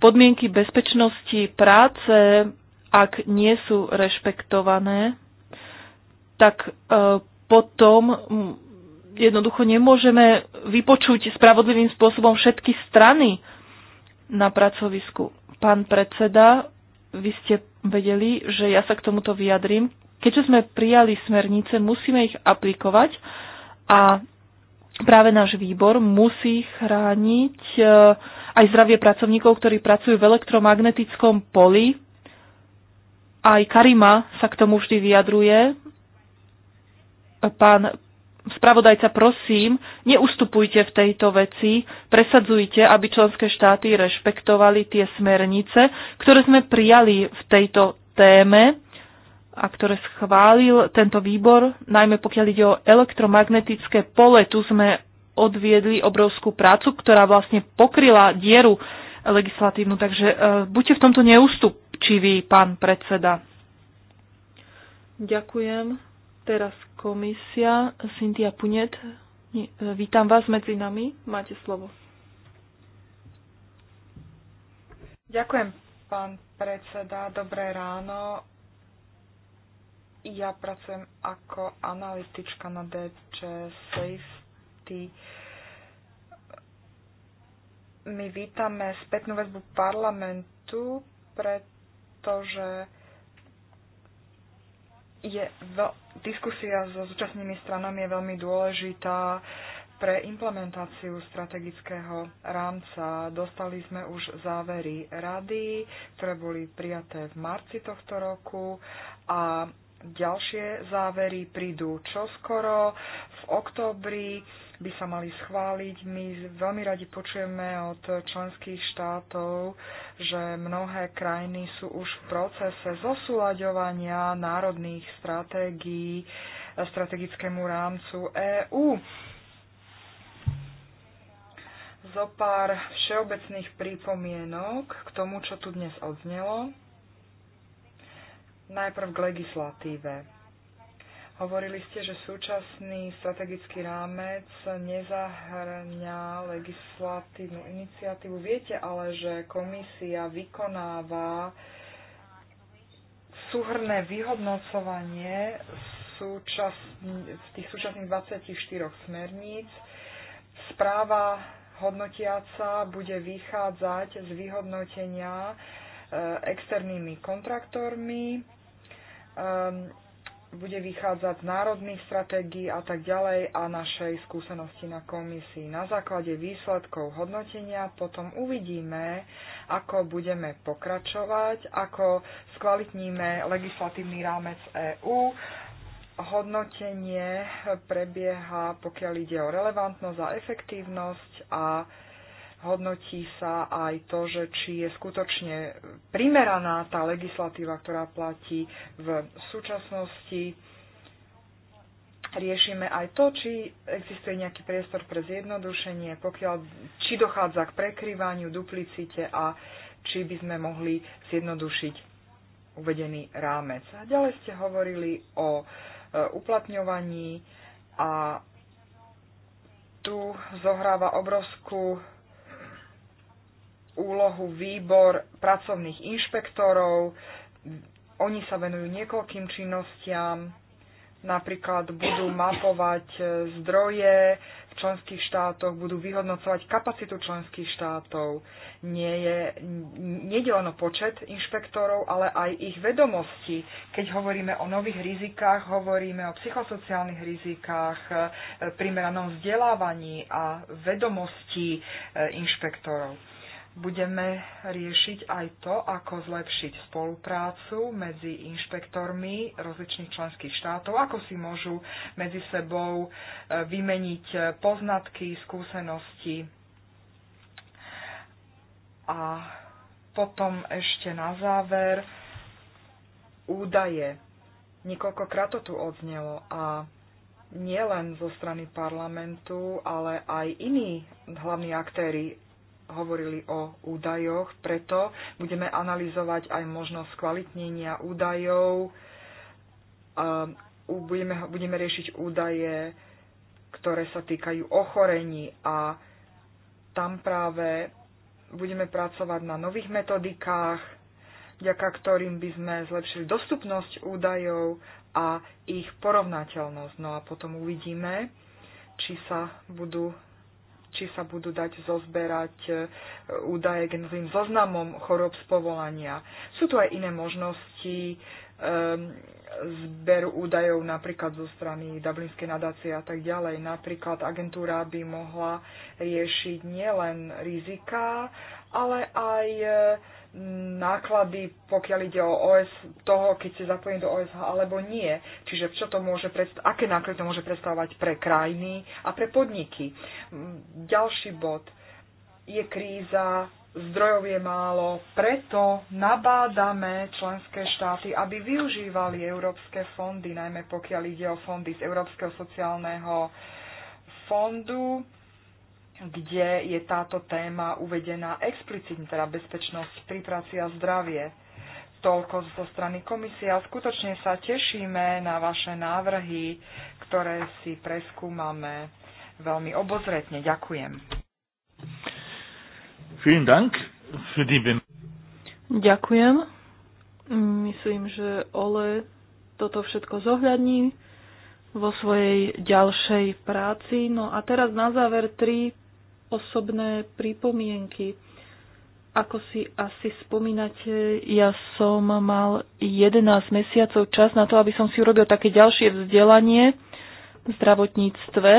podmienky bezpečnosti práce, ak nie sú rešpektované, tak e, potom jednoducho nemôžeme vypočuť spravodlivým spôsobom všetky strany na pracovisku. Pán predseda, vy ste vedeli, že ja sa k tomuto vyjadrím. Keďže sme prijali smernice, musíme ich aplikovať a práve náš výbor musí chrániť e, aj zdravie pracovníkov, ktorí pracujú v elektromagnetickom poli. Aj Karima sa k tomu vždy vyjadruje. Pán spravodajca, prosím, neustupujte v tejto veci, presadzujte, aby členské štáty rešpektovali tie smernice, ktoré sme prijali v tejto téme a ktoré schválil tento výbor, najmä pokiaľ ide o elektromagnetické pole. Tu sme odviedli obrovskú prácu, ktorá vlastne pokryla dieru legislatívnu. Takže e, buďte v tomto neústupčiví, pán predseda. Ďakujem. Teraz komisia. Cynthia Punet, Nie, e, vítam vás medzi nami. Máte slovo. Ďakujem, pán predseda. Dobré ráno ja pracujem ako analytička na DČ Safety. My vítame spätnú väzbu parlamentu, pretože je veľ, diskusia so súčasnými stranami je veľmi dôležitá pre implementáciu strategického rámca. Dostali sme už závery rady, ktoré boli prijaté v marci tohto roku a Ďalšie závery prídu čoskoro. V októbri by sa mali schváliť. My veľmi radi počujeme od členských štátov, že mnohé krajiny sú už v procese zosúľaďovania národných stratégií strategickému rámcu EÚ. Zopár všeobecných prípomienok k tomu, čo tu dnes odznelo. Najprv k legislatíve. Hovorili ste, že súčasný strategický rámec nezahrňa legislatívnu iniciatívu. Viete ale, že komisia vykonáva súhrné vyhodnocovanie z tých súčasných 24 smerníc. Správa hodnotiaca bude vychádzať z vyhodnotenia e, externými kontraktormi um, bude vychádzať z národných stratégií a tak ďalej a našej skúsenosti na komisii. Na základe výsledkov hodnotenia potom uvidíme, ako budeme pokračovať, ako skvalitníme legislatívny rámec EÚ. Hodnotenie prebieha, pokiaľ ide o relevantnosť a efektívnosť a hodnotí sa aj to, že či je skutočne primeraná tá legislatíva, ktorá platí v súčasnosti. Riešime aj to, či existuje nejaký priestor pre zjednodušenie, pokiaľ, či dochádza k prekryvaniu, duplicite a či by sme mohli zjednodušiť uvedený rámec. A ďalej ste hovorili o e, uplatňovaní a tu zohráva obrovskú úlohu výbor pracovných inšpektorov. Oni sa venujú niekoľkým činnostiam, napríklad budú mapovať e, zdroje v členských štátoch, budú vyhodnocovať kapacitu členských štátov. Nie je nedeleno počet inšpektorov, ale aj ich vedomosti. Keď hovoríme o nových rizikách, hovoríme o psychosociálnych rizikách, e, primeranom vzdelávaní a vedomosti e, inšpektorov budeme riešiť aj to, ako zlepšiť spoluprácu medzi inšpektormi rozličných členských štátov, ako si môžu medzi sebou e, vymeniť poznatky, skúsenosti. A potom ešte na záver údaje. Niekoľkokrát to tu odznelo a nielen zo strany parlamentu, ale aj iní hlavní aktéry hovorili o údajoch, preto budeme analyzovať aj možnosť kvalitnenia údajov, ehm, budeme, budeme riešiť údaje, ktoré sa týkajú ochorení a tam práve budeme pracovať na nových metodikách, vďaka ktorým by sme zlepšili dostupnosť údajov a ich porovnateľnosť. No a potom uvidíme, či sa budú či sa budú dať zozberať e, údaje genozým zoznamom chorob z povolania. Sú tu aj iné možnosti ehm, zberu údajov napríklad zo strany Dublinskej nadácie a tak ďalej. Napríklad agentúra by mohla riešiť nielen rizika, ale aj e, náklady, pokiaľ ide o OS, toho, keď ste zapojení do OSH alebo nie. Čiže čo to môže aké náklady to môže predstavovať pre krajiny a pre podniky. Mm, ďalší bod je kríza, zdrojov je málo, preto nabádame členské štáty, aby využívali európske fondy, najmä pokiaľ ide o fondy z Európskeho sociálneho fondu kde je táto téma uvedená explicitne, teda bezpečnosť pri práci a zdravie. Toľko zo strany komisie a skutočne sa tešíme na vaše návrhy, ktoré si preskúmame veľmi obozretne. Ďakujem. Ďakujem. Myslím, že Ole toto všetko zohľadní vo svojej ďalšej práci. No a teraz na záver tri osobné pripomienky. Ako si asi spomínate, ja som mal 11 mesiacov čas na to, aby som si urobil také ďalšie vzdelanie v zdravotníctve,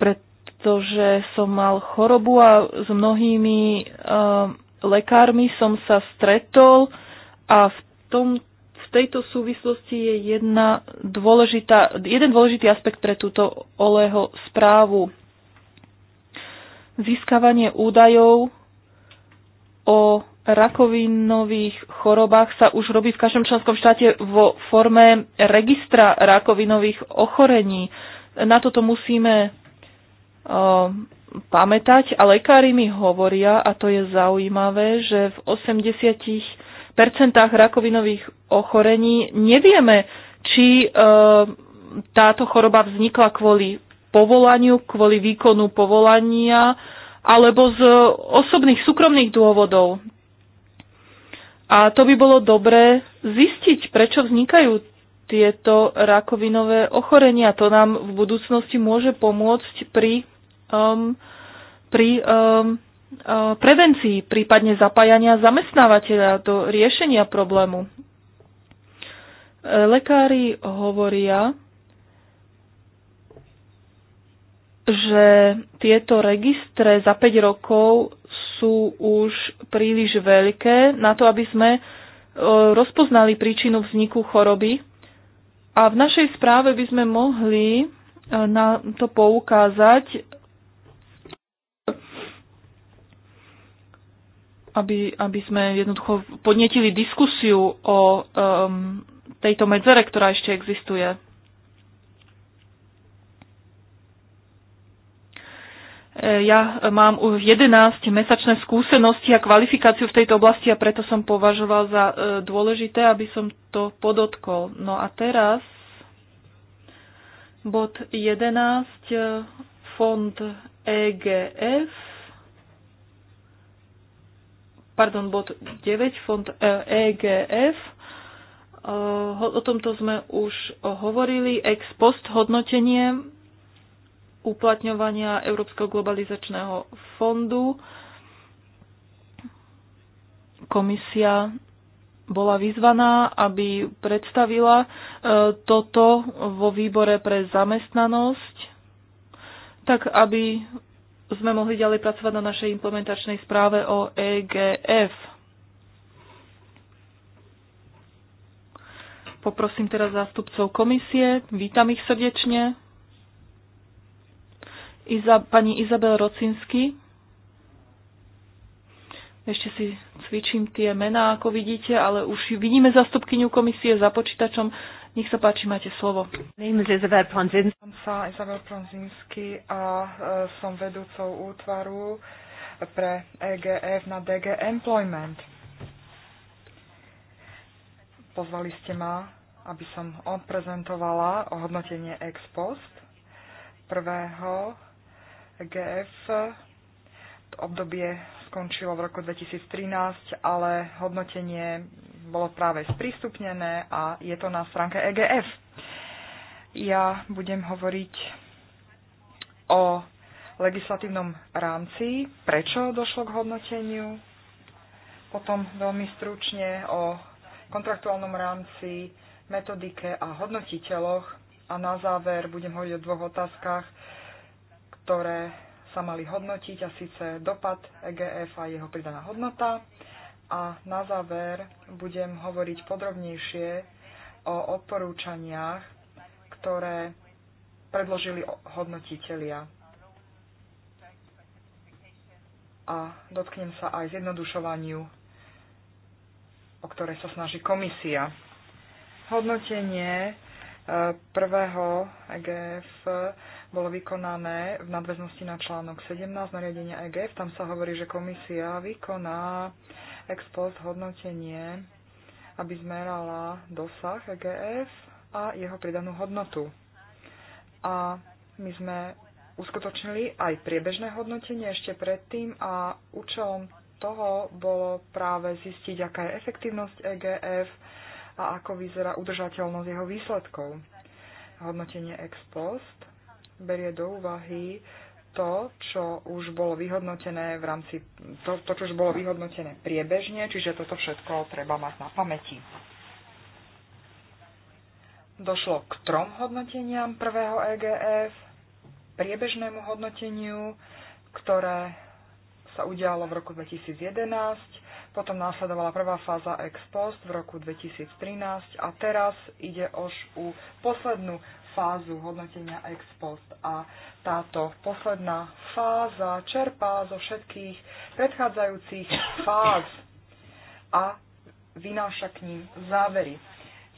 pretože som mal chorobu a s mnohými uh, lekármi som sa stretol a v, tom, v tejto súvislosti je jedna dôležitá, jeden dôležitý aspekt pre túto Oleho správu získavanie údajov o rakovinových chorobách sa už robí v každom členskom štáte vo forme registra rakovinových ochorení. Na toto musíme uh, pamätať a lekári mi hovoria, a to je zaujímavé, že v 80% rakovinových ochorení nevieme, či uh, táto choroba vznikla kvôli povolaniu, kvôli výkonu povolania alebo z osobných súkromných dôvodov. A to by bolo dobré zistiť, prečo vznikajú tieto rakovinové ochorenia. To nám v budúcnosti môže pomôcť pri, um, pri um, uh, prevencii, prípadne zapájania zamestnávateľa do riešenia problému. E, lekári hovoria, že tieto registre za 5 rokov sú už príliš veľké na to, aby sme e, rozpoznali príčinu vzniku choroby. A v našej správe by sme mohli e, na to poukázať, aby, aby sme jednoducho podnetili diskusiu o um, tejto medzere, ktorá ešte existuje. E, ja mám už 11 mesačné skúsenosti a kvalifikáciu v tejto oblasti a preto som považoval za e, dôležité, aby som to podotkol. No a teraz bod 11, e, fond EGF, pardon, bod 9, fond EGF, O tomto sme už hovorili. Ex post hodnotenie uplatňovania Európskeho globalizačného fondu. Komisia bola vyzvaná, aby predstavila e, toto vo výbore pre zamestnanosť, tak aby sme mohli ďalej pracovať na našej implementačnej správe o EGF. Poprosím teraz zástupcov komisie, vítam ich srdečne. Iza, pani Izabel Rocinsky. Ešte si cvičím tie mená, ako vidíte, ale už vidíme zastupkyňu komisie za počítačom. Nech sa páči, máte slovo. Som sa Izabel Pronzinsky a e, som vedúcou útvaru pre EGF na DG Employment. Pozvali ste ma, aby som odprezentovala ohodnotenie ex post prvého EGF. Obdobie skončilo v roku 2013, ale hodnotenie bolo práve sprístupnené a je to na stránke EGF. Ja budem hovoriť o legislatívnom rámci, prečo došlo k hodnoteniu, potom veľmi stručne o kontraktuálnom rámci, metodike a hodnotiteľoch a na záver budem hovoriť o dvoch otázkach, ktoré sa mali hodnotiť a síce dopad EGF a jeho pridaná hodnota. A na záver budem hovoriť podrobnejšie o odporúčaniach, ktoré predložili hodnotitelia. A dotknem sa aj zjednodušovaniu, o ktoré sa snaží komisia. Hodnotenie e, prvého EGF bolo vykonané v nadväznosti na článok 17 nariadenia EGF. Tam sa hovorí, že komisia vykoná ex post hodnotenie, aby zmerala dosah EGF a jeho pridanú hodnotu. A my sme uskutočnili aj priebežné hodnotenie ešte predtým a účelom toho bolo práve zistiť, aká je efektívnosť EGF a ako vyzerá udržateľnosť jeho výsledkov. Hodnotenie ex post berie do úvahy to, čo už bolo vyhodnotené v rámci, to, to, čo už bolo vyhodnotené priebežne, čiže toto všetko treba mať na pamäti. Došlo k trom hodnoteniam prvého EGF, priebežnému hodnoteniu, ktoré sa udialo v roku 2011, potom následovala prvá fáza ex post v roku 2013 a teraz ide už u poslednú fázu hodnotenia ex post a táto posledná fáza čerpá zo všetkých predchádzajúcich fáz a vynáša k ním závery.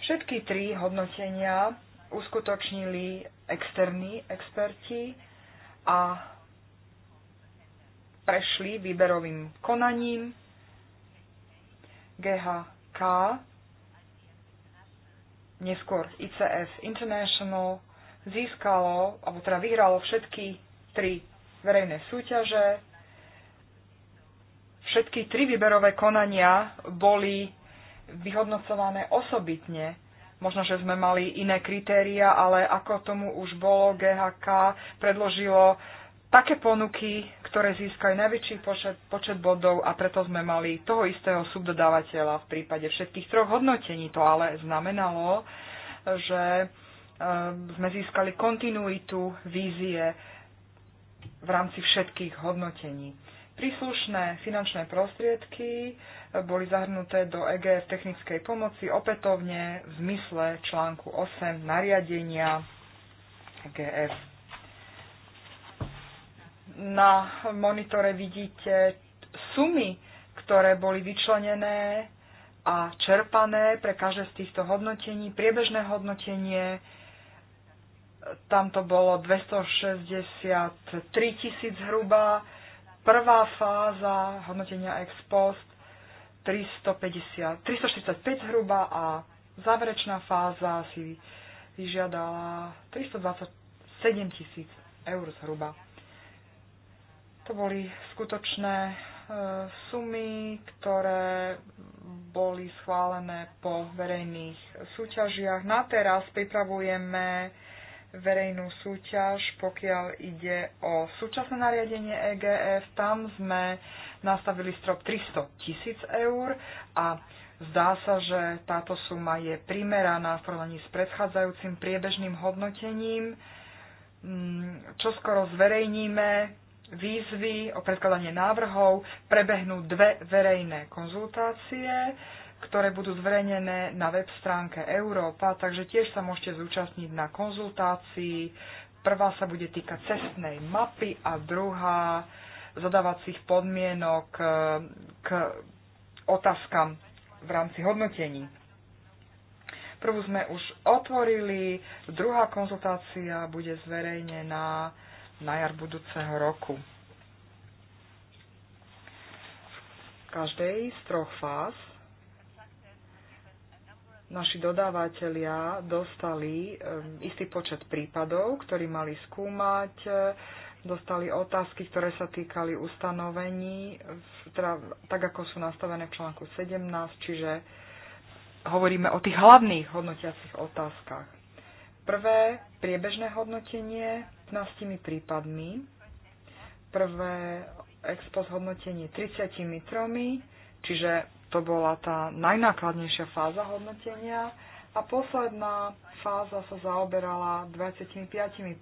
Všetky tri hodnotenia uskutočnili externí experti a prešli výberovým konaním GHK neskôr ICS International, získalo, alebo teda vyhralo všetky tri verejné súťaže. Všetky tri výberové konania boli vyhodnocované osobitne. Možno, že sme mali iné kritéria, ale ako tomu už bolo, GHK predložilo také ponuky, ktoré získajú najväčší počet, počet bodov a preto sme mali toho istého subdodávateľa v prípade všetkých troch hodnotení. To ale znamenalo, že eh, sme získali kontinuitu vízie v rámci všetkých hodnotení. Príslušné finančné prostriedky eh, boli zahrnuté do EGF technickej pomoci opätovne v zmysle článku 8 nariadenia EGF na monitore vidíte sumy, ktoré boli vyčlenené a čerpané pre každé z týchto hodnotení. Priebežné hodnotenie, tam to bolo 263 tisíc hruba. Prvá fáza hodnotenia ex post 350, 345 hruba a záverečná fáza si vyžiadala 327 tisíc eur zhruba. To boli skutočné e, sumy, ktoré boli schválené po verejných súťažiach. Na teraz pripravujeme verejnú súťaž, pokiaľ ide o súčasné nariadenie EGF. Tam sme nastavili strop 300 tisíc eur a zdá sa, že táto suma je primeraná v porovnaní s predchádzajúcim priebežným hodnotením. Mm, čo skoro zverejníme výzvy o predkladanie návrhov prebehnú dve verejné konzultácie, ktoré budú zverejnené na web stránke Európa, takže tiež sa môžete zúčastniť na konzultácii. Prvá sa bude týkať cestnej mapy a druhá zadávacích podmienok eh, k otázkam v rámci hodnotení. Prvú sme už otvorili, druhá konzultácia bude zverejnená na jar budúceho roku. V každej z troch fáz naši dodávateľia dostali eh, istý počet prípadov, ktorí mali skúmať, eh, dostali otázky, ktoré sa týkali ustanovení, teda, tak ako sú nastavené v článku 17, čiže hovoríme o tých hlavných hodnotiacich otázkach. Prvé, priebežné hodnotenie, 15 prípadmi. Prvé expo hodnotenie 33, čiže to bola tá najnákladnejšia fáza hodnotenia. A posledná fáza sa zaoberala 25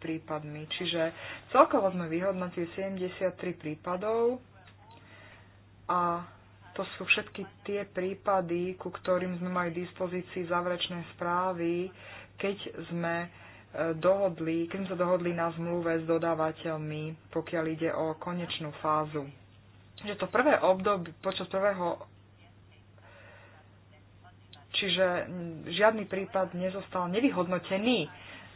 prípadmi, čiže celkovo sme vyhodnotili 73 prípadov a to sú všetky tie prípady, ku ktorým sme mali dispozícii záverečné správy, keď sme dohodli, kým sa dohodli na zmluve s dodávateľmi, pokiaľ ide o konečnú fázu. Že to prvé obdobie, počas prvého Čiže žiadny prípad nezostal nevyhodnotený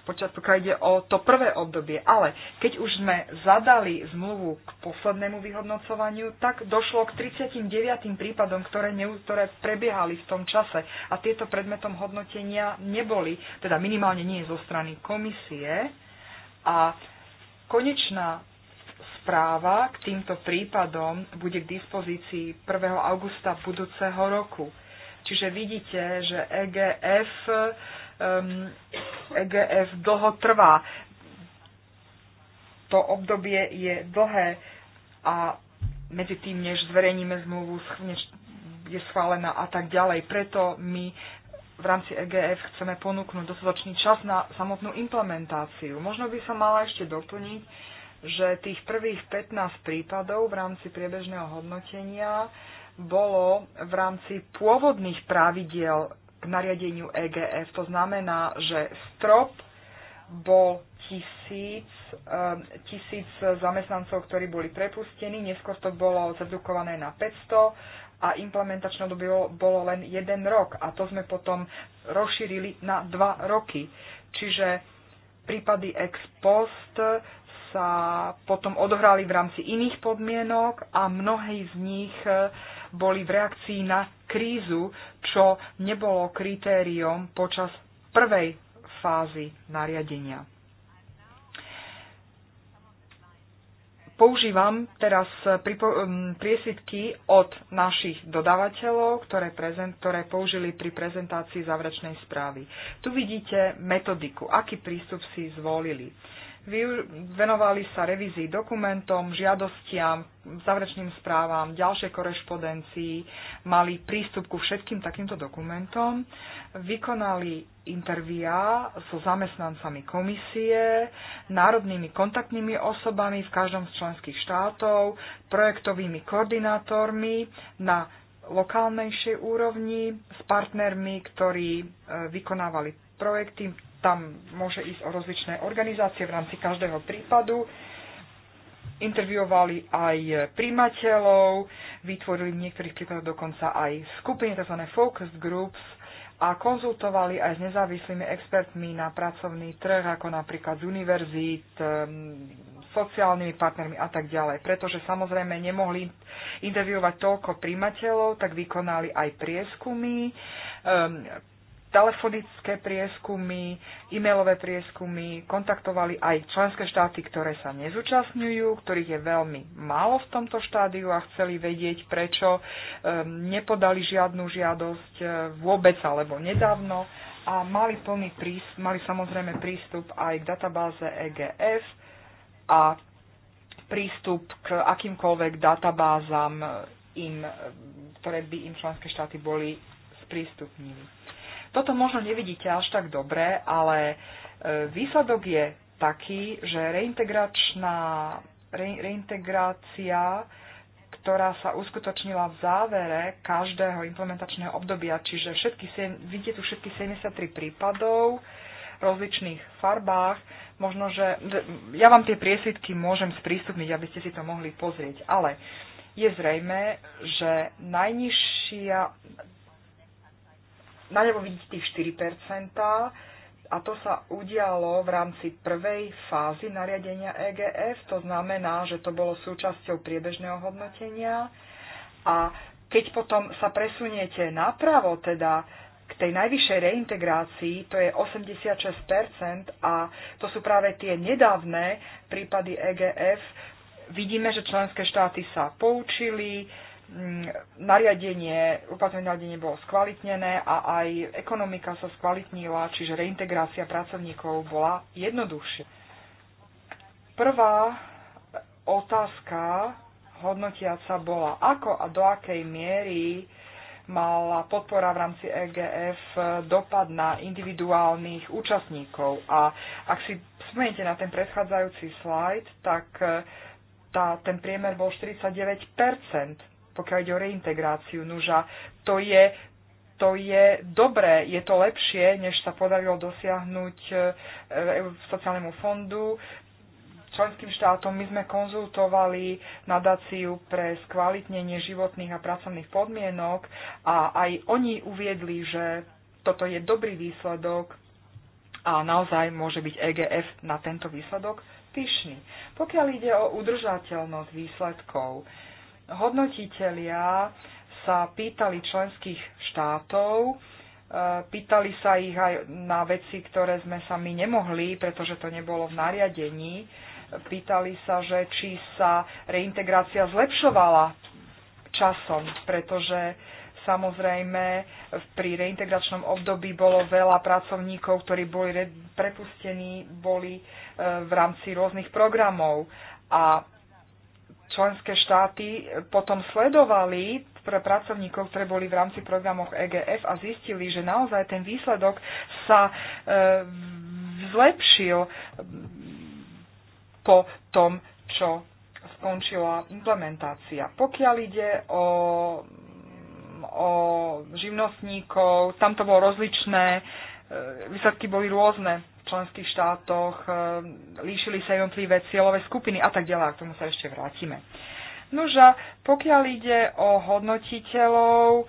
počas pokiaľ ide o to prvé obdobie. Ale keď už sme zadali zmluvu k poslednému vyhodnocovaniu, tak došlo k 39 prípadom, ktoré, ne, ktoré prebiehali v tom čase a tieto predmetom hodnotenia neboli, teda minimálne nie zo strany komisie. A konečná správa k týmto prípadom bude k dispozícii 1. augusta budúceho roku. Čiže vidíte, že EGF EGF ehm, e dlho trvá. To obdobie je dlhé a medzi tým, než zverejníme zmluvu, je schválená a tak ďalej. Preto my v rámci EGF chceme ponúknuť dostatočný čas na samotnú implementáciu. Možno by som mala ešte doplniť, že tých prvých 15 prípadov v rámci priebežného hodnotenia bolo v rámci pôvodných pravidiel k nariadeniu EGF. To znamená, že strop bol tisíc, um, tisíc zamestnancov, ktorí boli prepustení, neskôr to bolo zredukované na 500 a implementačnou doby bolo, bolo len jeden rok a to sme potom rozšírili na dva roky. Čiže prípady ex post sa potom odohrali v rámci iných podmienok a mnohí z nich uh, boli v reakcii na krízu, čo nebolo kritériom počas prvej fázy nariadenia. Používam teraz priesvitky od našich dodávateľov, ktoré, prezent, ktoré použili pri prezentácii záverečnej správy. Tu vidíte metodiku, aký prístup si zvolili venovali sa revízii dokumentom, žiadostiam, záverečným správam, ďalšej korešpondencii, mali prístup ku všetkým takýmto dokumentom, vykonali intervia so zamestnancami komisie, národnými kontaktnými osobami v každom z členských štátov, projektovými koordinátormi na lokálnejšej úrovni s partnermi, ktorí e, vykonávali projekty tam môže ísť o rozličné organizácie v rámci každého prípadu. Interviovali aj príjmateľov, vytvorili v niektorých prípadoch dokonca aj skupiny, tzv. focus groups, a konzultovali aj s nezávislými expertmi na pracovný trh, ako napríklad z univerzít, ehm, sociálnymi partnermi a tak ďalej. Pretože samozrejme nemohli interviovať toľko príjmateľov, tak vykonali aj prieskumy, ehm, telefonické prieskumy, e-mailové prieskumy, kontaktovali aj členské štáty, ktoré sa nezúčastňujú, ktorých je veľmi málo v tomto štádiu a chceli vedieť, prečo um, nepodali žiadnu žiadosť uh, vôbec alebo nedávno a mali, plný prís, mali samozrejme prístup aj k databáze EGF a prístup k akýmkoľvek databázam, uh, im, uh, ktoré by im členské štáty boli sprístupnili. Toto možno nevidíte až tak dobre, ale e, výsledok je taký, že reintegračná, re, reintegrácia, ktorá sa uskutočnila v závere každého implementačného obdobia, čiže všetky, vidíte tu všetky 73 prípadov, v rozličných farbách. Možno, že ja vám tie priesvitky môžem sprístupniť, aby ste si to mohli pozrieť, ale je zrejme, že najnižšia, na nebo vidíte tých 4 a to sa udialo v rámci prvej fázy nariadenia EGF, to znamená, že to bolo súčasťou priebežného hodnotenia a keď potom sa presuniete napravo, teda k tej najvyššej reintegrácii, to je 86% a to sú práve tie nedávne prípady EGF, vidíme, že členské štáty sa poučili, Mm, nariadenie, uplatňovanie nariadenie bolo skvalitnené a aj ekonomika sa skvalitnila, čiže reintegrácia pracovníkov bola jednoduchšia. Prvá otázka hodnotiaca bola, ako a do akej miery mala podpora v rámci EGF dopad na individuálnych účastníkov. A ak si spomeniete na ten predchádzajúci slajd, tak eh, tá, ten priemer bol 49 pokiaľ ide o reintegráciu nuža. To je, to je dobré, je to lepšie, než sa podarilo dosiahnuť e, e, sociálnemu fondu členským štátom. My sme konzultovali nadáciu pre skvalitnenie životných a pracovných podmienok a aj oni uviedli, že toto je dobrý výsledok a naozaj môže byť EGF na tento výsledok pyšný. Pokiaľ ide o udržateľnosť výsledkov, hodnotitelia sa pýtali členských štátov, e, pýtali sa ich aj na veci, ktoré sme sa my nemohli, pretože to nebolo v nariadení. Pýtali sa, že či sa reintegrácia zlepšovala časom, pretože Samozrejme, pri reintegračnom období bolo veľa pracovníkov, ktorí boli prepustení, boli e, v rámci rôznych programov. A členské štáty potom sledovali pre pracovníkov, ktoré boli v rámci programoch EGF a zistili, že naozaj ten výsledok sa e, zlepšil po tom, čo skončila implementácia. Pokiaľ ide o, o živnostníkov, tam to bolo rozličné, e, výsledky boli rôzne členských štátoch, e, líšili sa jednotlivé cieľové skupiny a tak ďalej, k tomu sa ešte vrátime. Nože, pokiaľ ide o hodnotiteľov,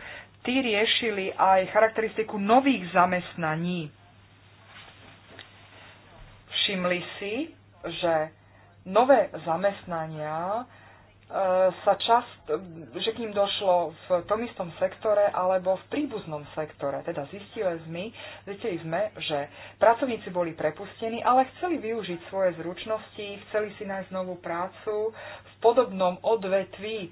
tí riešili aj charakteristiku nových zamestnaní. Všimli si, že nové zamestnania E, sa často, že k ním došlo v tom istom sektore alebo v príbuznom sektore. Teda zistili sme, zistili sme, že pracovníci boli prepustení, ale chceli využiť svoje zručnosti, chceli si nájsť novú prácu v podobnom odvetví.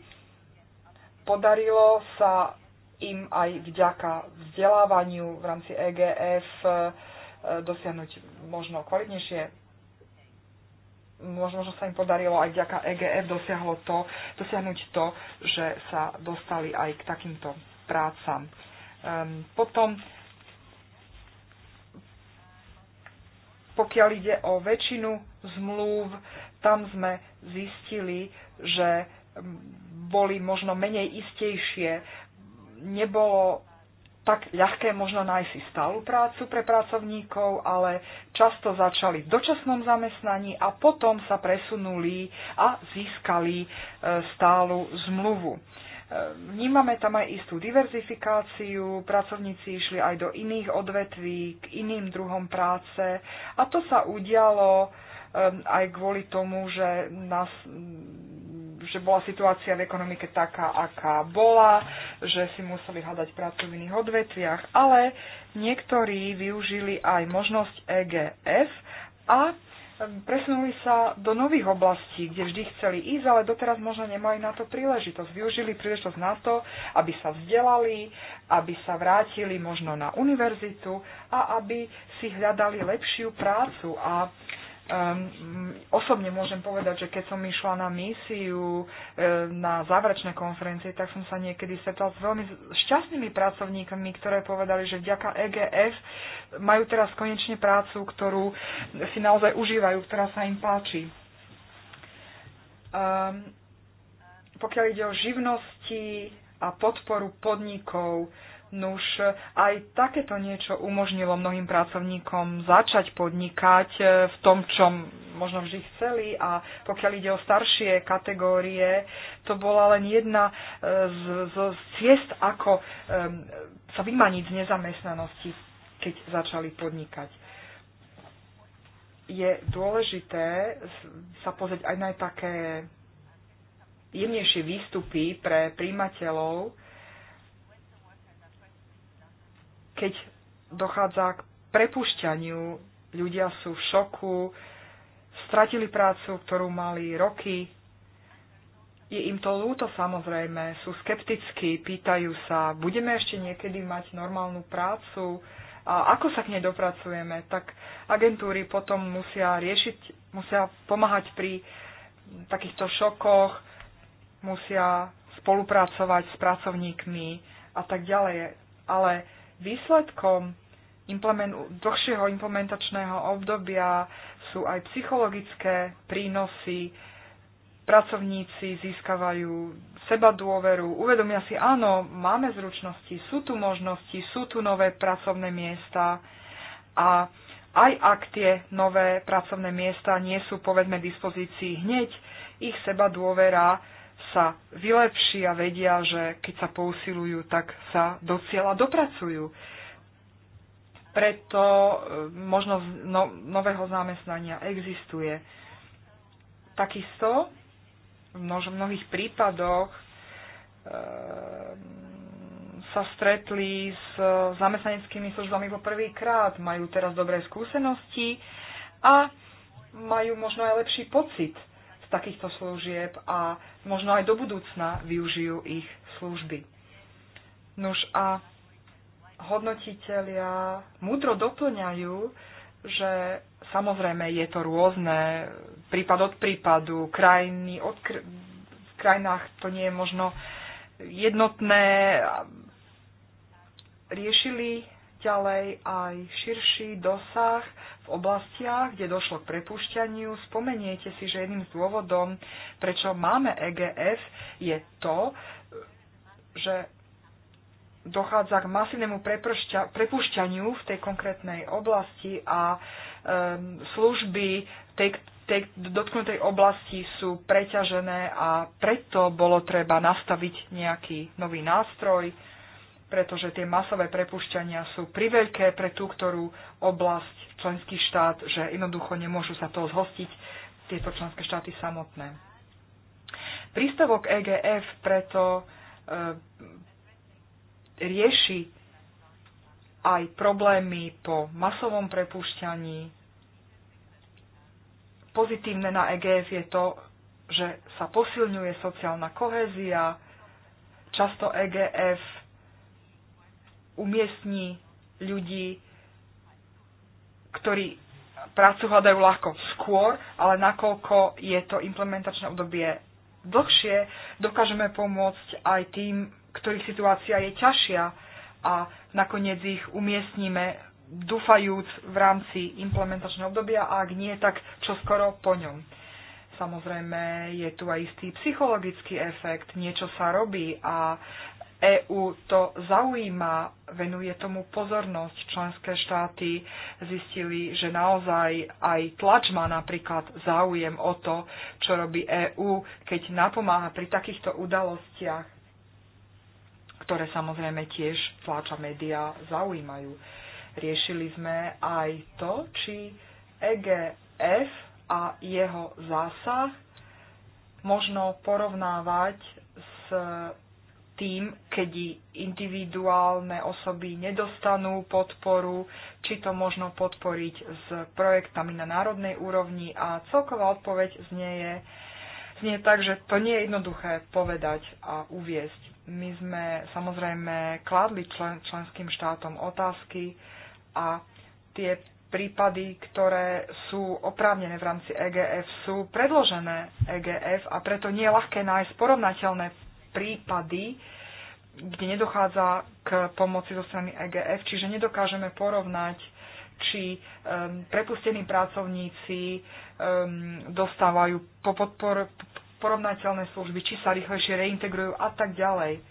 Podarilo sa im aj vďaka vzdelávaniu v rámci EGF e, dosiahnuť možno kvalitnejšie možno, že sa im podarilo aj vďaka EGF dosiahlo to, dosiahnuť to, že sa dostali aj k takýmto prácam. Um, potom, pokiaľ ide o väčšinu zmluv, tam sme zistili, že boli možno menej istejšie, nebolo tak ľahké možno nájsť si stálu prácu pre pracovníkov, ale často začali v dočasnom zamestnaní a potom sa presunuli a získali e, stálu zmluvu. E, vnímame tam aj istú diverzifikáciu, pracovníci išli aj do iných odvetví, k iným druhom práce a to sa udialo e, aj kvôli tomu, že nás že bola situácia v ekonomike taká, aká bola, že si museli hľadať prácu v iných odvetviach, ale niektorí využili aj možnosť EGF a presunuli sa do nových oblastí, kde vždy chceli ísť, ale doteraz možno nemali na to príležitosť. Využili príležitosť na to, aby sa vzdelali, aby sa vrátili možno na univerzitu a aby si hľadali lepšiu prácu. A Um, osobne môžem povedať, že keď som išla na misiu, e, na záverečné konferencie, tak som sa niekedy stretla s veľmi šťastnými pracovníkmi, ktoré povedali, že vďaka EGF majú teraz konečne prácu, ktorú si naozaj užívajú, ktorá sa im páči. Um, pokiaľ ide o živnosti a podporu podnikov, Nuž, aj takéto niečo umožnilo mnohým pracovníkom začať podnikať e, v tom, čo možno vždy chceli a pokiaľ ide o staršie kategórie, to bola len jedna z, e, z, z ciest, ako um, sa vymaniť z nezamestnanosti, keď začali podnikať. Je dôležité sa pozrieť aj na také jemnejšie výstupy pre príjimateľov, keď dochádza k prepušťaniu, ľudia sú v šoku, stratili prácu, ktorú mali roky. Je im to lúto samozrejme, sú skeptickí, pýtajú sa, budeme ešte niekedy mať normálnu prácu a ako sa k nej dopracujeme, tak agentúry potom musia riešiť, musia pomáhať pri takýchto šokoch, musia spolupracovať s pracovníkmi a tak ďalej. Ale Výsledkom implement- dlhšieho implementačného obdobia sú aj psychologické prínosy. Pracovníci získavajú seba dôveru, uvedomia si, áno, máme zručnosti, sú tu možnosti, sú tu nové pracovné miesta a aj ak tie nové pracovné miesta nie sú, povedzme, dispozícii hneď, ich seba dôvera sa vylepší a vedia, že keď sa pousilujú, tak sa do cieľa dopracujú. Preto e, možnosť no, nového zamestnania existuje. Takisto v mnohých prípadoch e, sa stretli s zamestnaneckými službami po prvýkrát, majú teraz dobré skúsenosti a majú možno aj lepší pocit takýchto služieb a možno aj do budúcna využijú ich služby. Nuž a hodnotitelia múdro doplňajú, že samozrejme je to rôzne, prípad od prípadu, krajiny od kr- v krajinách to nie je možno jednotné. Riešili ďalej aj širší dosah oblastiach, kde došlo k prepušťaniu. Spomeniete si, že jedným z dôvodom, prečo máme EGF, je to, že dochádza k masívnemu prepušťaniu v tej konkrétnej oblasti a um, služby tej, tej dotknutej oblasti sú preťažené a preto bolo treba nastaviť nejaký nový nástroj, pretože tie masové prepušťania sú priveľké pre tú, ktorú oblasť, členský štát, že jednoducho nemôžu sa toho zhostiť tieto členské štáty samotné. Prístavok EGF preto e, rieši aj problémy po masovom prepušťaní. Pozitívne na EGF je to, že sa posilňuje sociálna kohézia. Často EGF umiestni ľudí, ktorí prácu hľadajú ľahko skôr, ale nakoľko je to implementačné obdobie dlhšie, dokážeme pomôcť aj tým, ktorých situácia je ťažšia a nakoniec ich umiestnime dúfajúc v rámci implementačného obdobia a ak nie, tak čo skoro po ňom. Samozrejme, je tu aj istý psychologický efekt, niečo sa robí a EÚ to zaujíma, venuje tomu pozornosť. Členské štáty zistili, že naozaj aj tlač má napríklad záujem o to, čo robí EÚ, keď napomáha pri takýchto udalostiach, ktoré samozrejme tiež tlača médiá zaujímajú. Riešili sme aj to, či EGF a jeho zásah možno porovnávať s tým, keď individuálne osoby nedostanú podporu, či to možno podporiť s projektami na národnej úrovni a celková odpoveď znie, je, znie tak, že to nie je jednoduché povedať a uviesť. My sme samozrejme kládli člen, členským štátom otázky a tie prípady, ktoré sú oprávnené v rámci EGF, sú predložené EGF a preto nie je ľahké nájsť porovnateľné prípady, kde nedochádza k pomoci zo strany EGF, čiže nedokážeme porovnať, či um, prepustení pracovníci um, dostávajú po podpor, porovnateľné služby, či sa rýchlejšie reintegrujú a tak ďalej.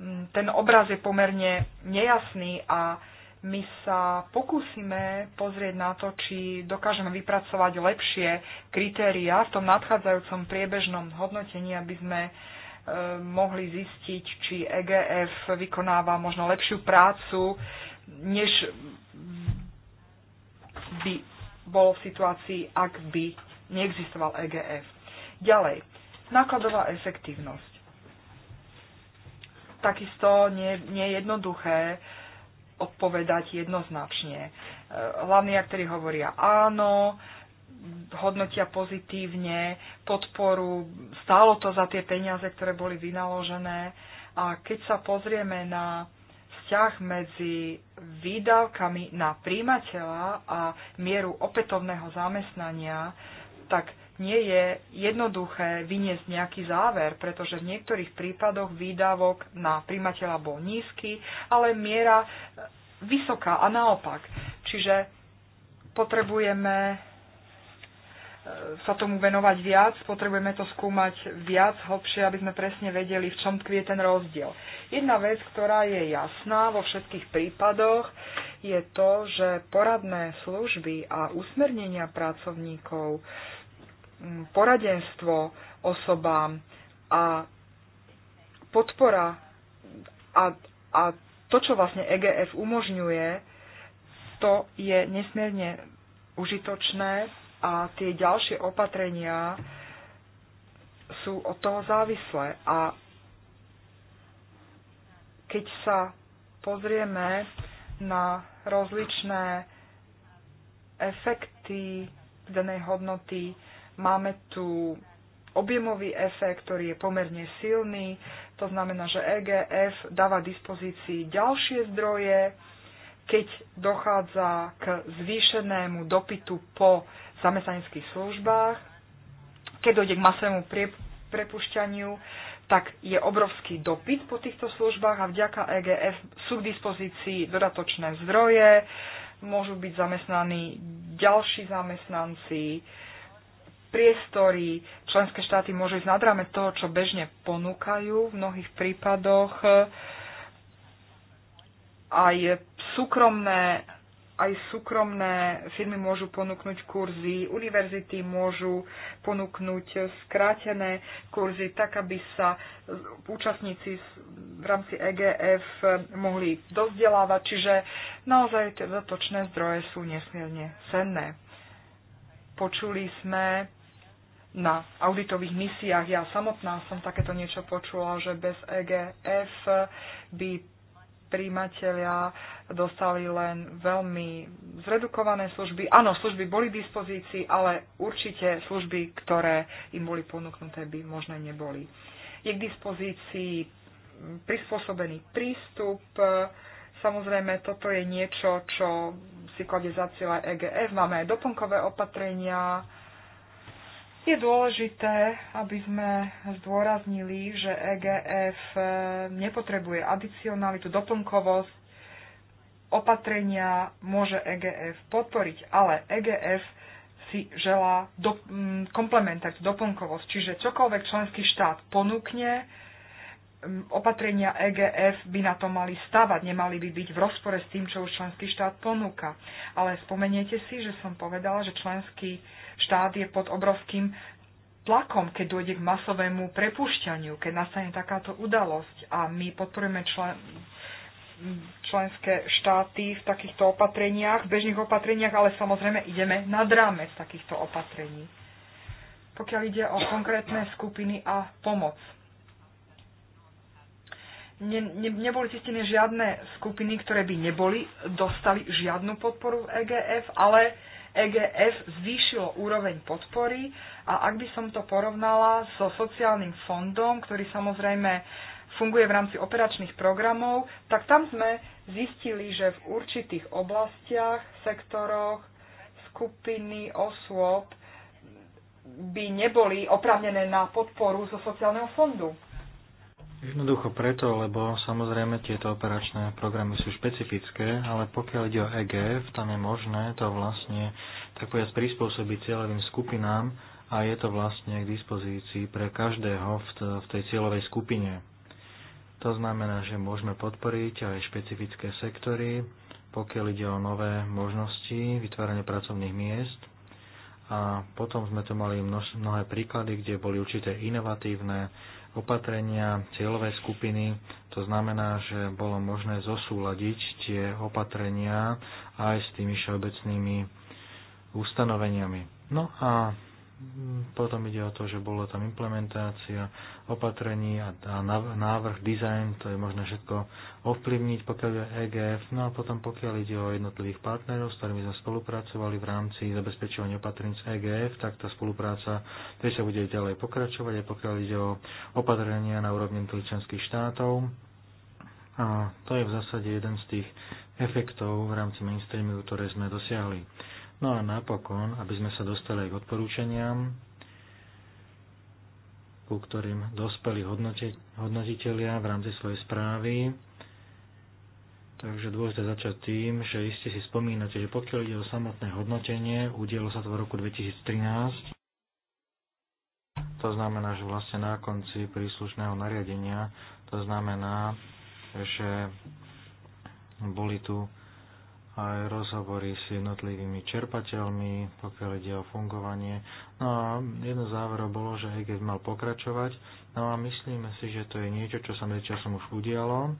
Mm, ten obraz je pomerne nejasný a my sa pokúsime pozrieť na to, či dokážeme vypracovať lepšie kritériá v tom nadchádzajúcom priebežnom hodnotení, aby sme uh, mohli zistiť, či EGF vykonáva možno lepšiu prácu, než by bolo v situácii, ak by neexistoval EGF. Ďalej, nákladová efektívnosť. Takisto nie, nie je jednoduché odpovedať jednoznačne. Hlavní aktéry hovoria áno, hodnotia pozitívne, podporu, stálo to za tie peniaze, ktoré boli vynaložené. A keď sa pozrieme na vzťah medzi výdavkami na príjimateľa a mieru opätovného zamestnania, tak nie je jednoduché vyniesť nejaký záver, pretože v niektorých prípadoch výdavok na príjmateľa bol nízky, ale miera vysoká a naopak. Čiže potrebujeme sa tomu venovať viac, potrebujeme to skúmať viac, hlbšie, aby sme presne vedeli, v čom tkvie ten rozdiel. Jedna vec, ktorá je jasná vo všetkých prípadoch, je to, že poradné služby a usmernenia pracovníkov, mm, poradenstvo osobám a podpora a, a to, čo vlastne EGF umožňuje, to je nesmierne užitočné a tie ďalšie opatrenia sú od toho závislé. A keď sa pozrieme na rozličné efekty danej hodnoty, máme tu objemový efekt, ktorý je pomerne silný. To znamená, že EGF dáva dispozícii ďalšie zdroje, keď dochádza k zvýšenému dopytu po zamestnaneckých službách. Keď dojde k masovému prepušťaniu, tak je obrovský dopyt po týchto službách a vďaka EGF sú k dispozícii dodatočné zdroje, môžu byť zamestnaní ďalší zamestnanci, priestory, členské štáty môžu ísť nad rámec toho, čo bežne ponúkajú v mnohých prípadoch. Aj súkromné aj súkromné firmy môžu ponúknuť kurzy, univerzity môžu ponúknuť skrátené kurzy, tak aby sa účastníci v rámci EGF mohli dozdelávať. Čiže naozaj tie dotočné zdroje sú nesmierne cenné. Počuli sme na auditových misiách, ja samotná som takéto niečo počula, že bez EGF by príjimatelia dostali len veľmi zredukované služby. Áno, služby boli v dispozícii, ale určite služby, ktoré im boli ponúknuté, by možné neboli. Je k dispozícii prispôsobený prístup. Samozrejme, toto je niečo, čo si kladie za cieľ EGF. Máme aj doplnkové opatrenia, je dôležité, aby sme zdôraznili, že EGF e, nepotrebuje adicionalitu, doplnkovosť. Opatrenia môže EGF podporiť, ale EGF si želá do, mm, komplementať doplnkovosť. Čiže čokoľvek členský štát ponúkne, opatrenia EGF by na to mali stavať, nemali by byť v rozpore s tým, čo už členský štát ponúka. Ale spomeniete si, že som povedala, že členský štát je pod obrovským tlakom, keď dôjde k masovému prepušťaniu, keď nastane takáto udalosť a my podporujeme člen, členské štáty v takýchto opatreniach, v bežných opatreniach, ale samozrejme ideme na dráme z takýchto opatrení. Pokiaľ ide o konkrétne skupiny a pomoc ne, ne, neboli zistené žiadne skupiny, ktoré by neboli, dostali žiadnu podporu v EGF, ale EGF zvýšilo úroveň podpory a ak by som to porovnala so sociálnym fondom, ktorý samozrejme funguje v rámci operačných programov, tak tam sme zistili, že v určitých oblastiach, sektoroch, skupiny osôb by neboli oprávnené na podporu zo sociálneho fondu. Jednoducho preto, lebo samozrejme tieto operačné programy sú špecifické, ale pokiaľ ide o EGF, tam je možné to vlastne tak povedať prispôsobiť cieľovým skupinám a je to vlastne k dispozícii pre každého v tej cieľovej skupine. To znamená, že môžeme podporiť aj špecifické sektory, pokiaľ ide o nové možnosti vytvárania pracovných miest. A potom sme tu mali množ, mnohé príklady, kde boli určité inovatívne opatrenia cieľovej skupiny. To znamená, že bolo možné zosúľadiť tie opatrenia aj s tými všeobecnými ustanoveniami. No a potom ide o to, že bola tam implementácia, opatrení a, a návrh, design, to je možné všetko ovplyvniť, pokiaľ je EGF. No a potom pokiaľ ide o jednotlivých partnerov, s ktorými sme spolupracovali v rámci zabezpečovania opatrení z EGF, tak tá spolupráca tiež sa bude ďalej pokračovať, aj pokiaľ ide o opatrenia na úrovni členských štátov. A to je v zásade jeden z tých efektov v rámci mainstreamu, ktoré sme dosiahli. No a napokon, aby sme sa dostali aj k odporúčaniam, ku ktorým dospeli hodnotitelia v rámci svojej správy. Takže dôležité začať tým, že iste si spomínate, že pokiaľ ide o samotné hodnotenie, udielo sa to v roku 2013. To znamená, že vlastne na konci príslušného nariadenia, to znamená, že boli tu aj rozhovory s jednotlivými čerpateľmi, pokiaľ ide o fungovanie. No a jedno záverov bolo, že EGF mal pokračovať, no a myslíme si, že to je niečo, čo sa medzičasom už udialo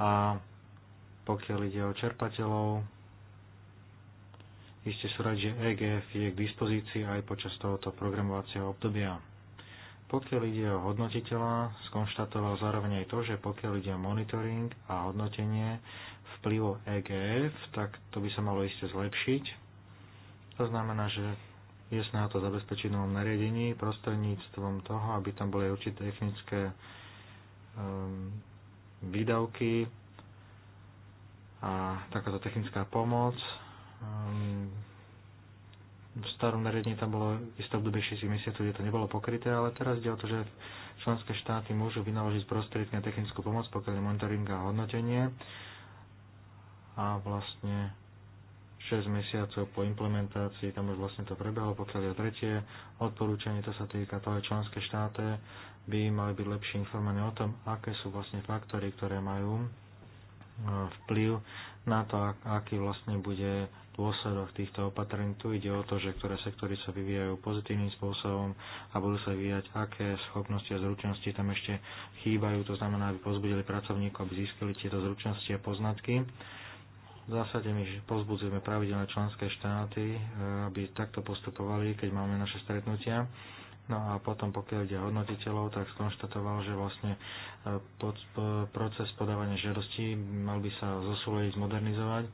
a pokiaľ ide o čerpateľov, iste sú radi, že EGF je k dispozícii aj počas tohoto programovacieho obdobia. Pokiaľ ide o hodnotiteľa, skonštatoval zároveň aj to, že pokiaľ ide o monitoring a hodnotenie vplyvu EGF, tak to by sa malo iste zlepšiť. To znamená, že je snaha to zabezpečiť novom nariadení prostredníctvom toho, aby tam boli určité technické um, výdavky a takáto technická pomoc. Um, v starom nariadení tam bolo isté obdobie 6 mesiacov, kde to nebolo pokryté, ale teraz ide o to, že členské štáty môžu vynaložiť prostriedky na technickú pomoc, pokiaľ je monitoring a hodnotenie a vlastne 6 mesiacov po implementácii, tam už vlastne to prebehlo, pokiaľ je tretie odporúčanie, to sa týka toho, že členské štáty by mali byť lepšie informované o tom, aké sú vlastne faktory, ktoré majú vplyv na to, aký vlastne bude dôsledok týchto opatrení. Tu ide o to, že ktoré sektory sa vyvíjajú pozitívnym spôsobom a budú sa vyvíjať, aké schopnosti a zručnosti tam ešte chýbajú, to znamená, aby pozbudili pracovníkov, aby získali tieto zručnosti a poznatky. V zásade my pozbudzujeme pravidelné členské štáty, e, aby takto postupovali, keď máme naše stretnutia No a potom, pokiaľ ide hodnotiteľov, tak skonštatoval, že vlastne e, pod, e, proces podávania žiadostí mal by sa zosúľadiť, zmodernizovať.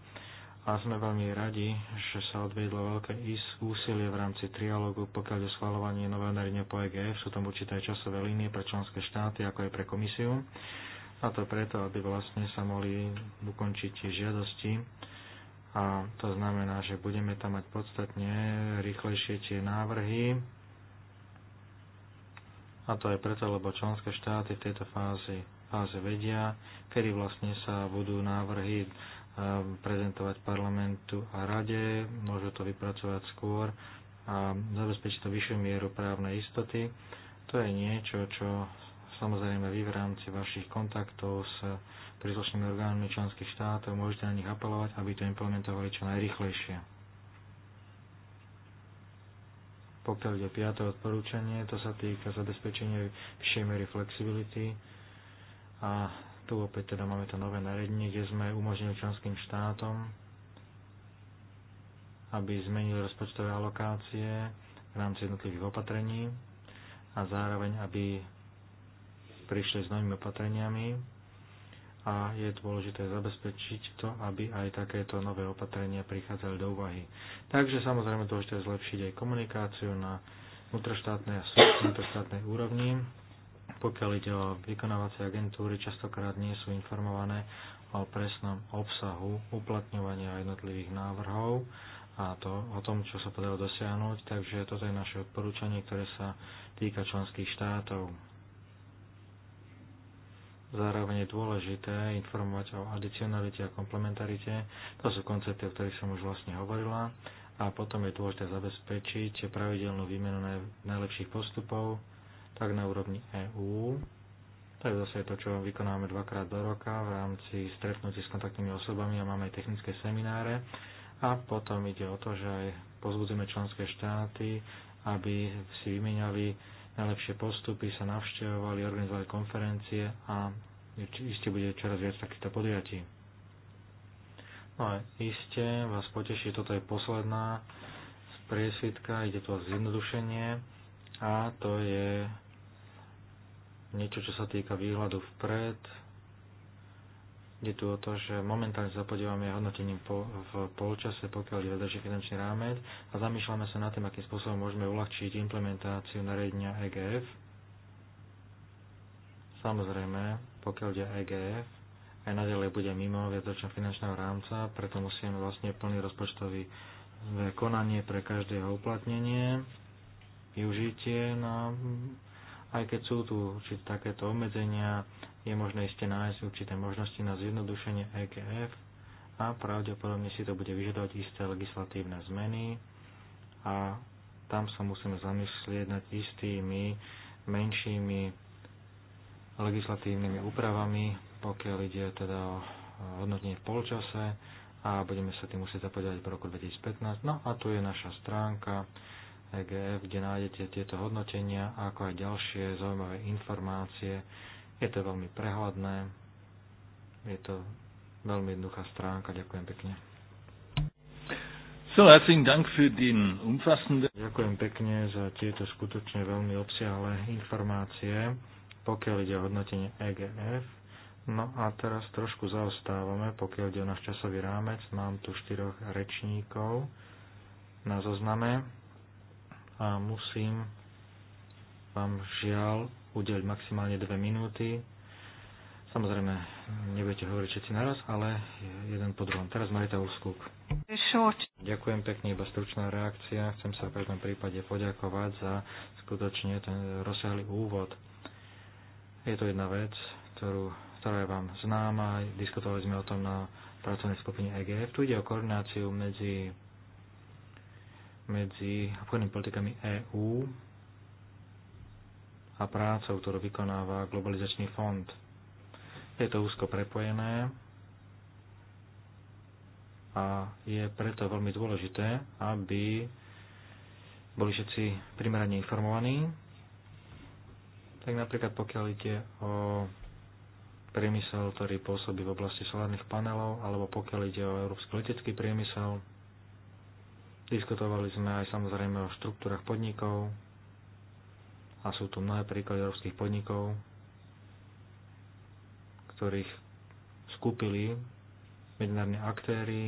A sme veľmi radi, že sa odviedlo veľké úsilie v rámci trialógu, pokiaľ je schvalovanie nového nariadenia po EGF. Sú tam určité časové línie pre členské štáty, ako aj pre komisiu. A to preto, aby vlastne sa mohli ukončiť tie žiadosti, a to znamená, že budeme tam mať podstatne rýchlejšie tie návrhy a to aj preto, lebo členské štáty v tejto fázi, fáze vedia, kedy vlastne sa budú návrhy e, prezentovať parlamentu a rade, môžu to vypracovať skôr a zabezpečiť to vyššiu mieru právnej istoty. To je niečo, čo samozrejme vy v rámci vašich kontaktov s príslušnými orgánmi členských štátov môžete na nich apelovať, aby to implementovali čo najrychlejšie. Pokiaľ ide piaté odporúčanie, to sa týka zabezpečenia vyššej miery flexibility a tu opäť teda máme to nové nariadenie, kde sme umožnili členským štátom, aby zmenili rozpočtové alokácie v rámci jednotlivých opatrení a zároveň, aby prišli s novými opatreniami, a je dôležité zabezpečiť to, aby aj takéto nové opatrenia prichádzali do úvahy. Takže samozrejme dôležité zlepšiť aj komunikáciu na vnútroštátnej a vnútroštátnej úrovni. Pokiaľ ide o vykonávacie agentúry, častokrát nie sú informované o presnom obsahu uplatňovania jednotlivých návrhov a to o tom, čo sa podarilo dosiahnuť. Takže toto je naše odporúčanie, ktoré sa týka členských štátov. Zároveň je dôležité informovať o adicionalite a komplementarite. To sú koncepty, o ktorých som už vlastne hovorila. A potom je dôležité zabezpečiť pravidelnú výmenu najlepších postupov, tak na úrovni EÚ, to je zase to, čo vykonávame dvakrát do roka v rámci stretnutí s kontaktnými osobami a máme aj technické semináre. A potom ide o to, že aj pozbudzíme členské štáty, aby si vymieniali najlepšie postupy, sa navštevovali, organizovali konferencie a iste bude čoraz viac takýchto podujatí. No a iste vás poteší, toto je posledná priesvitka, ide tu o zjednodušenie a to je niečo, čo sa týka výhľadu vpred, Ide tu o to, že momentálne sa podívame hodnotením po, v polčase, pokiaľ je vedľajší finančný rámec a zamýšľame sa nad tým, akým spôsobom môžeme uľahčiť implementáciu nariadenia EGF. Samozrejme, pokiaľ ide EGF, aj nadalej bude mimo viacročného finančného rámca, preto musíme vlastne plný rozpočtový eh, konanie pre každého uplatnenie, využitie, no, aj keď sú tu určite takéto obmedzenia, je možné iste nájsť určité možnosti na zjednodušenie EGF a pravdepodobne si to bude vyžadovať isté legislatívne zmeny a tam sa musíme zamyslieť nad istými menšími legislatívnymi úpravami, pokiaľ ide teda o hodnotenie v polčase a budeme sa tým musieť zapodiať v roku 2015. No a tu je naša stránka EGF, kde nájdete tieto hodnotenia, ako aj ďalšie zaujímavé informácie je to veľmi prehľadné, je to veľmi jednoduchá stránka. Ďakujem pekne. So, herzlichen Dank für den umfassenden... Ďakujem pekne za tieto skutočne veľmi obsiahle informácie, pokiaľ ide o hodnotenie EGF. No a teraz trošku zaostávame, pokiaľ ide o náš časový rámec. Mám tu štyroch rečníkov na zozname a musím vám žiaľ udeliť maximálne dve minúty. Samozrejme, nebudete hovoriť všetci naraz, ale jeden po druhom. Teraz Marita Uskúk. Ďakujem pekne, iba stručná reakcia. Chcem sa v každom prípade poďakovať za skutočne ten rozsiahly úvod. Je to jedna vec, ktorú, ktorá je vám známa. Diskutovali sme o tom na pracovnej skupine EGF. Tu ide o koordináciu medzi medzi obchodnými politikami EÚ a prácou, ktorú vykonáva Globalizačný fond. Je to úzko prepojené a je preto veľmi dôležité, aby boli všetci primerane informovaní. Tak napríklad pokiaľ ide o priemysel, ktorý pôsobí v oblasti solárnych panelov, alebo pokiaľ ide o európsky letecký priemysel. Diskutovali sme aj samozrejme o štruktúrach podnikov, a sú tu mnohé príklady európskych podnikov, ktorých skúpili medzinárodní aktéry,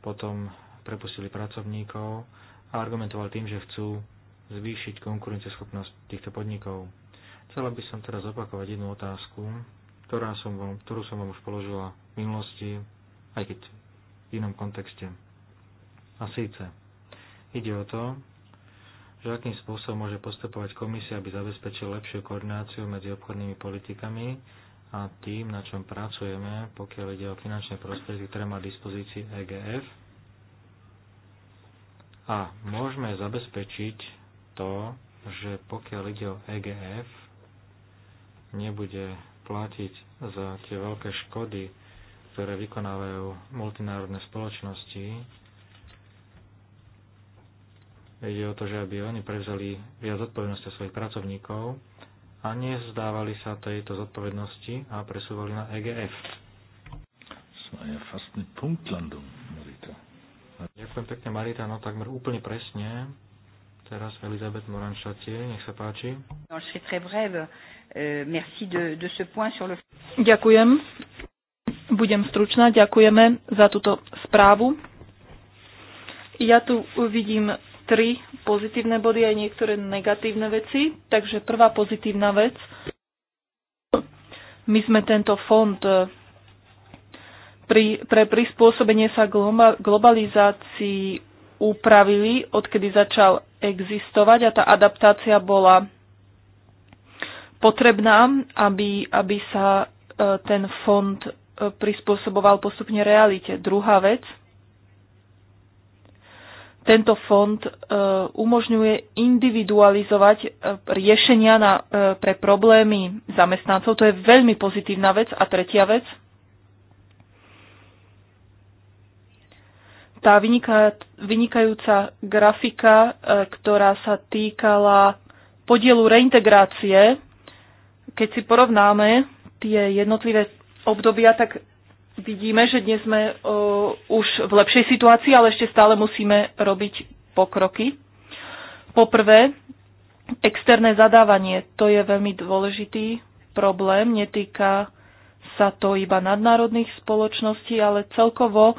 potom prepustili pracovníkov a argumentovali tým, že chcú zvýšiť konkurencieschopnosť týchto podnikov. Chcela by som teraz opakovať jednu otázku, ktorá som vám, ktorú som vám už položila v minulosti, aj keď v inom kontexte. A síce, ide o to, že akým spôsobom môže postupovať komisia, aby zabezpečila lepšiu koordináciu medzi obchodnými politikami a tým, na čom pracujeme, pokiaľ ide o finančné prostriedky, ktoré má dispozícii EGF. A môžeme zabezpečiť to, že pokiaľ ide o EGF, nebude platiť za tie veľké škody, ktoré vykonávajú multinárodné spoločnosti Ide o to, že aby oni prevzali viac zodpovednosti svojich pracovníkov a nezdávali sa tejto zodpovednosti a presúvali na EGF. Ďakujem pekne, Marita. No takmer úplne presne. Teraz Elizabeth Moranšatie, nech sa páči. No, euh, Ďakujem. Budem stručná. Ďakujeme za túto správu. Ja tu vidím tri pozitívne body aj niektoré negatívne veci. Takže prvá pozitívna vec. My sme tento fond e, pri, pre prispôsobenie sa globalizácii upravili, odkedy začal existovať a tá adaptácia bola potrebná, aby, aby sa e, ten fond e, prispôsoboval postupne realite. Druhá vec – tento fond e, umožňuje individualizovať e, riešenia na, e, pre problémy zamestnancov. To je veľmi pozitívna vec. A tretia vec, tá vynikajúca grafika, ktorá sa týkala podielu reintegrácie, keď si porovnáme tie jednotlivé obdobia, tak vidíme, že dnes sme e, už v lepšej situácii, ale ešte stále musíme robiť pokroky. Poprvé, externé zadávanie, to je veľmi dôležitý problém, netýka sa to iba nadnárodných spoločností, ale celkovo e,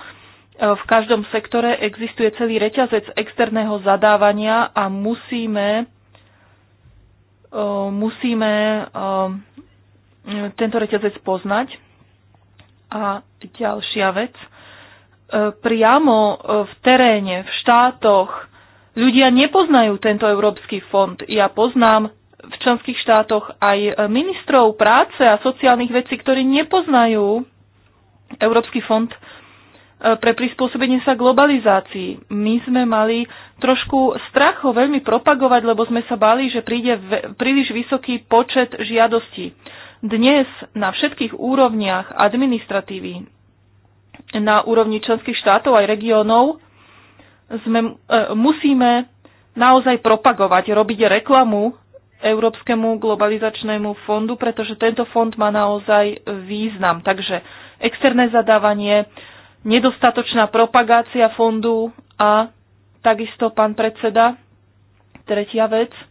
v každom sektore existuje celý reťazec externého zadávania a musíme, e, musíme tento reťazec poznať. A ďalšia vec, e, priamo e, v teréne, v štátoch, ľudia nepoznajú tento Európsky fond. Ja poznám v členských štátoch aj ministrov práce a sociálnych vecí, ktorí nepoznajú Európsky fond e, pre prispôsobenie sa globalizácii. My sme mali trošku strach ho veľmi propagovať, lebo sme sa bali, že príde príliš vysoký počet žiadostí. Dnes na všetkých úrovniach administratívy, na úrovni členských štátov aj regiónov, sme, e, musíme naozaj propagovať, robiť reklamu Európskemu globalizačnému fondu, pretože tento fond má naozaj význam. Takže externé zadávanie, nedostatočná propagácia fondu a takisto, pán predseda, tretia vec –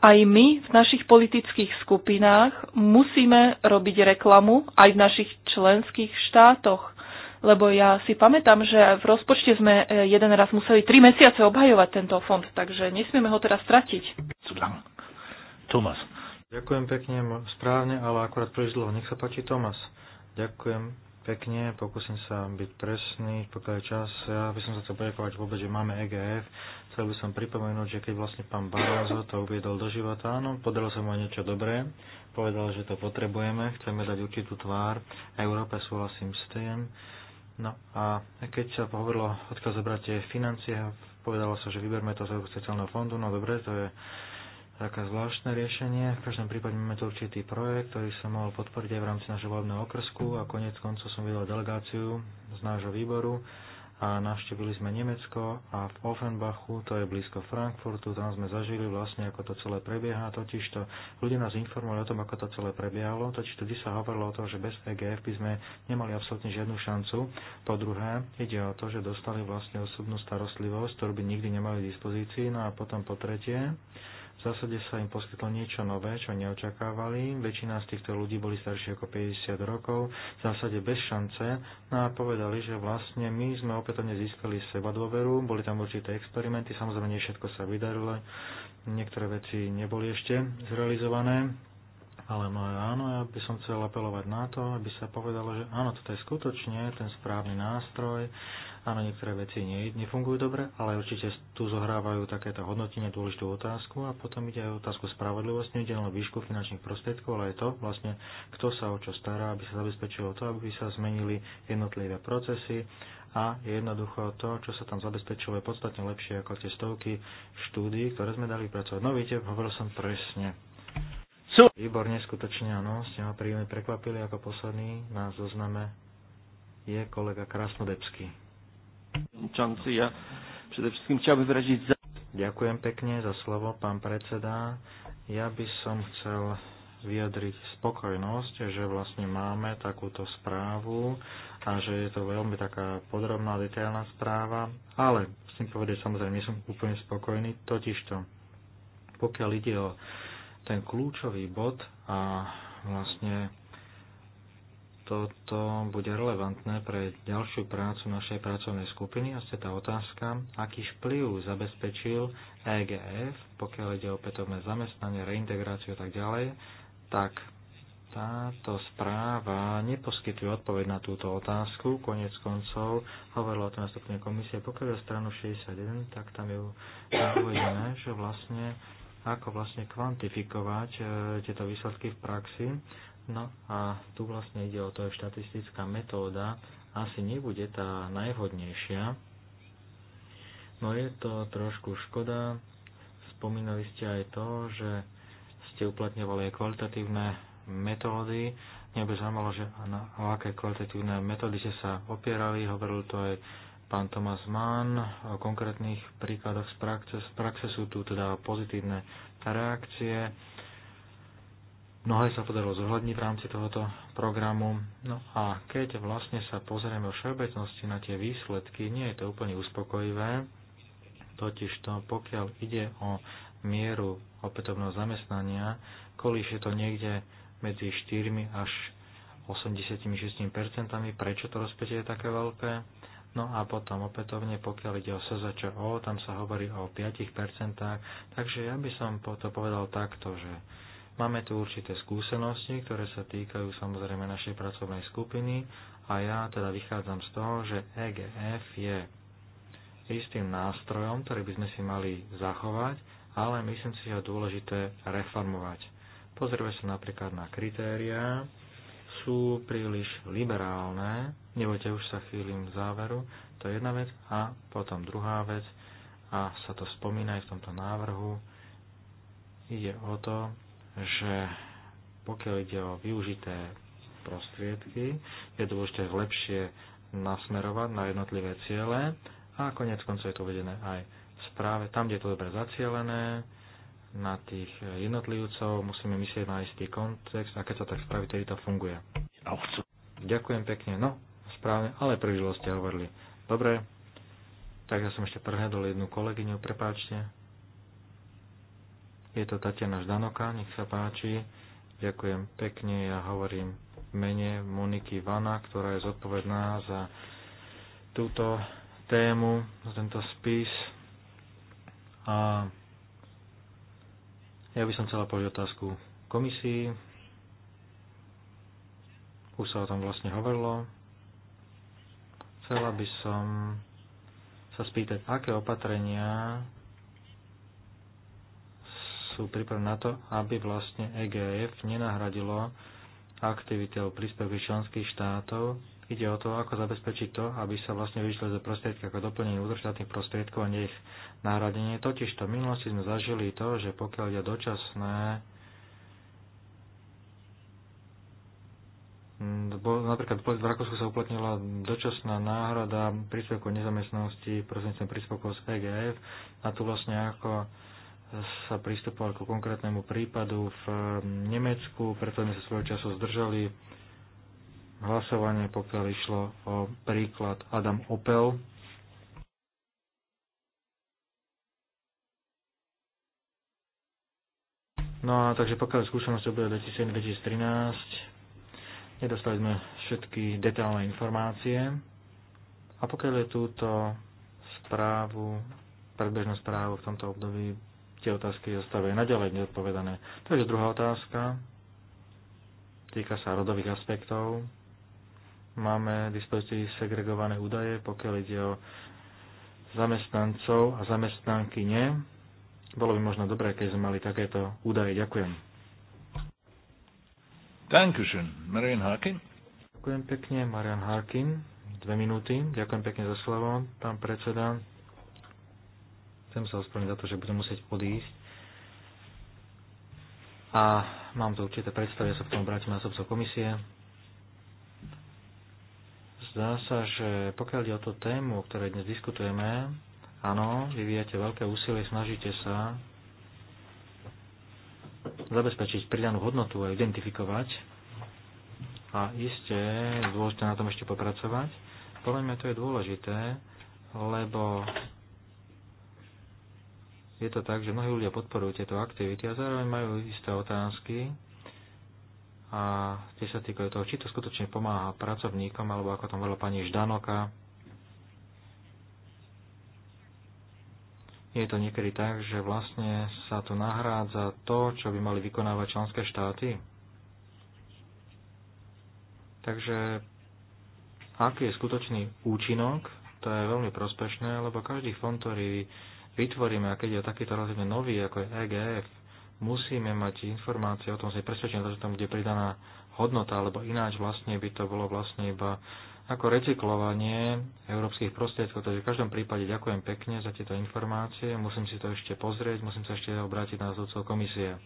aj my v našich politických skupinách musíme robiť reklamu aj v našich členských štátoch. Lebo ja si pamätám, že v rozpočte sme e, jeden raz museli tri mesiace obhajovať tento fond, takže nesmieme ho teraz stratiť. Tomas. Ďakujem pekne, správne, ale akurát príliš dlho. Nech sa páči, Tomas. Ďakujem pekne, pokúsim sa byť presný, pokiaľ je čas. Ja by som sa chcel poďakovať vôbec, že máme EGF, Chcel by som pripomenúť, že keď vlastne pán Barázo to uviedol do života, áno, podarilo sa mu niečo dobré, povedal, že to potrebujeme, chceme dať určitú tvár, Európe súhlasím s tým. No a keď sa hovorilo odkiaľ zobrate financie, povedalo sa, že vyberme to z Európskeho fondu, no dobre, to je také zvláštne riešenie. V každom prípade máme tu určitý projekt, ktorý som mohol podporiť aj v rámci našho volebného okrsku a konec koncov som videl delegáciu z nášho výboru, a navštívili sme Nemecko a v Offenbachu, to je blízko Frankfurtu, tam sme zažili vlastne, ako to celé prebieha, Totiž to ľudia nás informovali o tom, ako to celé prebiehalo, totiž vždy sa hovorilo o tom, že bez EGF by sme nemali absolútne žiadnu šancu. Po druhé, ide o to, že dostali vlastne osobnú starostlivosť, ktorú by nikdy nemali v dispozícii, no a potom po tretie, v zásade sa im poskytlo niečo nové, čo neočakávali. Väčšina z týchto ľudí boli starší ako 50 rokov, v zásade bez šance. No a povedali, že vlastne my sme opätovne získali seba dôveru, boli tam určité experimenty, samozrejme nie všetko sa vydarilo, niektoré veci neboli ešte zrealizované, ale mnohé áno, ja by som chcel apelovať na to, aby sa povedalo, že áno, toto je skutočne ten správny nástroj, Áno, niektoré veci nie, nefungujú dobre, ale určite tu zohrávajú takéto hodnotenie dôležitú otázku a potom ide aj otázku spravodlivosti, nie len výšku finančných prostriedkov, ale je to vlastne, kto sa o čo stará, aby sa zabezpečilo to, aby sa zmenili jednotlivé procesy a jednoducho to, čo sa tam zabezpečilo, je podstatne lepšie ako tie stovky štúdí, ktoré sme dali pracovať. No víte, hovoril som presne. Výborne, skutočne áno, ste ma príjemne prekvapili ako posledný na zozname je kolega Krasnodebský. Ďakujem pekne za slovo, pán predseda. Ja by som chcel vyjadriť spokojnosť, že vlastne máme takúto správu a že je to veľmi taká podrobná, detailná správa, ale musím povedať, samozrejme, nie som úplne spokojný, totižto pokiaľ ide o ten kľúčový bod a vlastne toto bude relevantné pre ďalšiu prácu našej pracovnej skupiny a ste tá otázka, aký vplyv zabezpečil EGF, pokiaľ ide o opätovné zamestnanie, reintegráciu a tak ďalej, tak táto správa neposkytuje odpoveď na túto otázku. Konec koncov hovorilo o tom nastupnej komisie. Pokiaľ je stranu 61, tak tam je uvedené, že vlastne ako vlastne kvantifikovať e, tieto výsledky v praxi. No a tu vlastne ide o to, že štatistická metóda asi nebude tá najvhodnejšia. No je to trošku škoda. Spomínali ste aj to, že ste uplatňovali aj kvalitatívne metódy. Mňa by zaujímalo, že na, aké kvalitatívne metódy ste sa opierali. Hovoril to aj pán Tomás Mann o konkrétnych príkladoch z praxe. Z praxe sú tu teda pozitívne reakcie Mnohé sa podarilo zohľadniť v rámci tohoto programu. No a keď vlastne sa pozrieme o všeobecnosti na tie výsledky, nie je to úplne uspokojivé, Totiž to, pokiaľ ide o mieru opätovného zamestnania, je to niekde medzi 4 až 86 percentami, prečo to rozpätie je také veľké. No a potom opätovne, pokiaľ ide o SZČO, tam sa hovorí o 5 percentách, takže ja by som to povedal takto, že Máme tu určité skúsenosti, ktoré sa týkajú samozrejme našej pracovnej skupiny a ja teda vychádzam z toho, že EGF je istým nástrojom, ktorý by sme si mali zachovať, ale myslím si, že je dôležité reformovať. Pozrieme sa napríklad na kritériá, sú príliš liberálne, nebojte už sa chýlim záveru, to je jedna vec, a potom druhá vec, a sa to spomína aj v tomto návrhu, ide o to, že pokiaľ ide o využité prostriedky, je dôležité lepšie nasmerovať na jednotlivé ciele a konec koncov je to uvedené aj v správe. Tam, kde je to dobre zacielené, na tých jednotlivcov, musíme myslieť na istý kontext a keď sa tak spraví, tedy to funguje. Ďakujem pekne. No, správne, ale príliš ste hovorili. Dobre, tak ja som ešte prehľadol jednu kolegyňu, prepáčte. Je to Tatiana Ždanoka, nech sa páči. Ďakujem pekne, ja hovorím v mene Moniky Vana, ktorá je zodpovedná za túto tému, za tento spis. A ja by som chcela položiť otázku komisii. Už sa o tom vlastne hovorilo. Chcela by som sa spýtať, aké opatrenia sú pripravené na to, aby vlastne EGF nenahradilo aktivity alebo príspevky členských štátov. Ide o to, ako zabezpečiť to, aby sa vlastne vyšli za prostriedky ako doplnenie vnútroštátnych prostriedkov a nie ich nahradenie. Totižto v minulosti sme zažili to, že pokiaľ ide dočasné napríklad v Rakúsku sa uplatnila dočasná náhrada príspevku nezamestnanosti prostredníctvom príspevkov z EGF a tu vlastne ako sa pristupoval ku konkrétnemu prípadu v um, Nemecku, preto sme sa svojho času zdržali hlasovanie, pokiaľ išlo o príklad Adam Opel. No a takže pokiaľ skúsenosť obdobia 2007-2013, nedostali sme všetky detailné informácie. A pokiaľ je túto správu, predbežnú správu v tomto období tie otázky zostávajú naďalej neodpovedané. Takže druhá otázka týka sa rodových aspektov. Máme v dispozícii segregované údaje, pokiaľ ide o zamestnancov a zamestnanky nie. Bolo by možno dobré, keď sme mali takéto údaje. Ďakujem. Dankeschön, Marian Harkin. Ďakujem pekne, Marian Harkin. Dve minúty. Ďakujem pekne za slovo, pán predseda. Chcem sa ospravedlniť za to, že budem musieť odísť. A mám tu určité predstavy, ja sa k tomu vrátim na sobcov komisie. Zdá sa, že pokiaľ ide o tú tému, o ktorej dnes diskutujeme, áno, vyvíjate veľké úsilie, snažíte sa zabezpečiť pridanú hodnotu a identifikovať. A iste je dôležité na tom ešte popracovať. Podľa mňa to je dôležité, lebo je to tak, že mnohí ľudia podporujú tieto aktivity a zároveň majú isté otázky a tie sa týkajú toho, či to skutočne pomáha pracovníkom, alebo ako tam veľa pani Ždanoka. Je to niekedy tak, že vlastne sa tu nahrádza to, čo by mali vykonávať členské štáty. Takže aký je skutočný účinok, to je veľmi prospešné, lebo každý fond, ktorý vytvoríme, a keď je takýto rozhodne nový, ako je EGF, musíme mať informácie o tom, si presvedčení, že tam, bude pridaná hodnota, alebo ináč vlastne by to bolo vlastne iba ako recyklovanie európskych prostriedkov. Takže v každom prípade ďakujem pekne za tieto informácie. Musím si to ešte pozrieť, musím sa ešte obrátiť na zúcov komisie.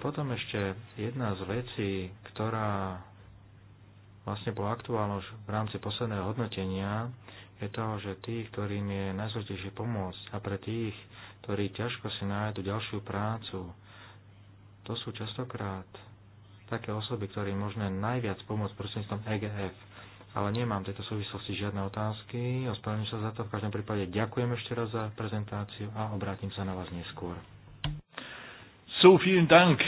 Potom ešte jedna z vecí, ktorá vlastne bola aktuálna už v rámci posledného hodnotenia, je to, že tých, ktorým je najzložitejšie pomôcť a pre tých, ktorí ťažko si nájdu ďalšiu prácu, to sú častokrát také osoby, ktoré možné najviac pomôcť prostredníctvom EGF. Ale nemám v tejto súvislosti žiadne otázky, ospravedlňujem sa za to, v každom prípade ďakujem ešte raz za prezentáciu a obrátim sa na vás neskôr. So, Dank.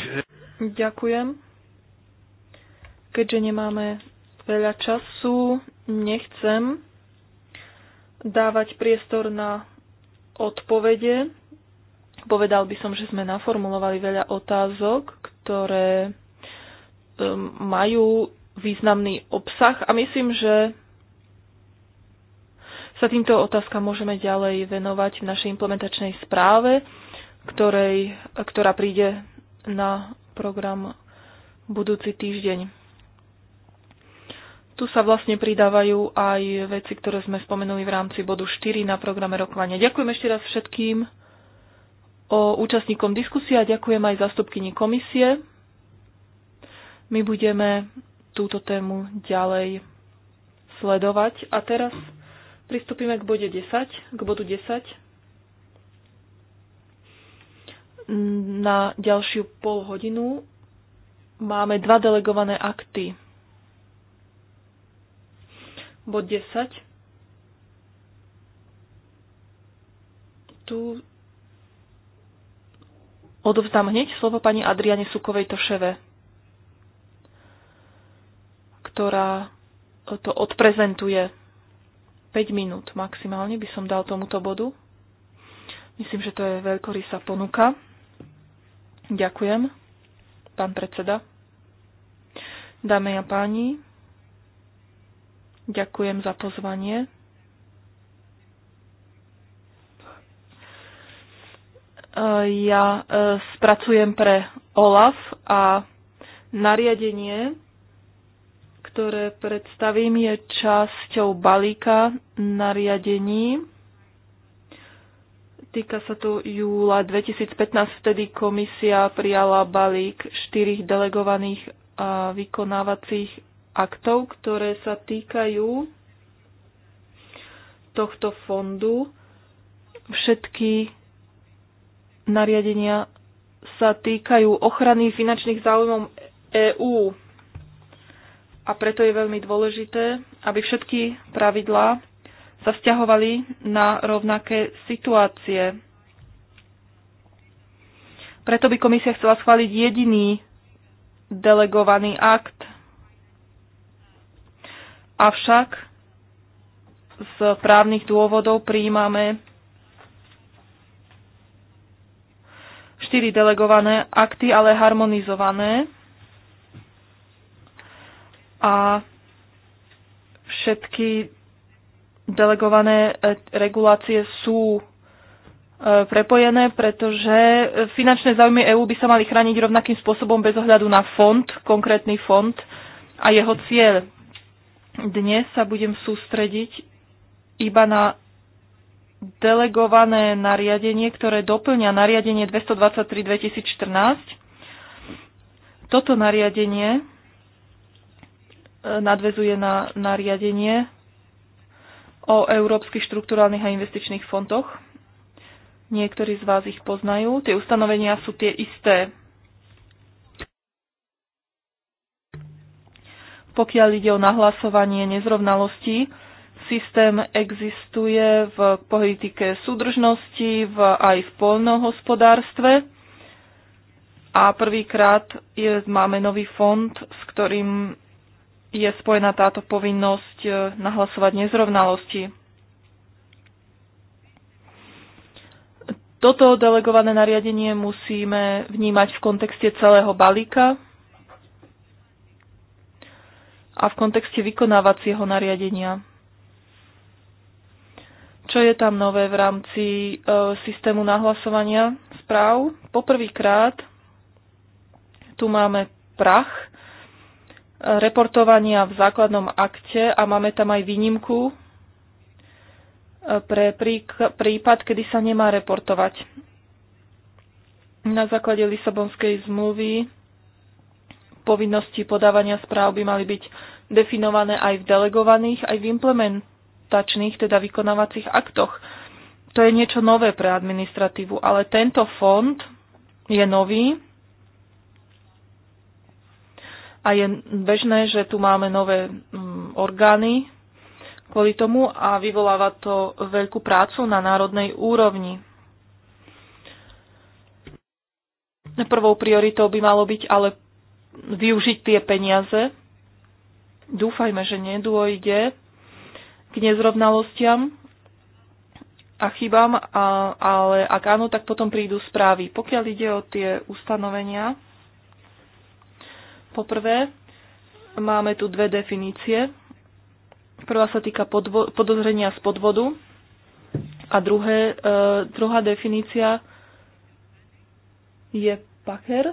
Ďakujem. Keďže nemáme veľa času, nechcem dávať priestor na odpovede. Povedal by som, že sme naformulovali veľa otázok, ktoré um, majú významný obsah a myslím, že sa týmto otázkam môžeme ďalej venovať v našej implementačnej správe, ktorej, ktorá príde na program budúci týždeň. Tu sa vlastne pridávajú aj veci, ktoré sme spomenuli v rámci bodu 4 na programe rokovania. Ďakujem ešte raz všetkým o účastníkom diskusie a ďakujem aj zastupkyni komisie. My budeme túto tému ďalej sledovať. A teraz pristúpime k bode 10, k bodu 10. Na ďalšiu pol hodinu máme dva delegované akty. Bod 10. Tu odovzdám hneď slovo pani Adriane Sukovej Toševe, ktorá to odprezentuje. 5 minút maximálne by som dal tomuto bodu. Myslím, že to je veľkorysá ponuka. Ďakujem, pán predseda. Dámy a páni, Ďakujem za pozvanie. Eh, ja eh, spracujem pre OLAF a nariadenie, ktoré predstavím, je časťou balíka nariadení. Týka sa tu júla 2015, vtedy komisia prijala balík štyrich delegovaných a vykonávacích aktov, ktoré sa týkajú tohto fondu. Všetky nariadenia sa týkajú ochrany finančných záujmov EÚ. A preto je veľmi dôležité, aby všetky pravidlá sa vzťahovali na rovnaké situácie. Preto by komisia chcela schváliť jediný delegovaný akt Avšak z právnych dôvodov príjmame štyri delegované akty, ale harmonizované. A všetky delegované e, regulácie sú e, prepojené, pretože finančné záujmy EÚ by sa mali chrániť rovnakým spôsobom bez ohľadu na fond, konkrétny fond a jeho cieľ. Dnes sa budem sústrediť iba na delegované nariadenie, ktoré doplňa nariadenie 223-2014. Toto nariadenie e, nadvezuje na nariadenie o európskych štruktúrálnych a investičných fondoch. Niektorí z vás ich poznajú. Tie ustanovenia sú tie isté. Pokiaľ ide o nahlasovanie nezrovnalostí, systém existuje v politike súdržnosti, v, aj v polnohospodárstve. A prvýkrát je, máme nový fond, s ktorým je spojená táto povinnosť e, nahlasovať nezrovnalosti. Toto delegované nariadenie musíme vnímať v kontexte celého balíka a v kontexte vykonávacieho nariadenia. Čo je tam nové v rámci e, systému nahlasovania správ? Poprvýkrát tu máme prach reportovania v základnom akte a máme tam aj výnimku e, pre prípad, kedy sa nemá reportovať. Na základe Lisabonskej zmluvy povinnosti podávania správ by mali byť definované aj v delegovaných, aj v implementačných, teda vykonávacích aktoch. To je niečo nové pre administratívu, ale tento fond je nový a je bežné, že tu máme nové mm, orgány kvôli tomu a vyvoláva to veľkú prácu na národnej úrovni. Prvou prioritou by malo byť ale využiť tie peniaze. Dúfajme, že nedôjde k nezrovnalostiam a chybám, a, ale ak áno, tak potom prídu správy. Pokiaľ ide o tie ustanovenia, poprvé máme tu dve definície. Prvá sa týka podvo- podozrenia z podvodu a druhé, e, druhá definícia je paker,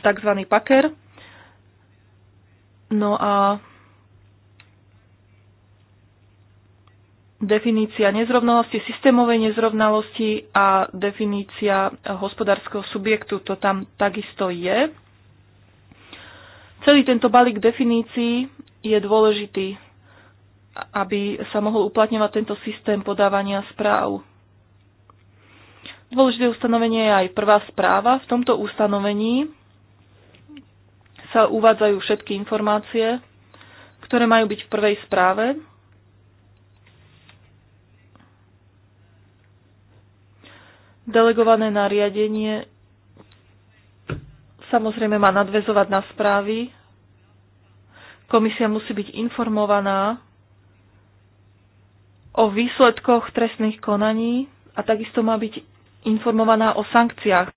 tzv. paker. No a definícia nezrovnalosti, systémovej nezrovnalosti a definícia hospodárskeho subjektu, to tam takisto je. Celý tento balík definícií je dôležitý, aby sa mohol uplatňovať tento systém podávania správ. Dôležité ustanovenie je aj prvá správa. V tomto ustanovení sa uvádzajú všetky informácie, ktoré majú byť v prvej správe. Delegované nariadenie samozrejme má nadvezovať na správy. Komisia musí byť informovaná o výsledkoch trestných konaní a takisto má byť informovaná o sankciách.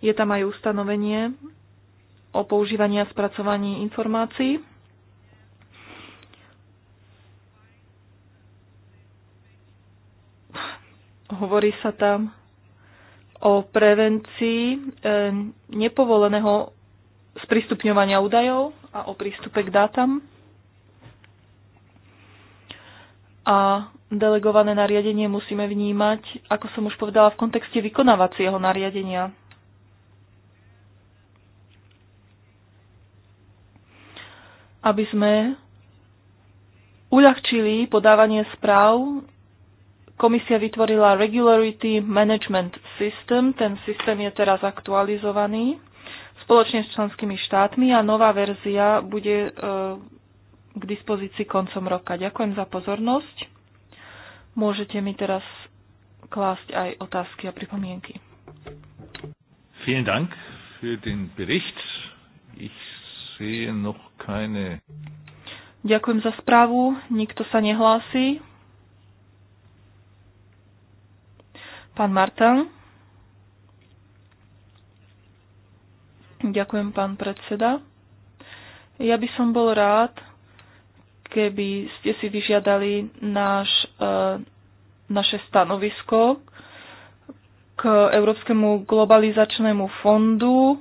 Je tam aj ustanovenie o používaní a spracovaní informácií. Hovorí sa tam o prevencii e, nepovoleného sprístupňovania údajov a o prístupe k dátam. A delegované nariadenie musíme vnímať, ako som už povedala, v kontexte vykonávacieho nariadenia. aby sme uľahčili podávanie správ. Komisia vytvorila Regularity Management System. Ten systém je teraz aktualizovaný spoločne s členskými štátmi a nová verzia bude e, k dispozícii koncom roka. Ďakujem za pozornosť. Môžete mi teraz klásť aj otázky a pripomienky. Vielen Dank für den Bericht. Ich sehe noch keine. Ďakujem za správu. Nikto sa nehlási. Pán Martin. Ďakujem, pán predseda. Ja by som bol rád, keby ste si vyžiadali náš, e, naše stanovisko k Európskemu globalizačnému fondu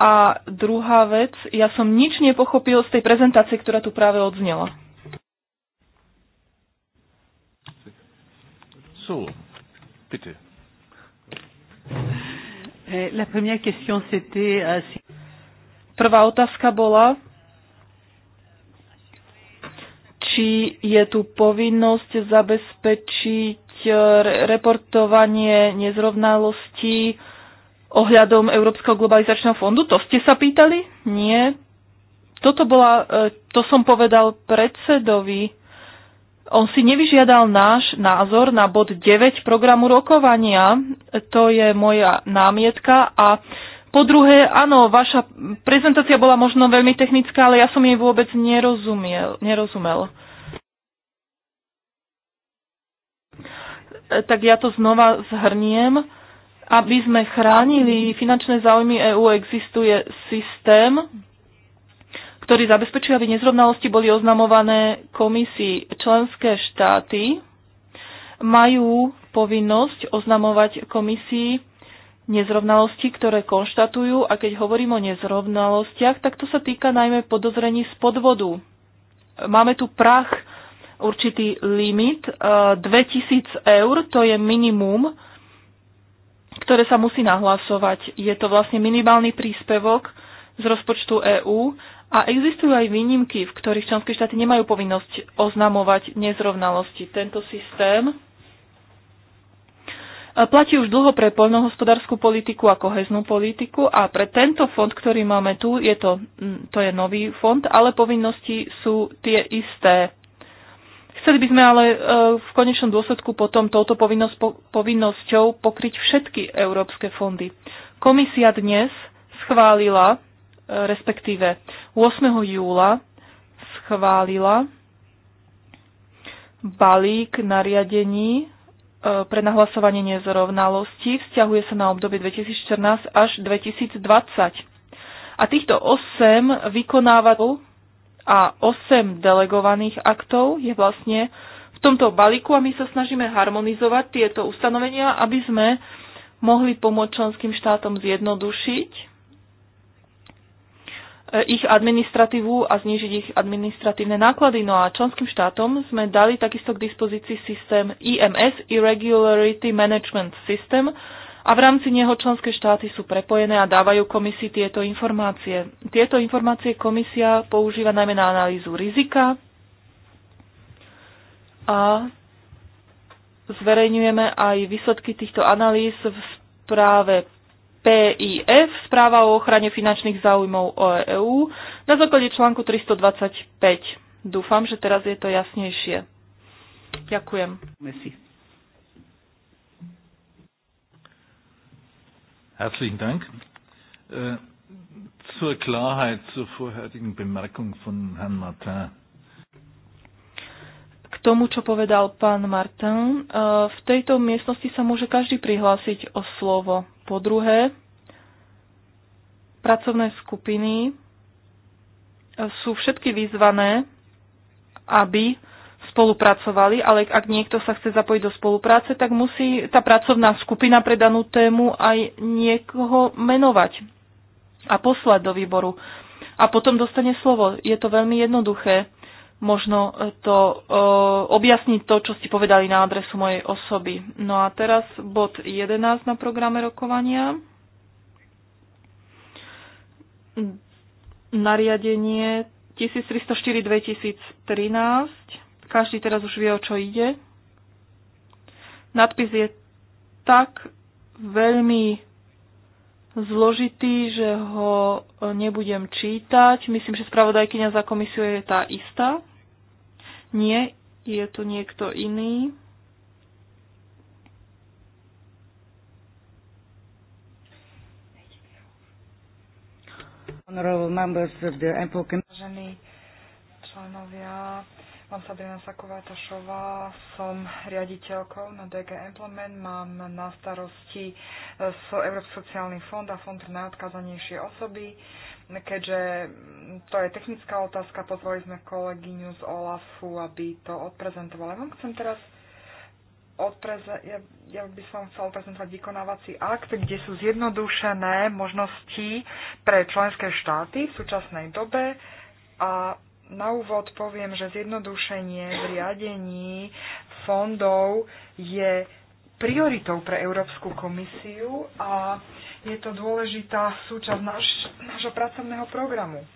a druhá vec, ja som nič nepochopil z tej prezentácie, ktorá tu práve odznela. So, bitte. Eh, la première question, c'était... Euh, Prvá otázka bola, či je tu povinnosť zabezpečiť eh, reportovanie nezrovnalostí ohľadom Európskeho globalizačného fondu? To ste sa pýtali? Nie. Toto bola, e, to som povedal predsedovi. On si nevyžiadal náš názor na bod 9 programu rokovania. To je moja námietka a po druhé, áno, vaša prezentácia bola možno veľmi technická, ale ja som jej vôbec nerozumiel, nerozumel. E, tak ja to znova zhrniem aby sme chránili finančné záujmy EÚ, existuje systém, ktorý zabezpečuje, aby nezrovnalosti boli oznamované komisii. Členské štáty majú povinnosť oznamovať komisii nezrovnalosti, ktoré konštatujú a keď hovorím o nezrovnalostiach, tak to sa týka najmä podozrení z podvodu. Máme tu prach, určitý limit, 2000 e, eur, to je minimum, ktoré sa musí nahlasovať. Je to vlastne minimálny príspevok z rozpočtu EÚ a existujú aj výnimky, v ktorých členské štáty nemajú povinnosť oznamovať nezrovnalosti. Tento systém e, platí už dlho pre poľnohospodárskú politiku a koheznú politiku a pre tento fond, ktorý máme tu, je to, mm, to je nový fond, ale povinnosti sú tie isté. Chceli by sme ale e, v konečnom dôsledku potom touto povinnosť, povinnosťou pokryť všetky európske fondy. Komisia dnes schválila, e, respektíve 8. júla schválila balík nariadení e, pre nahlasovanie nezrovnalostí. Vzťahuje sa na obdobie 2014 až 2020. A týchto 8 vykonávateľov a 8 delegovaných aktov je vlastne v tomto balíku a my sa snažíme harmonizovať tieto ustanovenia, aby sme mohli pomôcť členským štátom zjednodušiť eh, ich administratívu a znížiť ich administratívne náklady. No a členským štátom sme dali takisto k dispozícii systém IMS, Irregularity Management System, a v rámci neho členské štáty sú prepojené a dávajú komisii tieto informácie. Tieto informácie komisia používa najmä na analýzu rizika a zverejňujeme aj výsledky týchto analýz v správe PIF, správa o ochrane finančných záujmov EÚ, na základe článku 325. Dúfam, že teraz je to jasnejšie. Ďakujem. Herzlichen Dank. Äh, zur Klarheit zur vorherigen Bemerkung von Herrn Martin. K tomu, čo povedal pán Martin, äh, v tejto miestnosti sa môže každý prihlásiť o slovo. Po druhé, pracovné skupiny äh, sú všetky vyzvané, aby spolupracovali, ale ak niekto sa chce zapojiť do spolupráce, tak musí tá pracovná skupina pre danú tému aj niekoho menovať a poslať do výboru. A potom dostane slovo. Je to veľmi jednoduché. Možno to e, objasniť to, čo ste povedali na adresu mojej osoby. No a teraz bod 11 na programe rokovania. Nariadenie 1304-2013 každý teraz už vie, o čo ide. Nadpis je tak veľmi zložitý, že ho nebudem čítať. Myslím, že spravodajkyňa za komisiu je tá istá. Nie, je tu niekto iný. Honorable members of the Ample Committee členovia Konstantina Saková-Tašová, som riaditeľkou na DG Employment, mám na starosti e, Európsky sociálny fond a fond pre najodkázanejšie osoby. Keďže to je technická otázka, pozvali sme kolegyňu z OLAFu, aby to odprezentovala. Vám chcem teraz odpreze- ja, ja by som chcel prezentovať vykonávací akt, kde sú zjednodušené možnosti pre členské štáty v súčasnej dobe a na úvod poviem, že zjednodušenie v riadení fondov je prioritou pre Európsku komisiu a je to dôležitá súčasť nášho pracovného programu.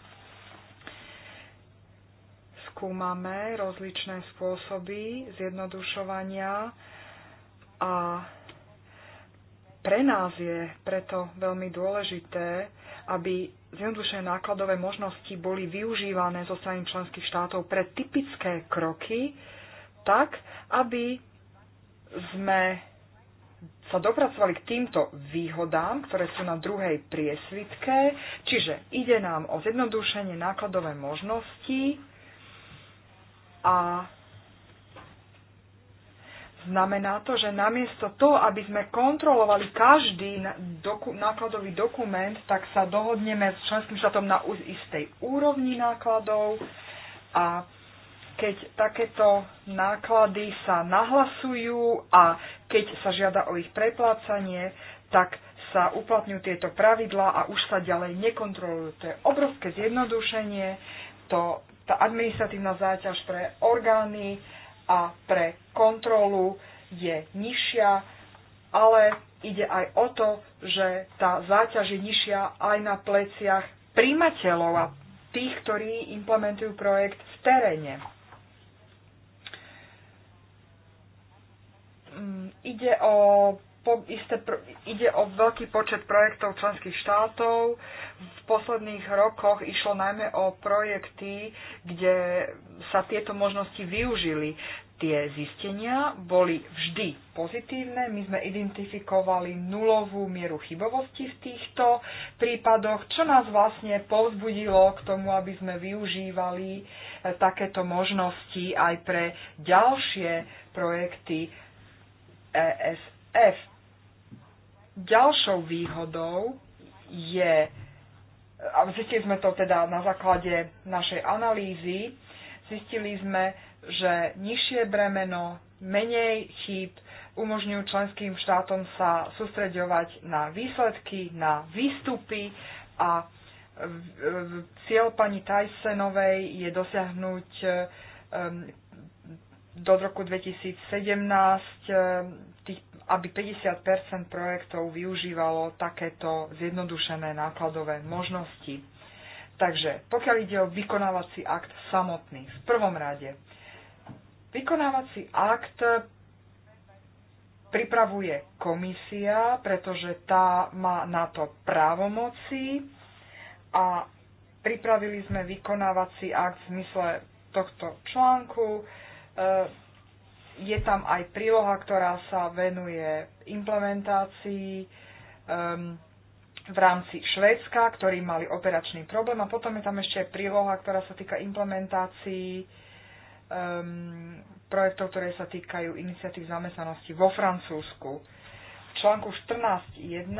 Skúmame rozličné spôsoby zjednodušovania a pre nás je preto veľmi dôležité, aby zjednodušené nákladové možnosti boli využívané zo strany členských štátov pre typické kroky, tak, aby sme sa dopracovali k týmto výhodám, ktoré sú na druhej priesvitke. Čiže ide nám o zjednodušenie nákladové možnosti a Znamená to, že namiesto toho, aby sme kontrolovali každý doku, nákladový dokument, tak sa dohodneme s členským štátom na istej úrovni nákladov a keď takéto náklady sa nahlasujú a keď sa žiada o ich preplácanie, tak sa uplatňujú tieto pravidlá a už sa ďalej nekontrolujú. To je obrovské zjednodušenie, to, tá administratívna záťaž pre orgány, a pre kontrolu je nižšia, ale ide aj o to, že tá záťaž je nižšia aj na pleciach primateľov a tých, ktorí implementujú projekt v teréne. Mm, ide o po, isté, ide o veľký počet projektov členských štátov. V posledných rokoch išlo najmä o projekty, kde sa tieto možnosti využili. Tie zistenia boli vždy pozitívne. My sme identifikovali nulovú mieru chybovosti v týchto prípadoch, čo nás vlastne povzbudilo k tomu, aby sme využívali e, takéto možnosti aj pre ďalšie projekty ESF. Ďalšou výhodou je, a zistili sme to teda na základe našej analýzy, zistili sme, že nižšie bremeno, menej chýb umožňujú členským štátom sa sústreďovať na výsledky, na výstupy a cieľ pani Tysonovej je dosiahnuť ehm, do roku 2017 ehm, tých aby 50 projektov využívalo takéto zjednodušené nákladové možnosti. Takže pokiaľ ide o vykonávací akt samotný, v prvom rade, vykonávací akt pripravuje komisia, pretože tá má na to právomoci a pripravili sme vykonávací akt v zmysle tohto článku. E, je tam aj príloha, ktorá sa venuje implementácii um, v rámci Švédska, ktorí mali operačný problém a potom je tam ešte príloha, ktorá sa týka implementácií um, projektov, ktoré sa týkajú iniciatív zamestnanosti vo Francúzsku. V článku 14.1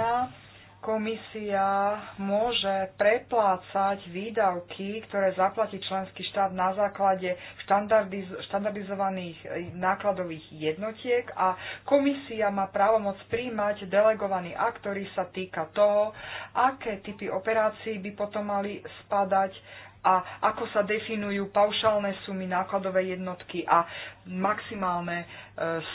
komisia môže preplácať výdavky, ktoré zaplatí členský štát na základe štandardiz štandardizovaných e, nákladových jednotiek a komisia má právomoc príjmať delegovaný akt, ktorý sa týka toho, aké typy operácií by potom mali spadať a ako sa definujú paušálne sumy, nákladové jednotky a maximálne e,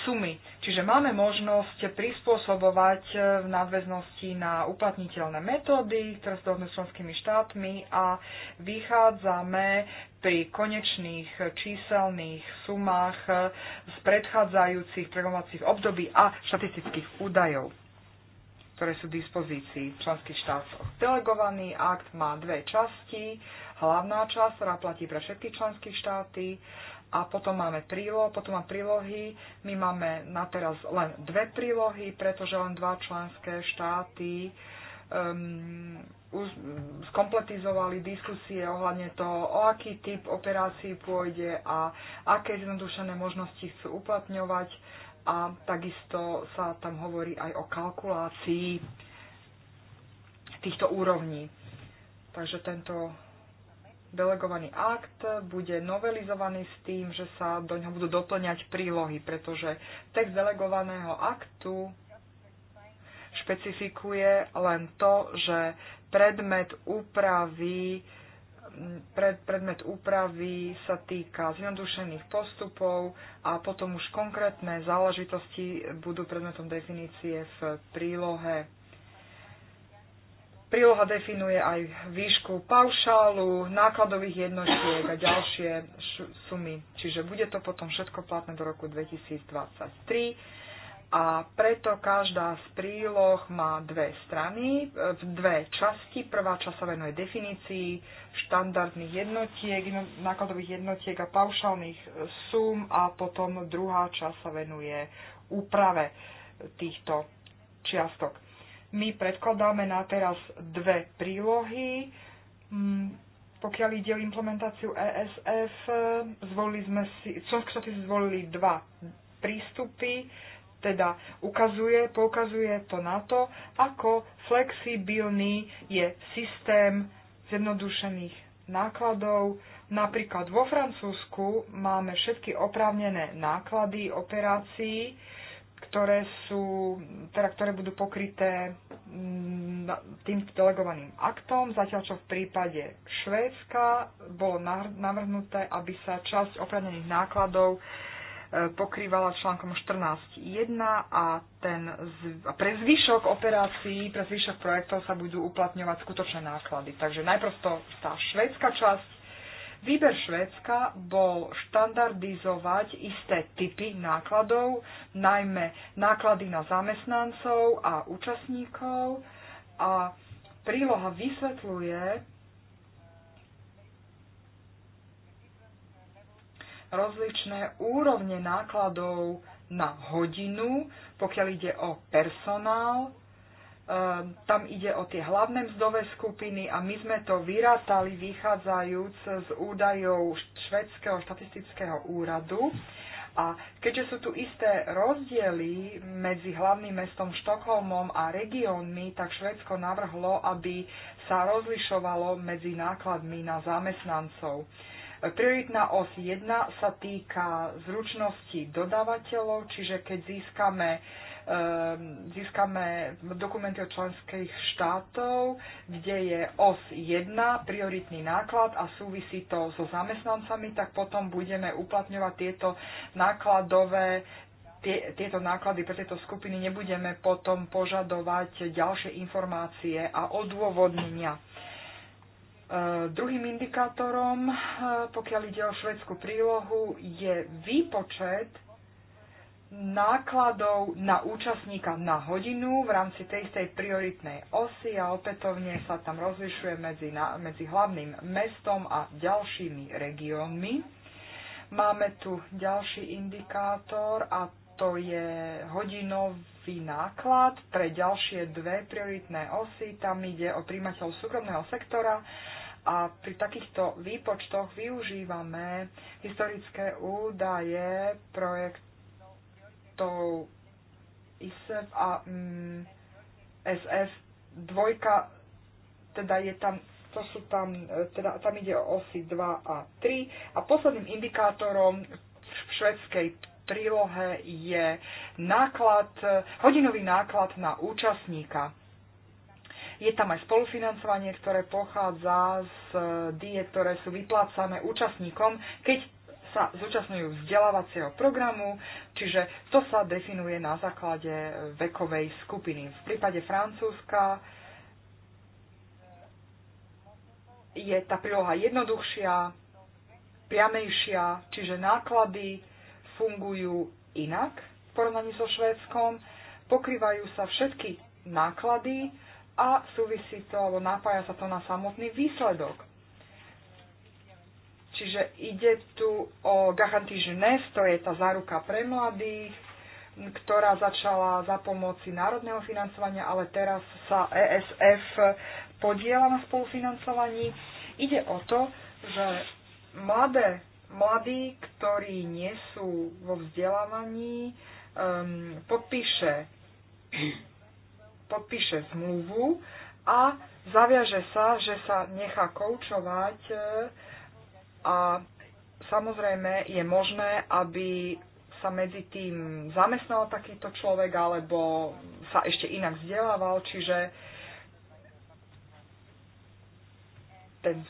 sumy. Čiže máme možnosť prispôsobovať e, v nadväznosti na uplatniteľné metódy, ktoré sú s členskými štátmi a vychádzame pri konečných číselných sumách e, z predchádzajúcich trhovacích období a štatistických údajov ktoré sú v dispozícii v členských štátoch. Delegovaný akt má dve časti hlavná časť, ktorá platí pre všetky členské štáty a potom máme príloh, potom máme prílohy. My máme na teraz len dve prílohy, pretože len dva členské štáty um, uz, skompletizovali diskusie ohľadne toho, o aký typ operácií pôjde a aké zjednodušené možnosti chcú uplatňovať a takisto sa tam hovorí aj o kalkulácii týchto úrovní. Takže tento delegovaný akt bude novelizovaný s tým, že sa do ňa budú doplňať prílohy, pretože text delegovaného aktu špecifikuje len to, že predmet úpravy pred, predmet úpravy sa týka zjednodušených postupov a potom už konkrétne záležitosti budú predmetom definície v prílohe Príloha definuje aj výšku paušálu, nákladových jednotiek a ďalšie sumy. Čiže bude to potom všetko platné do roku 2023 a preto každá z príloh má dve strany, e, dve časti. Prvá časť sa venuje definícii štandardných jednotiek, no, nákladových jednotiek a paušálnych e, sum a potom druhá časť sa venuje úprave týchto čiastok. My predkladáme na teraz dve prílohy. Mm, pokiaľ ide o implementáciu ESF, zvolili sme si, členské štáty zvolili dva prístupy, teda ukazuje, poukazuje to na to, ako flexibilný je systém zjednodušených nákladov. Napríklad vo Francúzsku máme všetky oprávnené náklady operácií, ktoré, sú, teda, ktoré budú pokryté mm, tým delegovaným aktom, zatiaľ čo v prípade Švédska bolo navrhnuté, aby sa časť opravnených nákladov e, pokrývala článkom 14.1 a, ten, a pre zvyšok operácií, pre zvyšok projektov sa budú uplatňovať skutočné náklady. Takže najprosto tá švédska časť Výber Švédska bol štandardizovať isté typy nákladov, najmä náklady na zamestnancov a účastníkov a príloha vysvetľuje rozličné úrovne nákladov na hodinu, pokiaľ ide o personál, Ehm, tam ide o tie hlavné mzdové skupiny a my sme to vyrátali vychádzajúc z údajov švedského štatistického úradu. A keďže sú tu isté rozdiely medzi hlavným mestom Štokholmom a regiónmi, tak Švedsko navrhlo, aby sa rozlišovalo medzi nákladmi na zamestnancov. Prioritná os 1 sa týka zručnosti dodávateľov, čiže keď získame Ehm, získame dokumenty od členských štátov, kde je OS 1, prioritný náklad a súvisí to so zamestnancami, tak potom budeme uplatňovať tieto nákladové tie, tieto náklady pre tieto skupiny nebudeme potom požadovať ďalšie informácie a odôvodnenia. E, druhým indikátorom, eh, pokiaľ ide o švedskú prílohu, je výpočet nákladov na účastníka na hodinu v rámci tej istej prioritnej osy a opätovne sa tam rozlišuje medzi, na, medzi hlavným mestom a ďalšími regiónmi. Máme tu ďalší indikátor a to je hodinový náklad pre ďalšie dve prioritné osy. Tam ide o príjmateľov súkromného sektora a pri takýchto výpočtoch využívame historické údaje projekt to ISEF a mm, SF. Dvojka, teda je tam, to sú tam, e, teda tam ide o osy 2 a 3. A posledným indikátorom v švedskej prílohe je náklad, e, hodinový náklad na účastníka. Je tam aj spolufinancovanie, ktoré pochádza z e, diet, ktoré sú vyplácané účastníkom, keď sa zúčastňujú vzdelávacieho programu, čiže to sa definuje na základe e, vekovej skupiny. V prípade Francúzska je tá príloha jednoduchšia, priamejšia, čiže náklady fungujú inak v porovnaní so Švédskom, pokrývajú sa všetky náklady a súvisí to, alebo napája sa to na samotný výsledok Čiže ide tu o Garantie Jeunesse, to je tá záruka pre mladých, ktorá začala za pomoci národného financovania, ale teraz sa ESF podiela na spolufinancovaní. Ide o to, že mladé, mladí, ktorí nie sú vo vzdelávaní, um, podpíše, podpíše zmluvu a zaviaže sa, že sa nechá koučovať uh, a samozrejme je možné, aby sa medzi tým zamestnal takýto človek alebo sa ešte inak vzdelával, čiže ten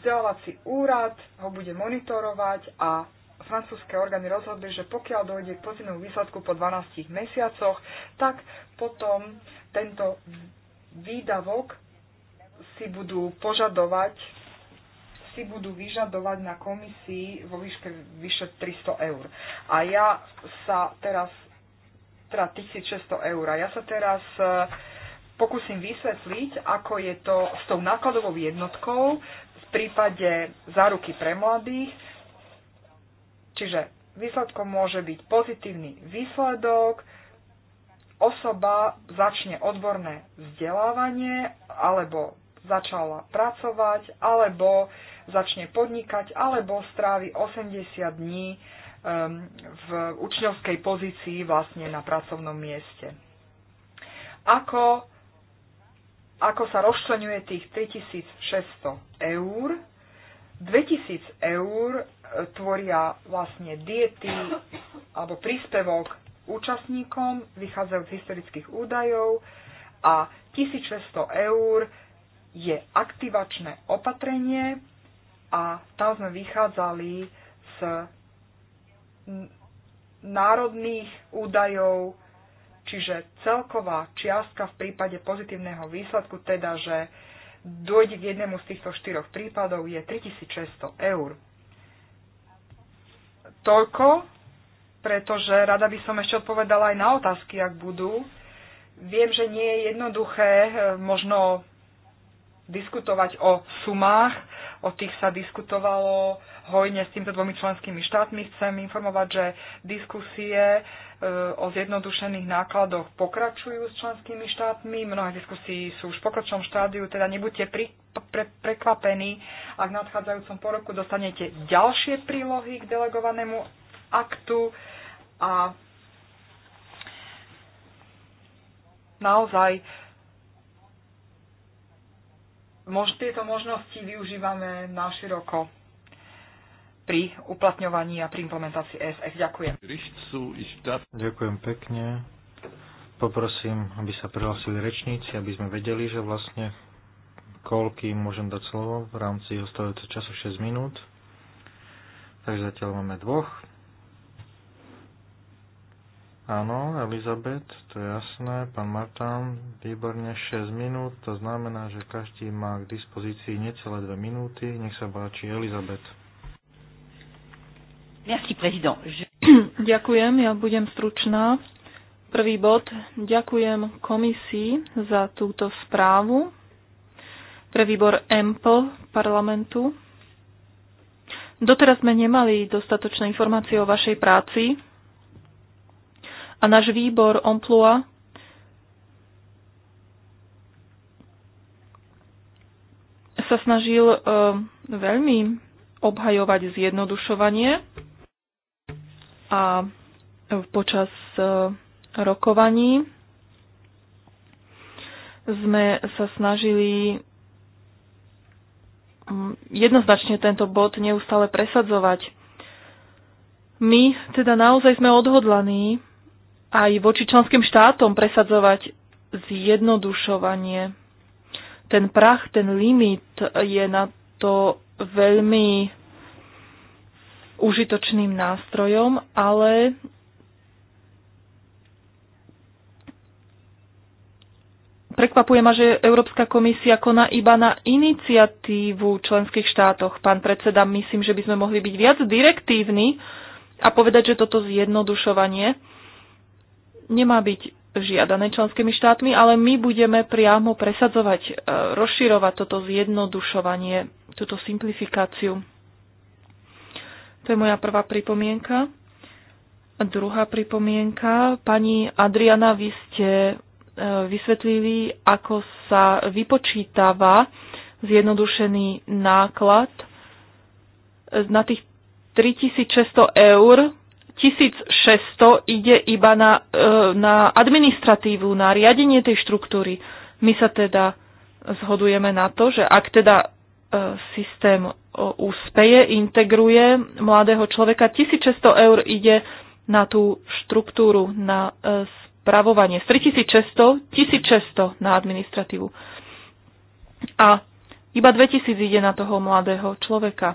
vzdelávací úrad ho bude monitorovať a francúzske orgány rozhodli, že pokiaľ dojde k pozitívnemu výsledku po 12 mesiacoch, tak potom tento výdavok si budú požadovať si budú vyžadovať na komisii vo výške vyše 300 eur. A ja sa teraz, teda 1600 eur, a ja sa teraz e, pokúsim vysvetliť, ako je to s tou nákladovou jednotkou v prípade záruky pre mladých. Čiže výsledkom môže byť pozitívny výsledok, osoba začne odborné vzdelávanie alebo začala pracovať, alebo začne podnikať alebo strávi 80 dní ehm, v učňovskej pozícii vlastne na pracovnom mieste. Ako, ako sa rozčlenuje tých 3600 eur? 2000 eur e, tvoria vlastne diety alebo príspevok účastníkom, vychádzajú z historických údajov a 1600 eur je aktivačné opatrenie, a tam sme vychádzali z národných údajov, čiže celková čiastka v prípade pozitívneho výsledku, teda že dojde k jednému z týchto štyroch prípadov, je 3600 eur. Toľko, pretože rada by som ešte odpovedala aj na otázky, ak budú. Viem, že nie je jednoduché e, možno diskutovať o sumách, o tých sa diskutovalo hojne s týmto dvomi členskými štátmi. Chcem informovať, že diskusie e, o zjednodušených nákladoch pokračujú s členskými štátmi. Mnohé diskusí sú už v pokročnom štádiu, teda nebuďte pri, pre, prekvapení, ak v nadchádzajúcom poroku dostanete ďalšie prílohy k delegovanému aktu a naozaj mož, tieto možnosti využívame na široko pri uplatňovaní a pri implementácii ESF. Ďakujem. Ďakujem pekne. Poprosím, aby sa prihlásili rečníci, aby sme vedeli, že vlastne koľkým môžem dať slovo v rámci ostávajúceho času 6 minút. Takže zatiaľ máme dvoch. Áno, Elizabet, to je jasné. Pán Martán, výborne 6 minút, to znamená, že každý má k dispozícii necelé 2 minúty. Nech sa báči Elizabet. Merci, prezident. Ďakujem, ja budem stručná. Prvý bod, ďakujem komisii za túto správu pre výbor EMPL parlamentu. Doteraz sme nemali dostatočné informácie o vašej práci, a náš výbor Omplua sa snažil uh, veľmi obhajovať zjednodušovanie a počas uh, rokovaní sme sa snažili jednoznačne tento bod neustále presadzovať. My teda naozaj sme odhodlaní aj voči členským štátom presadzovať zjednodušovanie. Ten prach, ten limit je na to veľmi užitočným nástrojom, ale prekvapuje ma, že Európska komisia koná iba na iniciatívu členských štátoch. Pán predseda, myslím, že by sme mohli byť viac direktívni a povedať, že toto zjednodušovanie nemá byť žiadané členskými štátmi, ale my budeme priamo presadzovať, e, rozširovať toto zjednodušovanie, túto simplifikáciu. To je moja prvá pripomienka. A druhá pripomienka. Pani Adriana, vy ste e, vysvetlili, ako sa vypočítava zjednodušený náklad e, na tých 3600 eur 1600 ide iba na, e, na administratívu, na riadenie tej štruktúry. My sa teda zhodujeme na to, že ak teda e, systém e, úspeje, integruje mladého človeka, 1600 eur ide na tú štruktúru, na spravovanie. Z 3600, 1600 na administratívu. A iba 2000 ide na toho mladého človeka.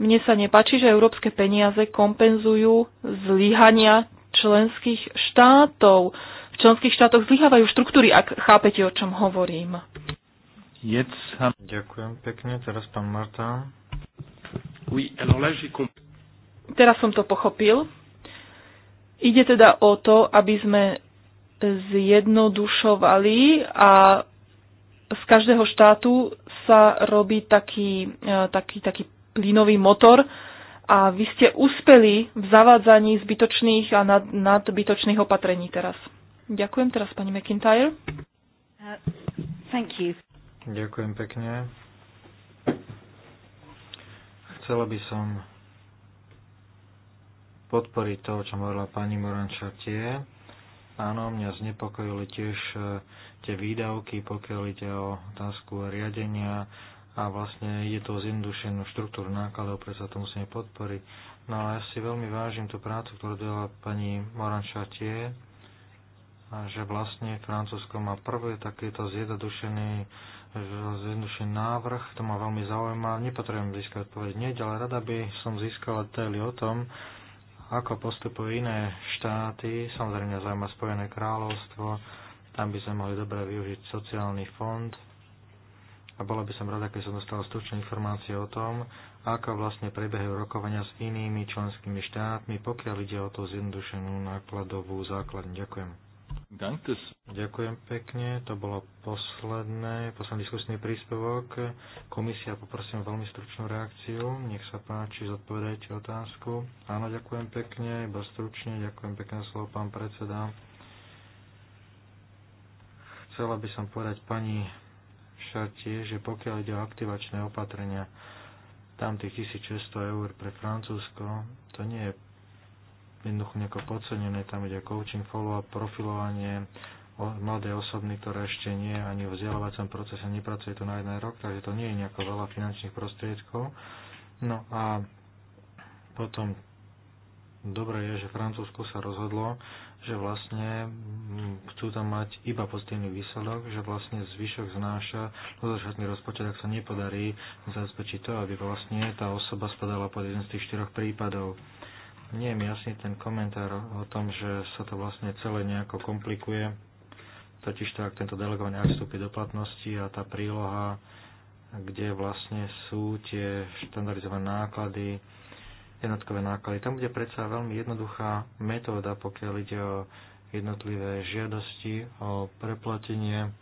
Mne sa nepáči, že európske peniaze kompenzujú zlyhania členských štátov. V členských štátoch zlyhávajú štruktúry, ak chápete, o čom hovorím. Ďakujem pekne. Teraz pán Marta. Oui, alors là, Teraz som to pochopil. Ide teda o to, aby sme zjednodušovali a z každého štátu sa robí taký, e, taký, taký plynový motor a vy ste uspeli v zavádzaní zbytočných a nad, nadbytočných opatrení teraz. Ďakujem teraz pani McIntyre. Uh, thank you. Ďakujem pekne. Chcela by som podporiť to, čo hovorila pani Morančatie. Áno, mňa znepokojili tiež eh, tie výdavky, pokiaľ ide o otázku riadenia a vlastne je to zjednodušenú štruktúru nákladov, preto to musíme podporiť. No ale ja si veľmi vážim tú prácu, ktorú dala pani Moran Chartier, že vlastne Francúzsko má prvé takéto zjednodušený, zjednodušený návrh, to ma veľmi zaujíma, nepotrebujem získať odpoveď hneď, ale rada by som získala detaily o tom, ako postupujú iné štáty, samozrejme zaujíma Spojené kráľovstvo, tam by sme mohli dobre využiť sociálny fond, a bola by som rada, keď som dostala stručné informácie o tom, ako vlastne prebehajú rokovania s inými členskými štátmi, pokiaľ ide o tú zjednodušenú nákladovú základňu. Ďakujem. Dankes. Ďakujem pekne, to bolo posledné, posledný diskusný príspevok. Komisia, poprosím veľmi stručnú reakciu, nech sa páči, zodpovedajte otázku. Áno, ďakujem pekne, iba stručne, ďakujem pekne slovo, pán predseda. Chcela by som povedať pani však tiež, že pokiaľ ide o aktivačné opatrenia, tam tých 1600 eur pre Francúzsko, to nie je jednoducho nejako podcenené, tam ide coaching, follow-up, profilovanie, mladé osobny, ktoré ešte nie ani v vzdelávacom procese nepracuje to na jeden rok, takže to nie je nejako veľa finančných prostriedkov. No a potom dobre je, že Francúzsko sa rozhodlo, že vlastne mm, chcú tam mať iba pozitívny výsledok, že vlastne zvyšok znáša rozhodný rozpočet, ak sa nepodarí zabezpečiť to, aby vlastne tá osoba spadala pod jeden z tých štyroch prípadov. Nie je mi jasný ten komentár o tom, že sa to vlastne celé nejako komplikuje, totiž to, ak tento delegovaný akt vstúpi do platnosti a tá príloha, kde vlastne sú tie štandardizované náklady, jednotkové náklady. Tam bude predsa veľmi jednoduchá metóda, pokiaľ ide o jednotlivé žiadosti, o preplatenie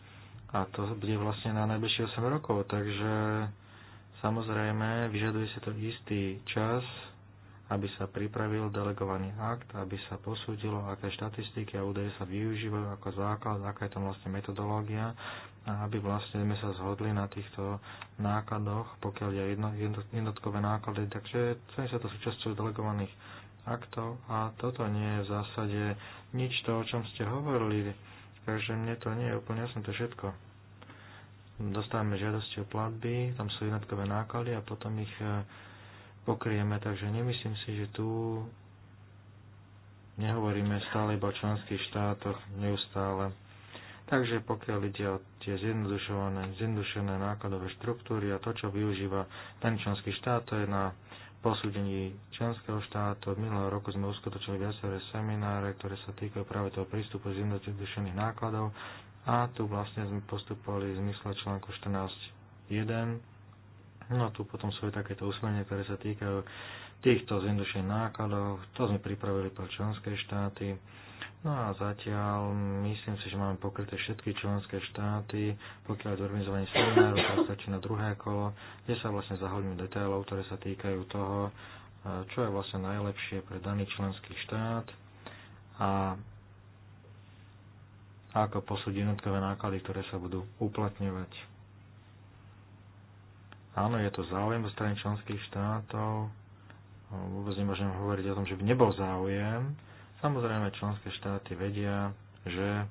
a to bude vlastne na najbližšie 8 rokov, takže samozrejme vyžaduje sa to istý čas, aby sa pripravil delegovaný akt, aby sa posúdilo, aké štatistiky a údaje sa využívajú ako základ, aká je tam vlastne metodológia, aby vlastne sme sa zhodli na týchto nákladoch, pokiaľ je jedno, jednotkové náklady, takže stane sa to súčasťou delegovaných aktov a toto nie je v zásade nič to, o čom ste hovorili, takže mne to nie je úplne jasné, to všetko. Dostávame žiadosti o platby, tam sú jednotkové náklady a potom ich e, pokrieme, takže nemyslím si, že tu nehovoríme stále iba o členských štátoch, neustále Takže pokiaľ ide o tie zjednodušované, zjednodušené nákladové štruktúry a to, čo využíva ten členský štát, to je na posúdení členského štátu. Od minulého roku sme uskutočili viaceré semináre, ktoré sa týkajú práve toho prístupu zjednodušených nákladov a tu vlastne sme postupovali v zmysle článku 14.1 No a tu potom sú aj takéto usmernenia, ktoré sa týkajú týchto zjednodušených nákladov. To sme pripravili pre členské štáty. No a zatiaľ myslím si, že máme pokryté všetky členské štáty, pokiaľ je organizovanie seminár, tak stačí na druhé kolo, kde sa vlastne zahodňujú detailov, ktoré sa týkajú toho, čo je vlastne najlepšie pre daný členský štát a ako posúdiť jednotkové náklady, ktoré sa budú uplatňovať. Áno, je to záujem zo strany členských štátov. Vôbec nemôžem hovoriť o tom, že by nebol záujem, Samozrejme, členské štáty vedia, že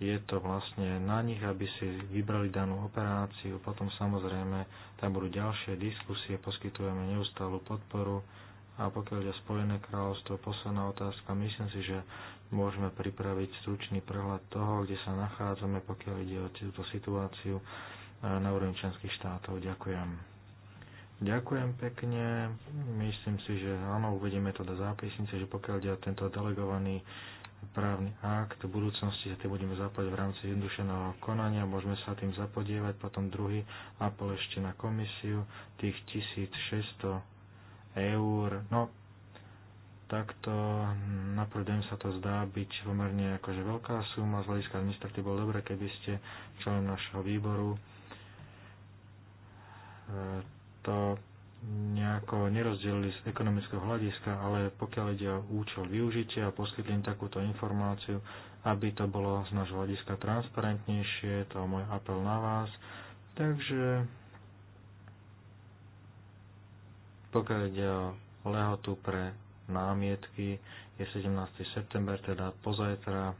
je to vlastne na nich, aby si vybrali danú operáciu. Potom samozrejme tam budú ďalšie diskusie, poskytujeme neustálu podporu. A pokiaľ ide Spojené kráľovstvo, posledná otázka, myslím si, že môžeme pripraviť stručný prehľad toho, kde sa nachádzame, pokiaľ ide o túto situáciu eh, na úrovni členských štátov. Ďakujem. Ďakujem pekne. Myslím si, že áno, uvedieme to do zápisnice, že pokiaľ ide o tento delegovaný právny akt, v budúcnosti sa tým budeme zapať v rámci jednodušeného konania, môžeme sa tým zapodievať, potom druhý apel ešte na komisiu, tých 1600 eur, no takto na sa to zdá byť pomerne akože veľká suma, z hľadiska administratívy bolo dobre, keby ste členom našho výboru e, to nejako nerozdelili z ekonomického hľadiska, ale pokiaľ ide o účel využitia, poskytnem takúto informáciu, aby to bolo z nášho hľadiska transparentnejšie, to je môj apel na vás. Takže pokiaľ ide o lehotu pre námietky, je 17. september, teda pozajtra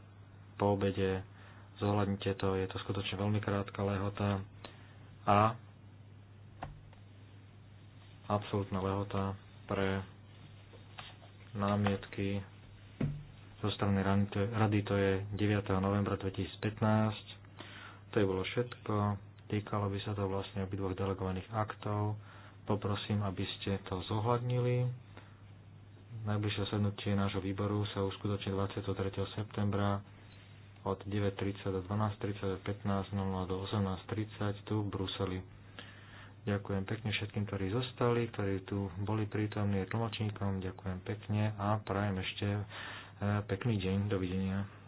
po obede. Zohľadnite to, je to skutočne veľmi krátka lehota a absolútna lehota pre námietky zo strany rady, to je 9. novembra 2015. To je bolo všetko. Týkalo by sa to vlastne obidvoch delegovaných aktov. Poprosím, aby ste to zohľadnili. Najbližšie sednutie nášho výboru sa uskutoční 23. septembra od 9.30 do 12.30, do 15.00 do 18.30 tu v Bruseli. Ďakujem pekne všetkým, ktorí zostali, ktorí tu boli prítomní tlmočníkom. Ďakujem pekne a prajem ešte e, pekný deň. Dovidenia.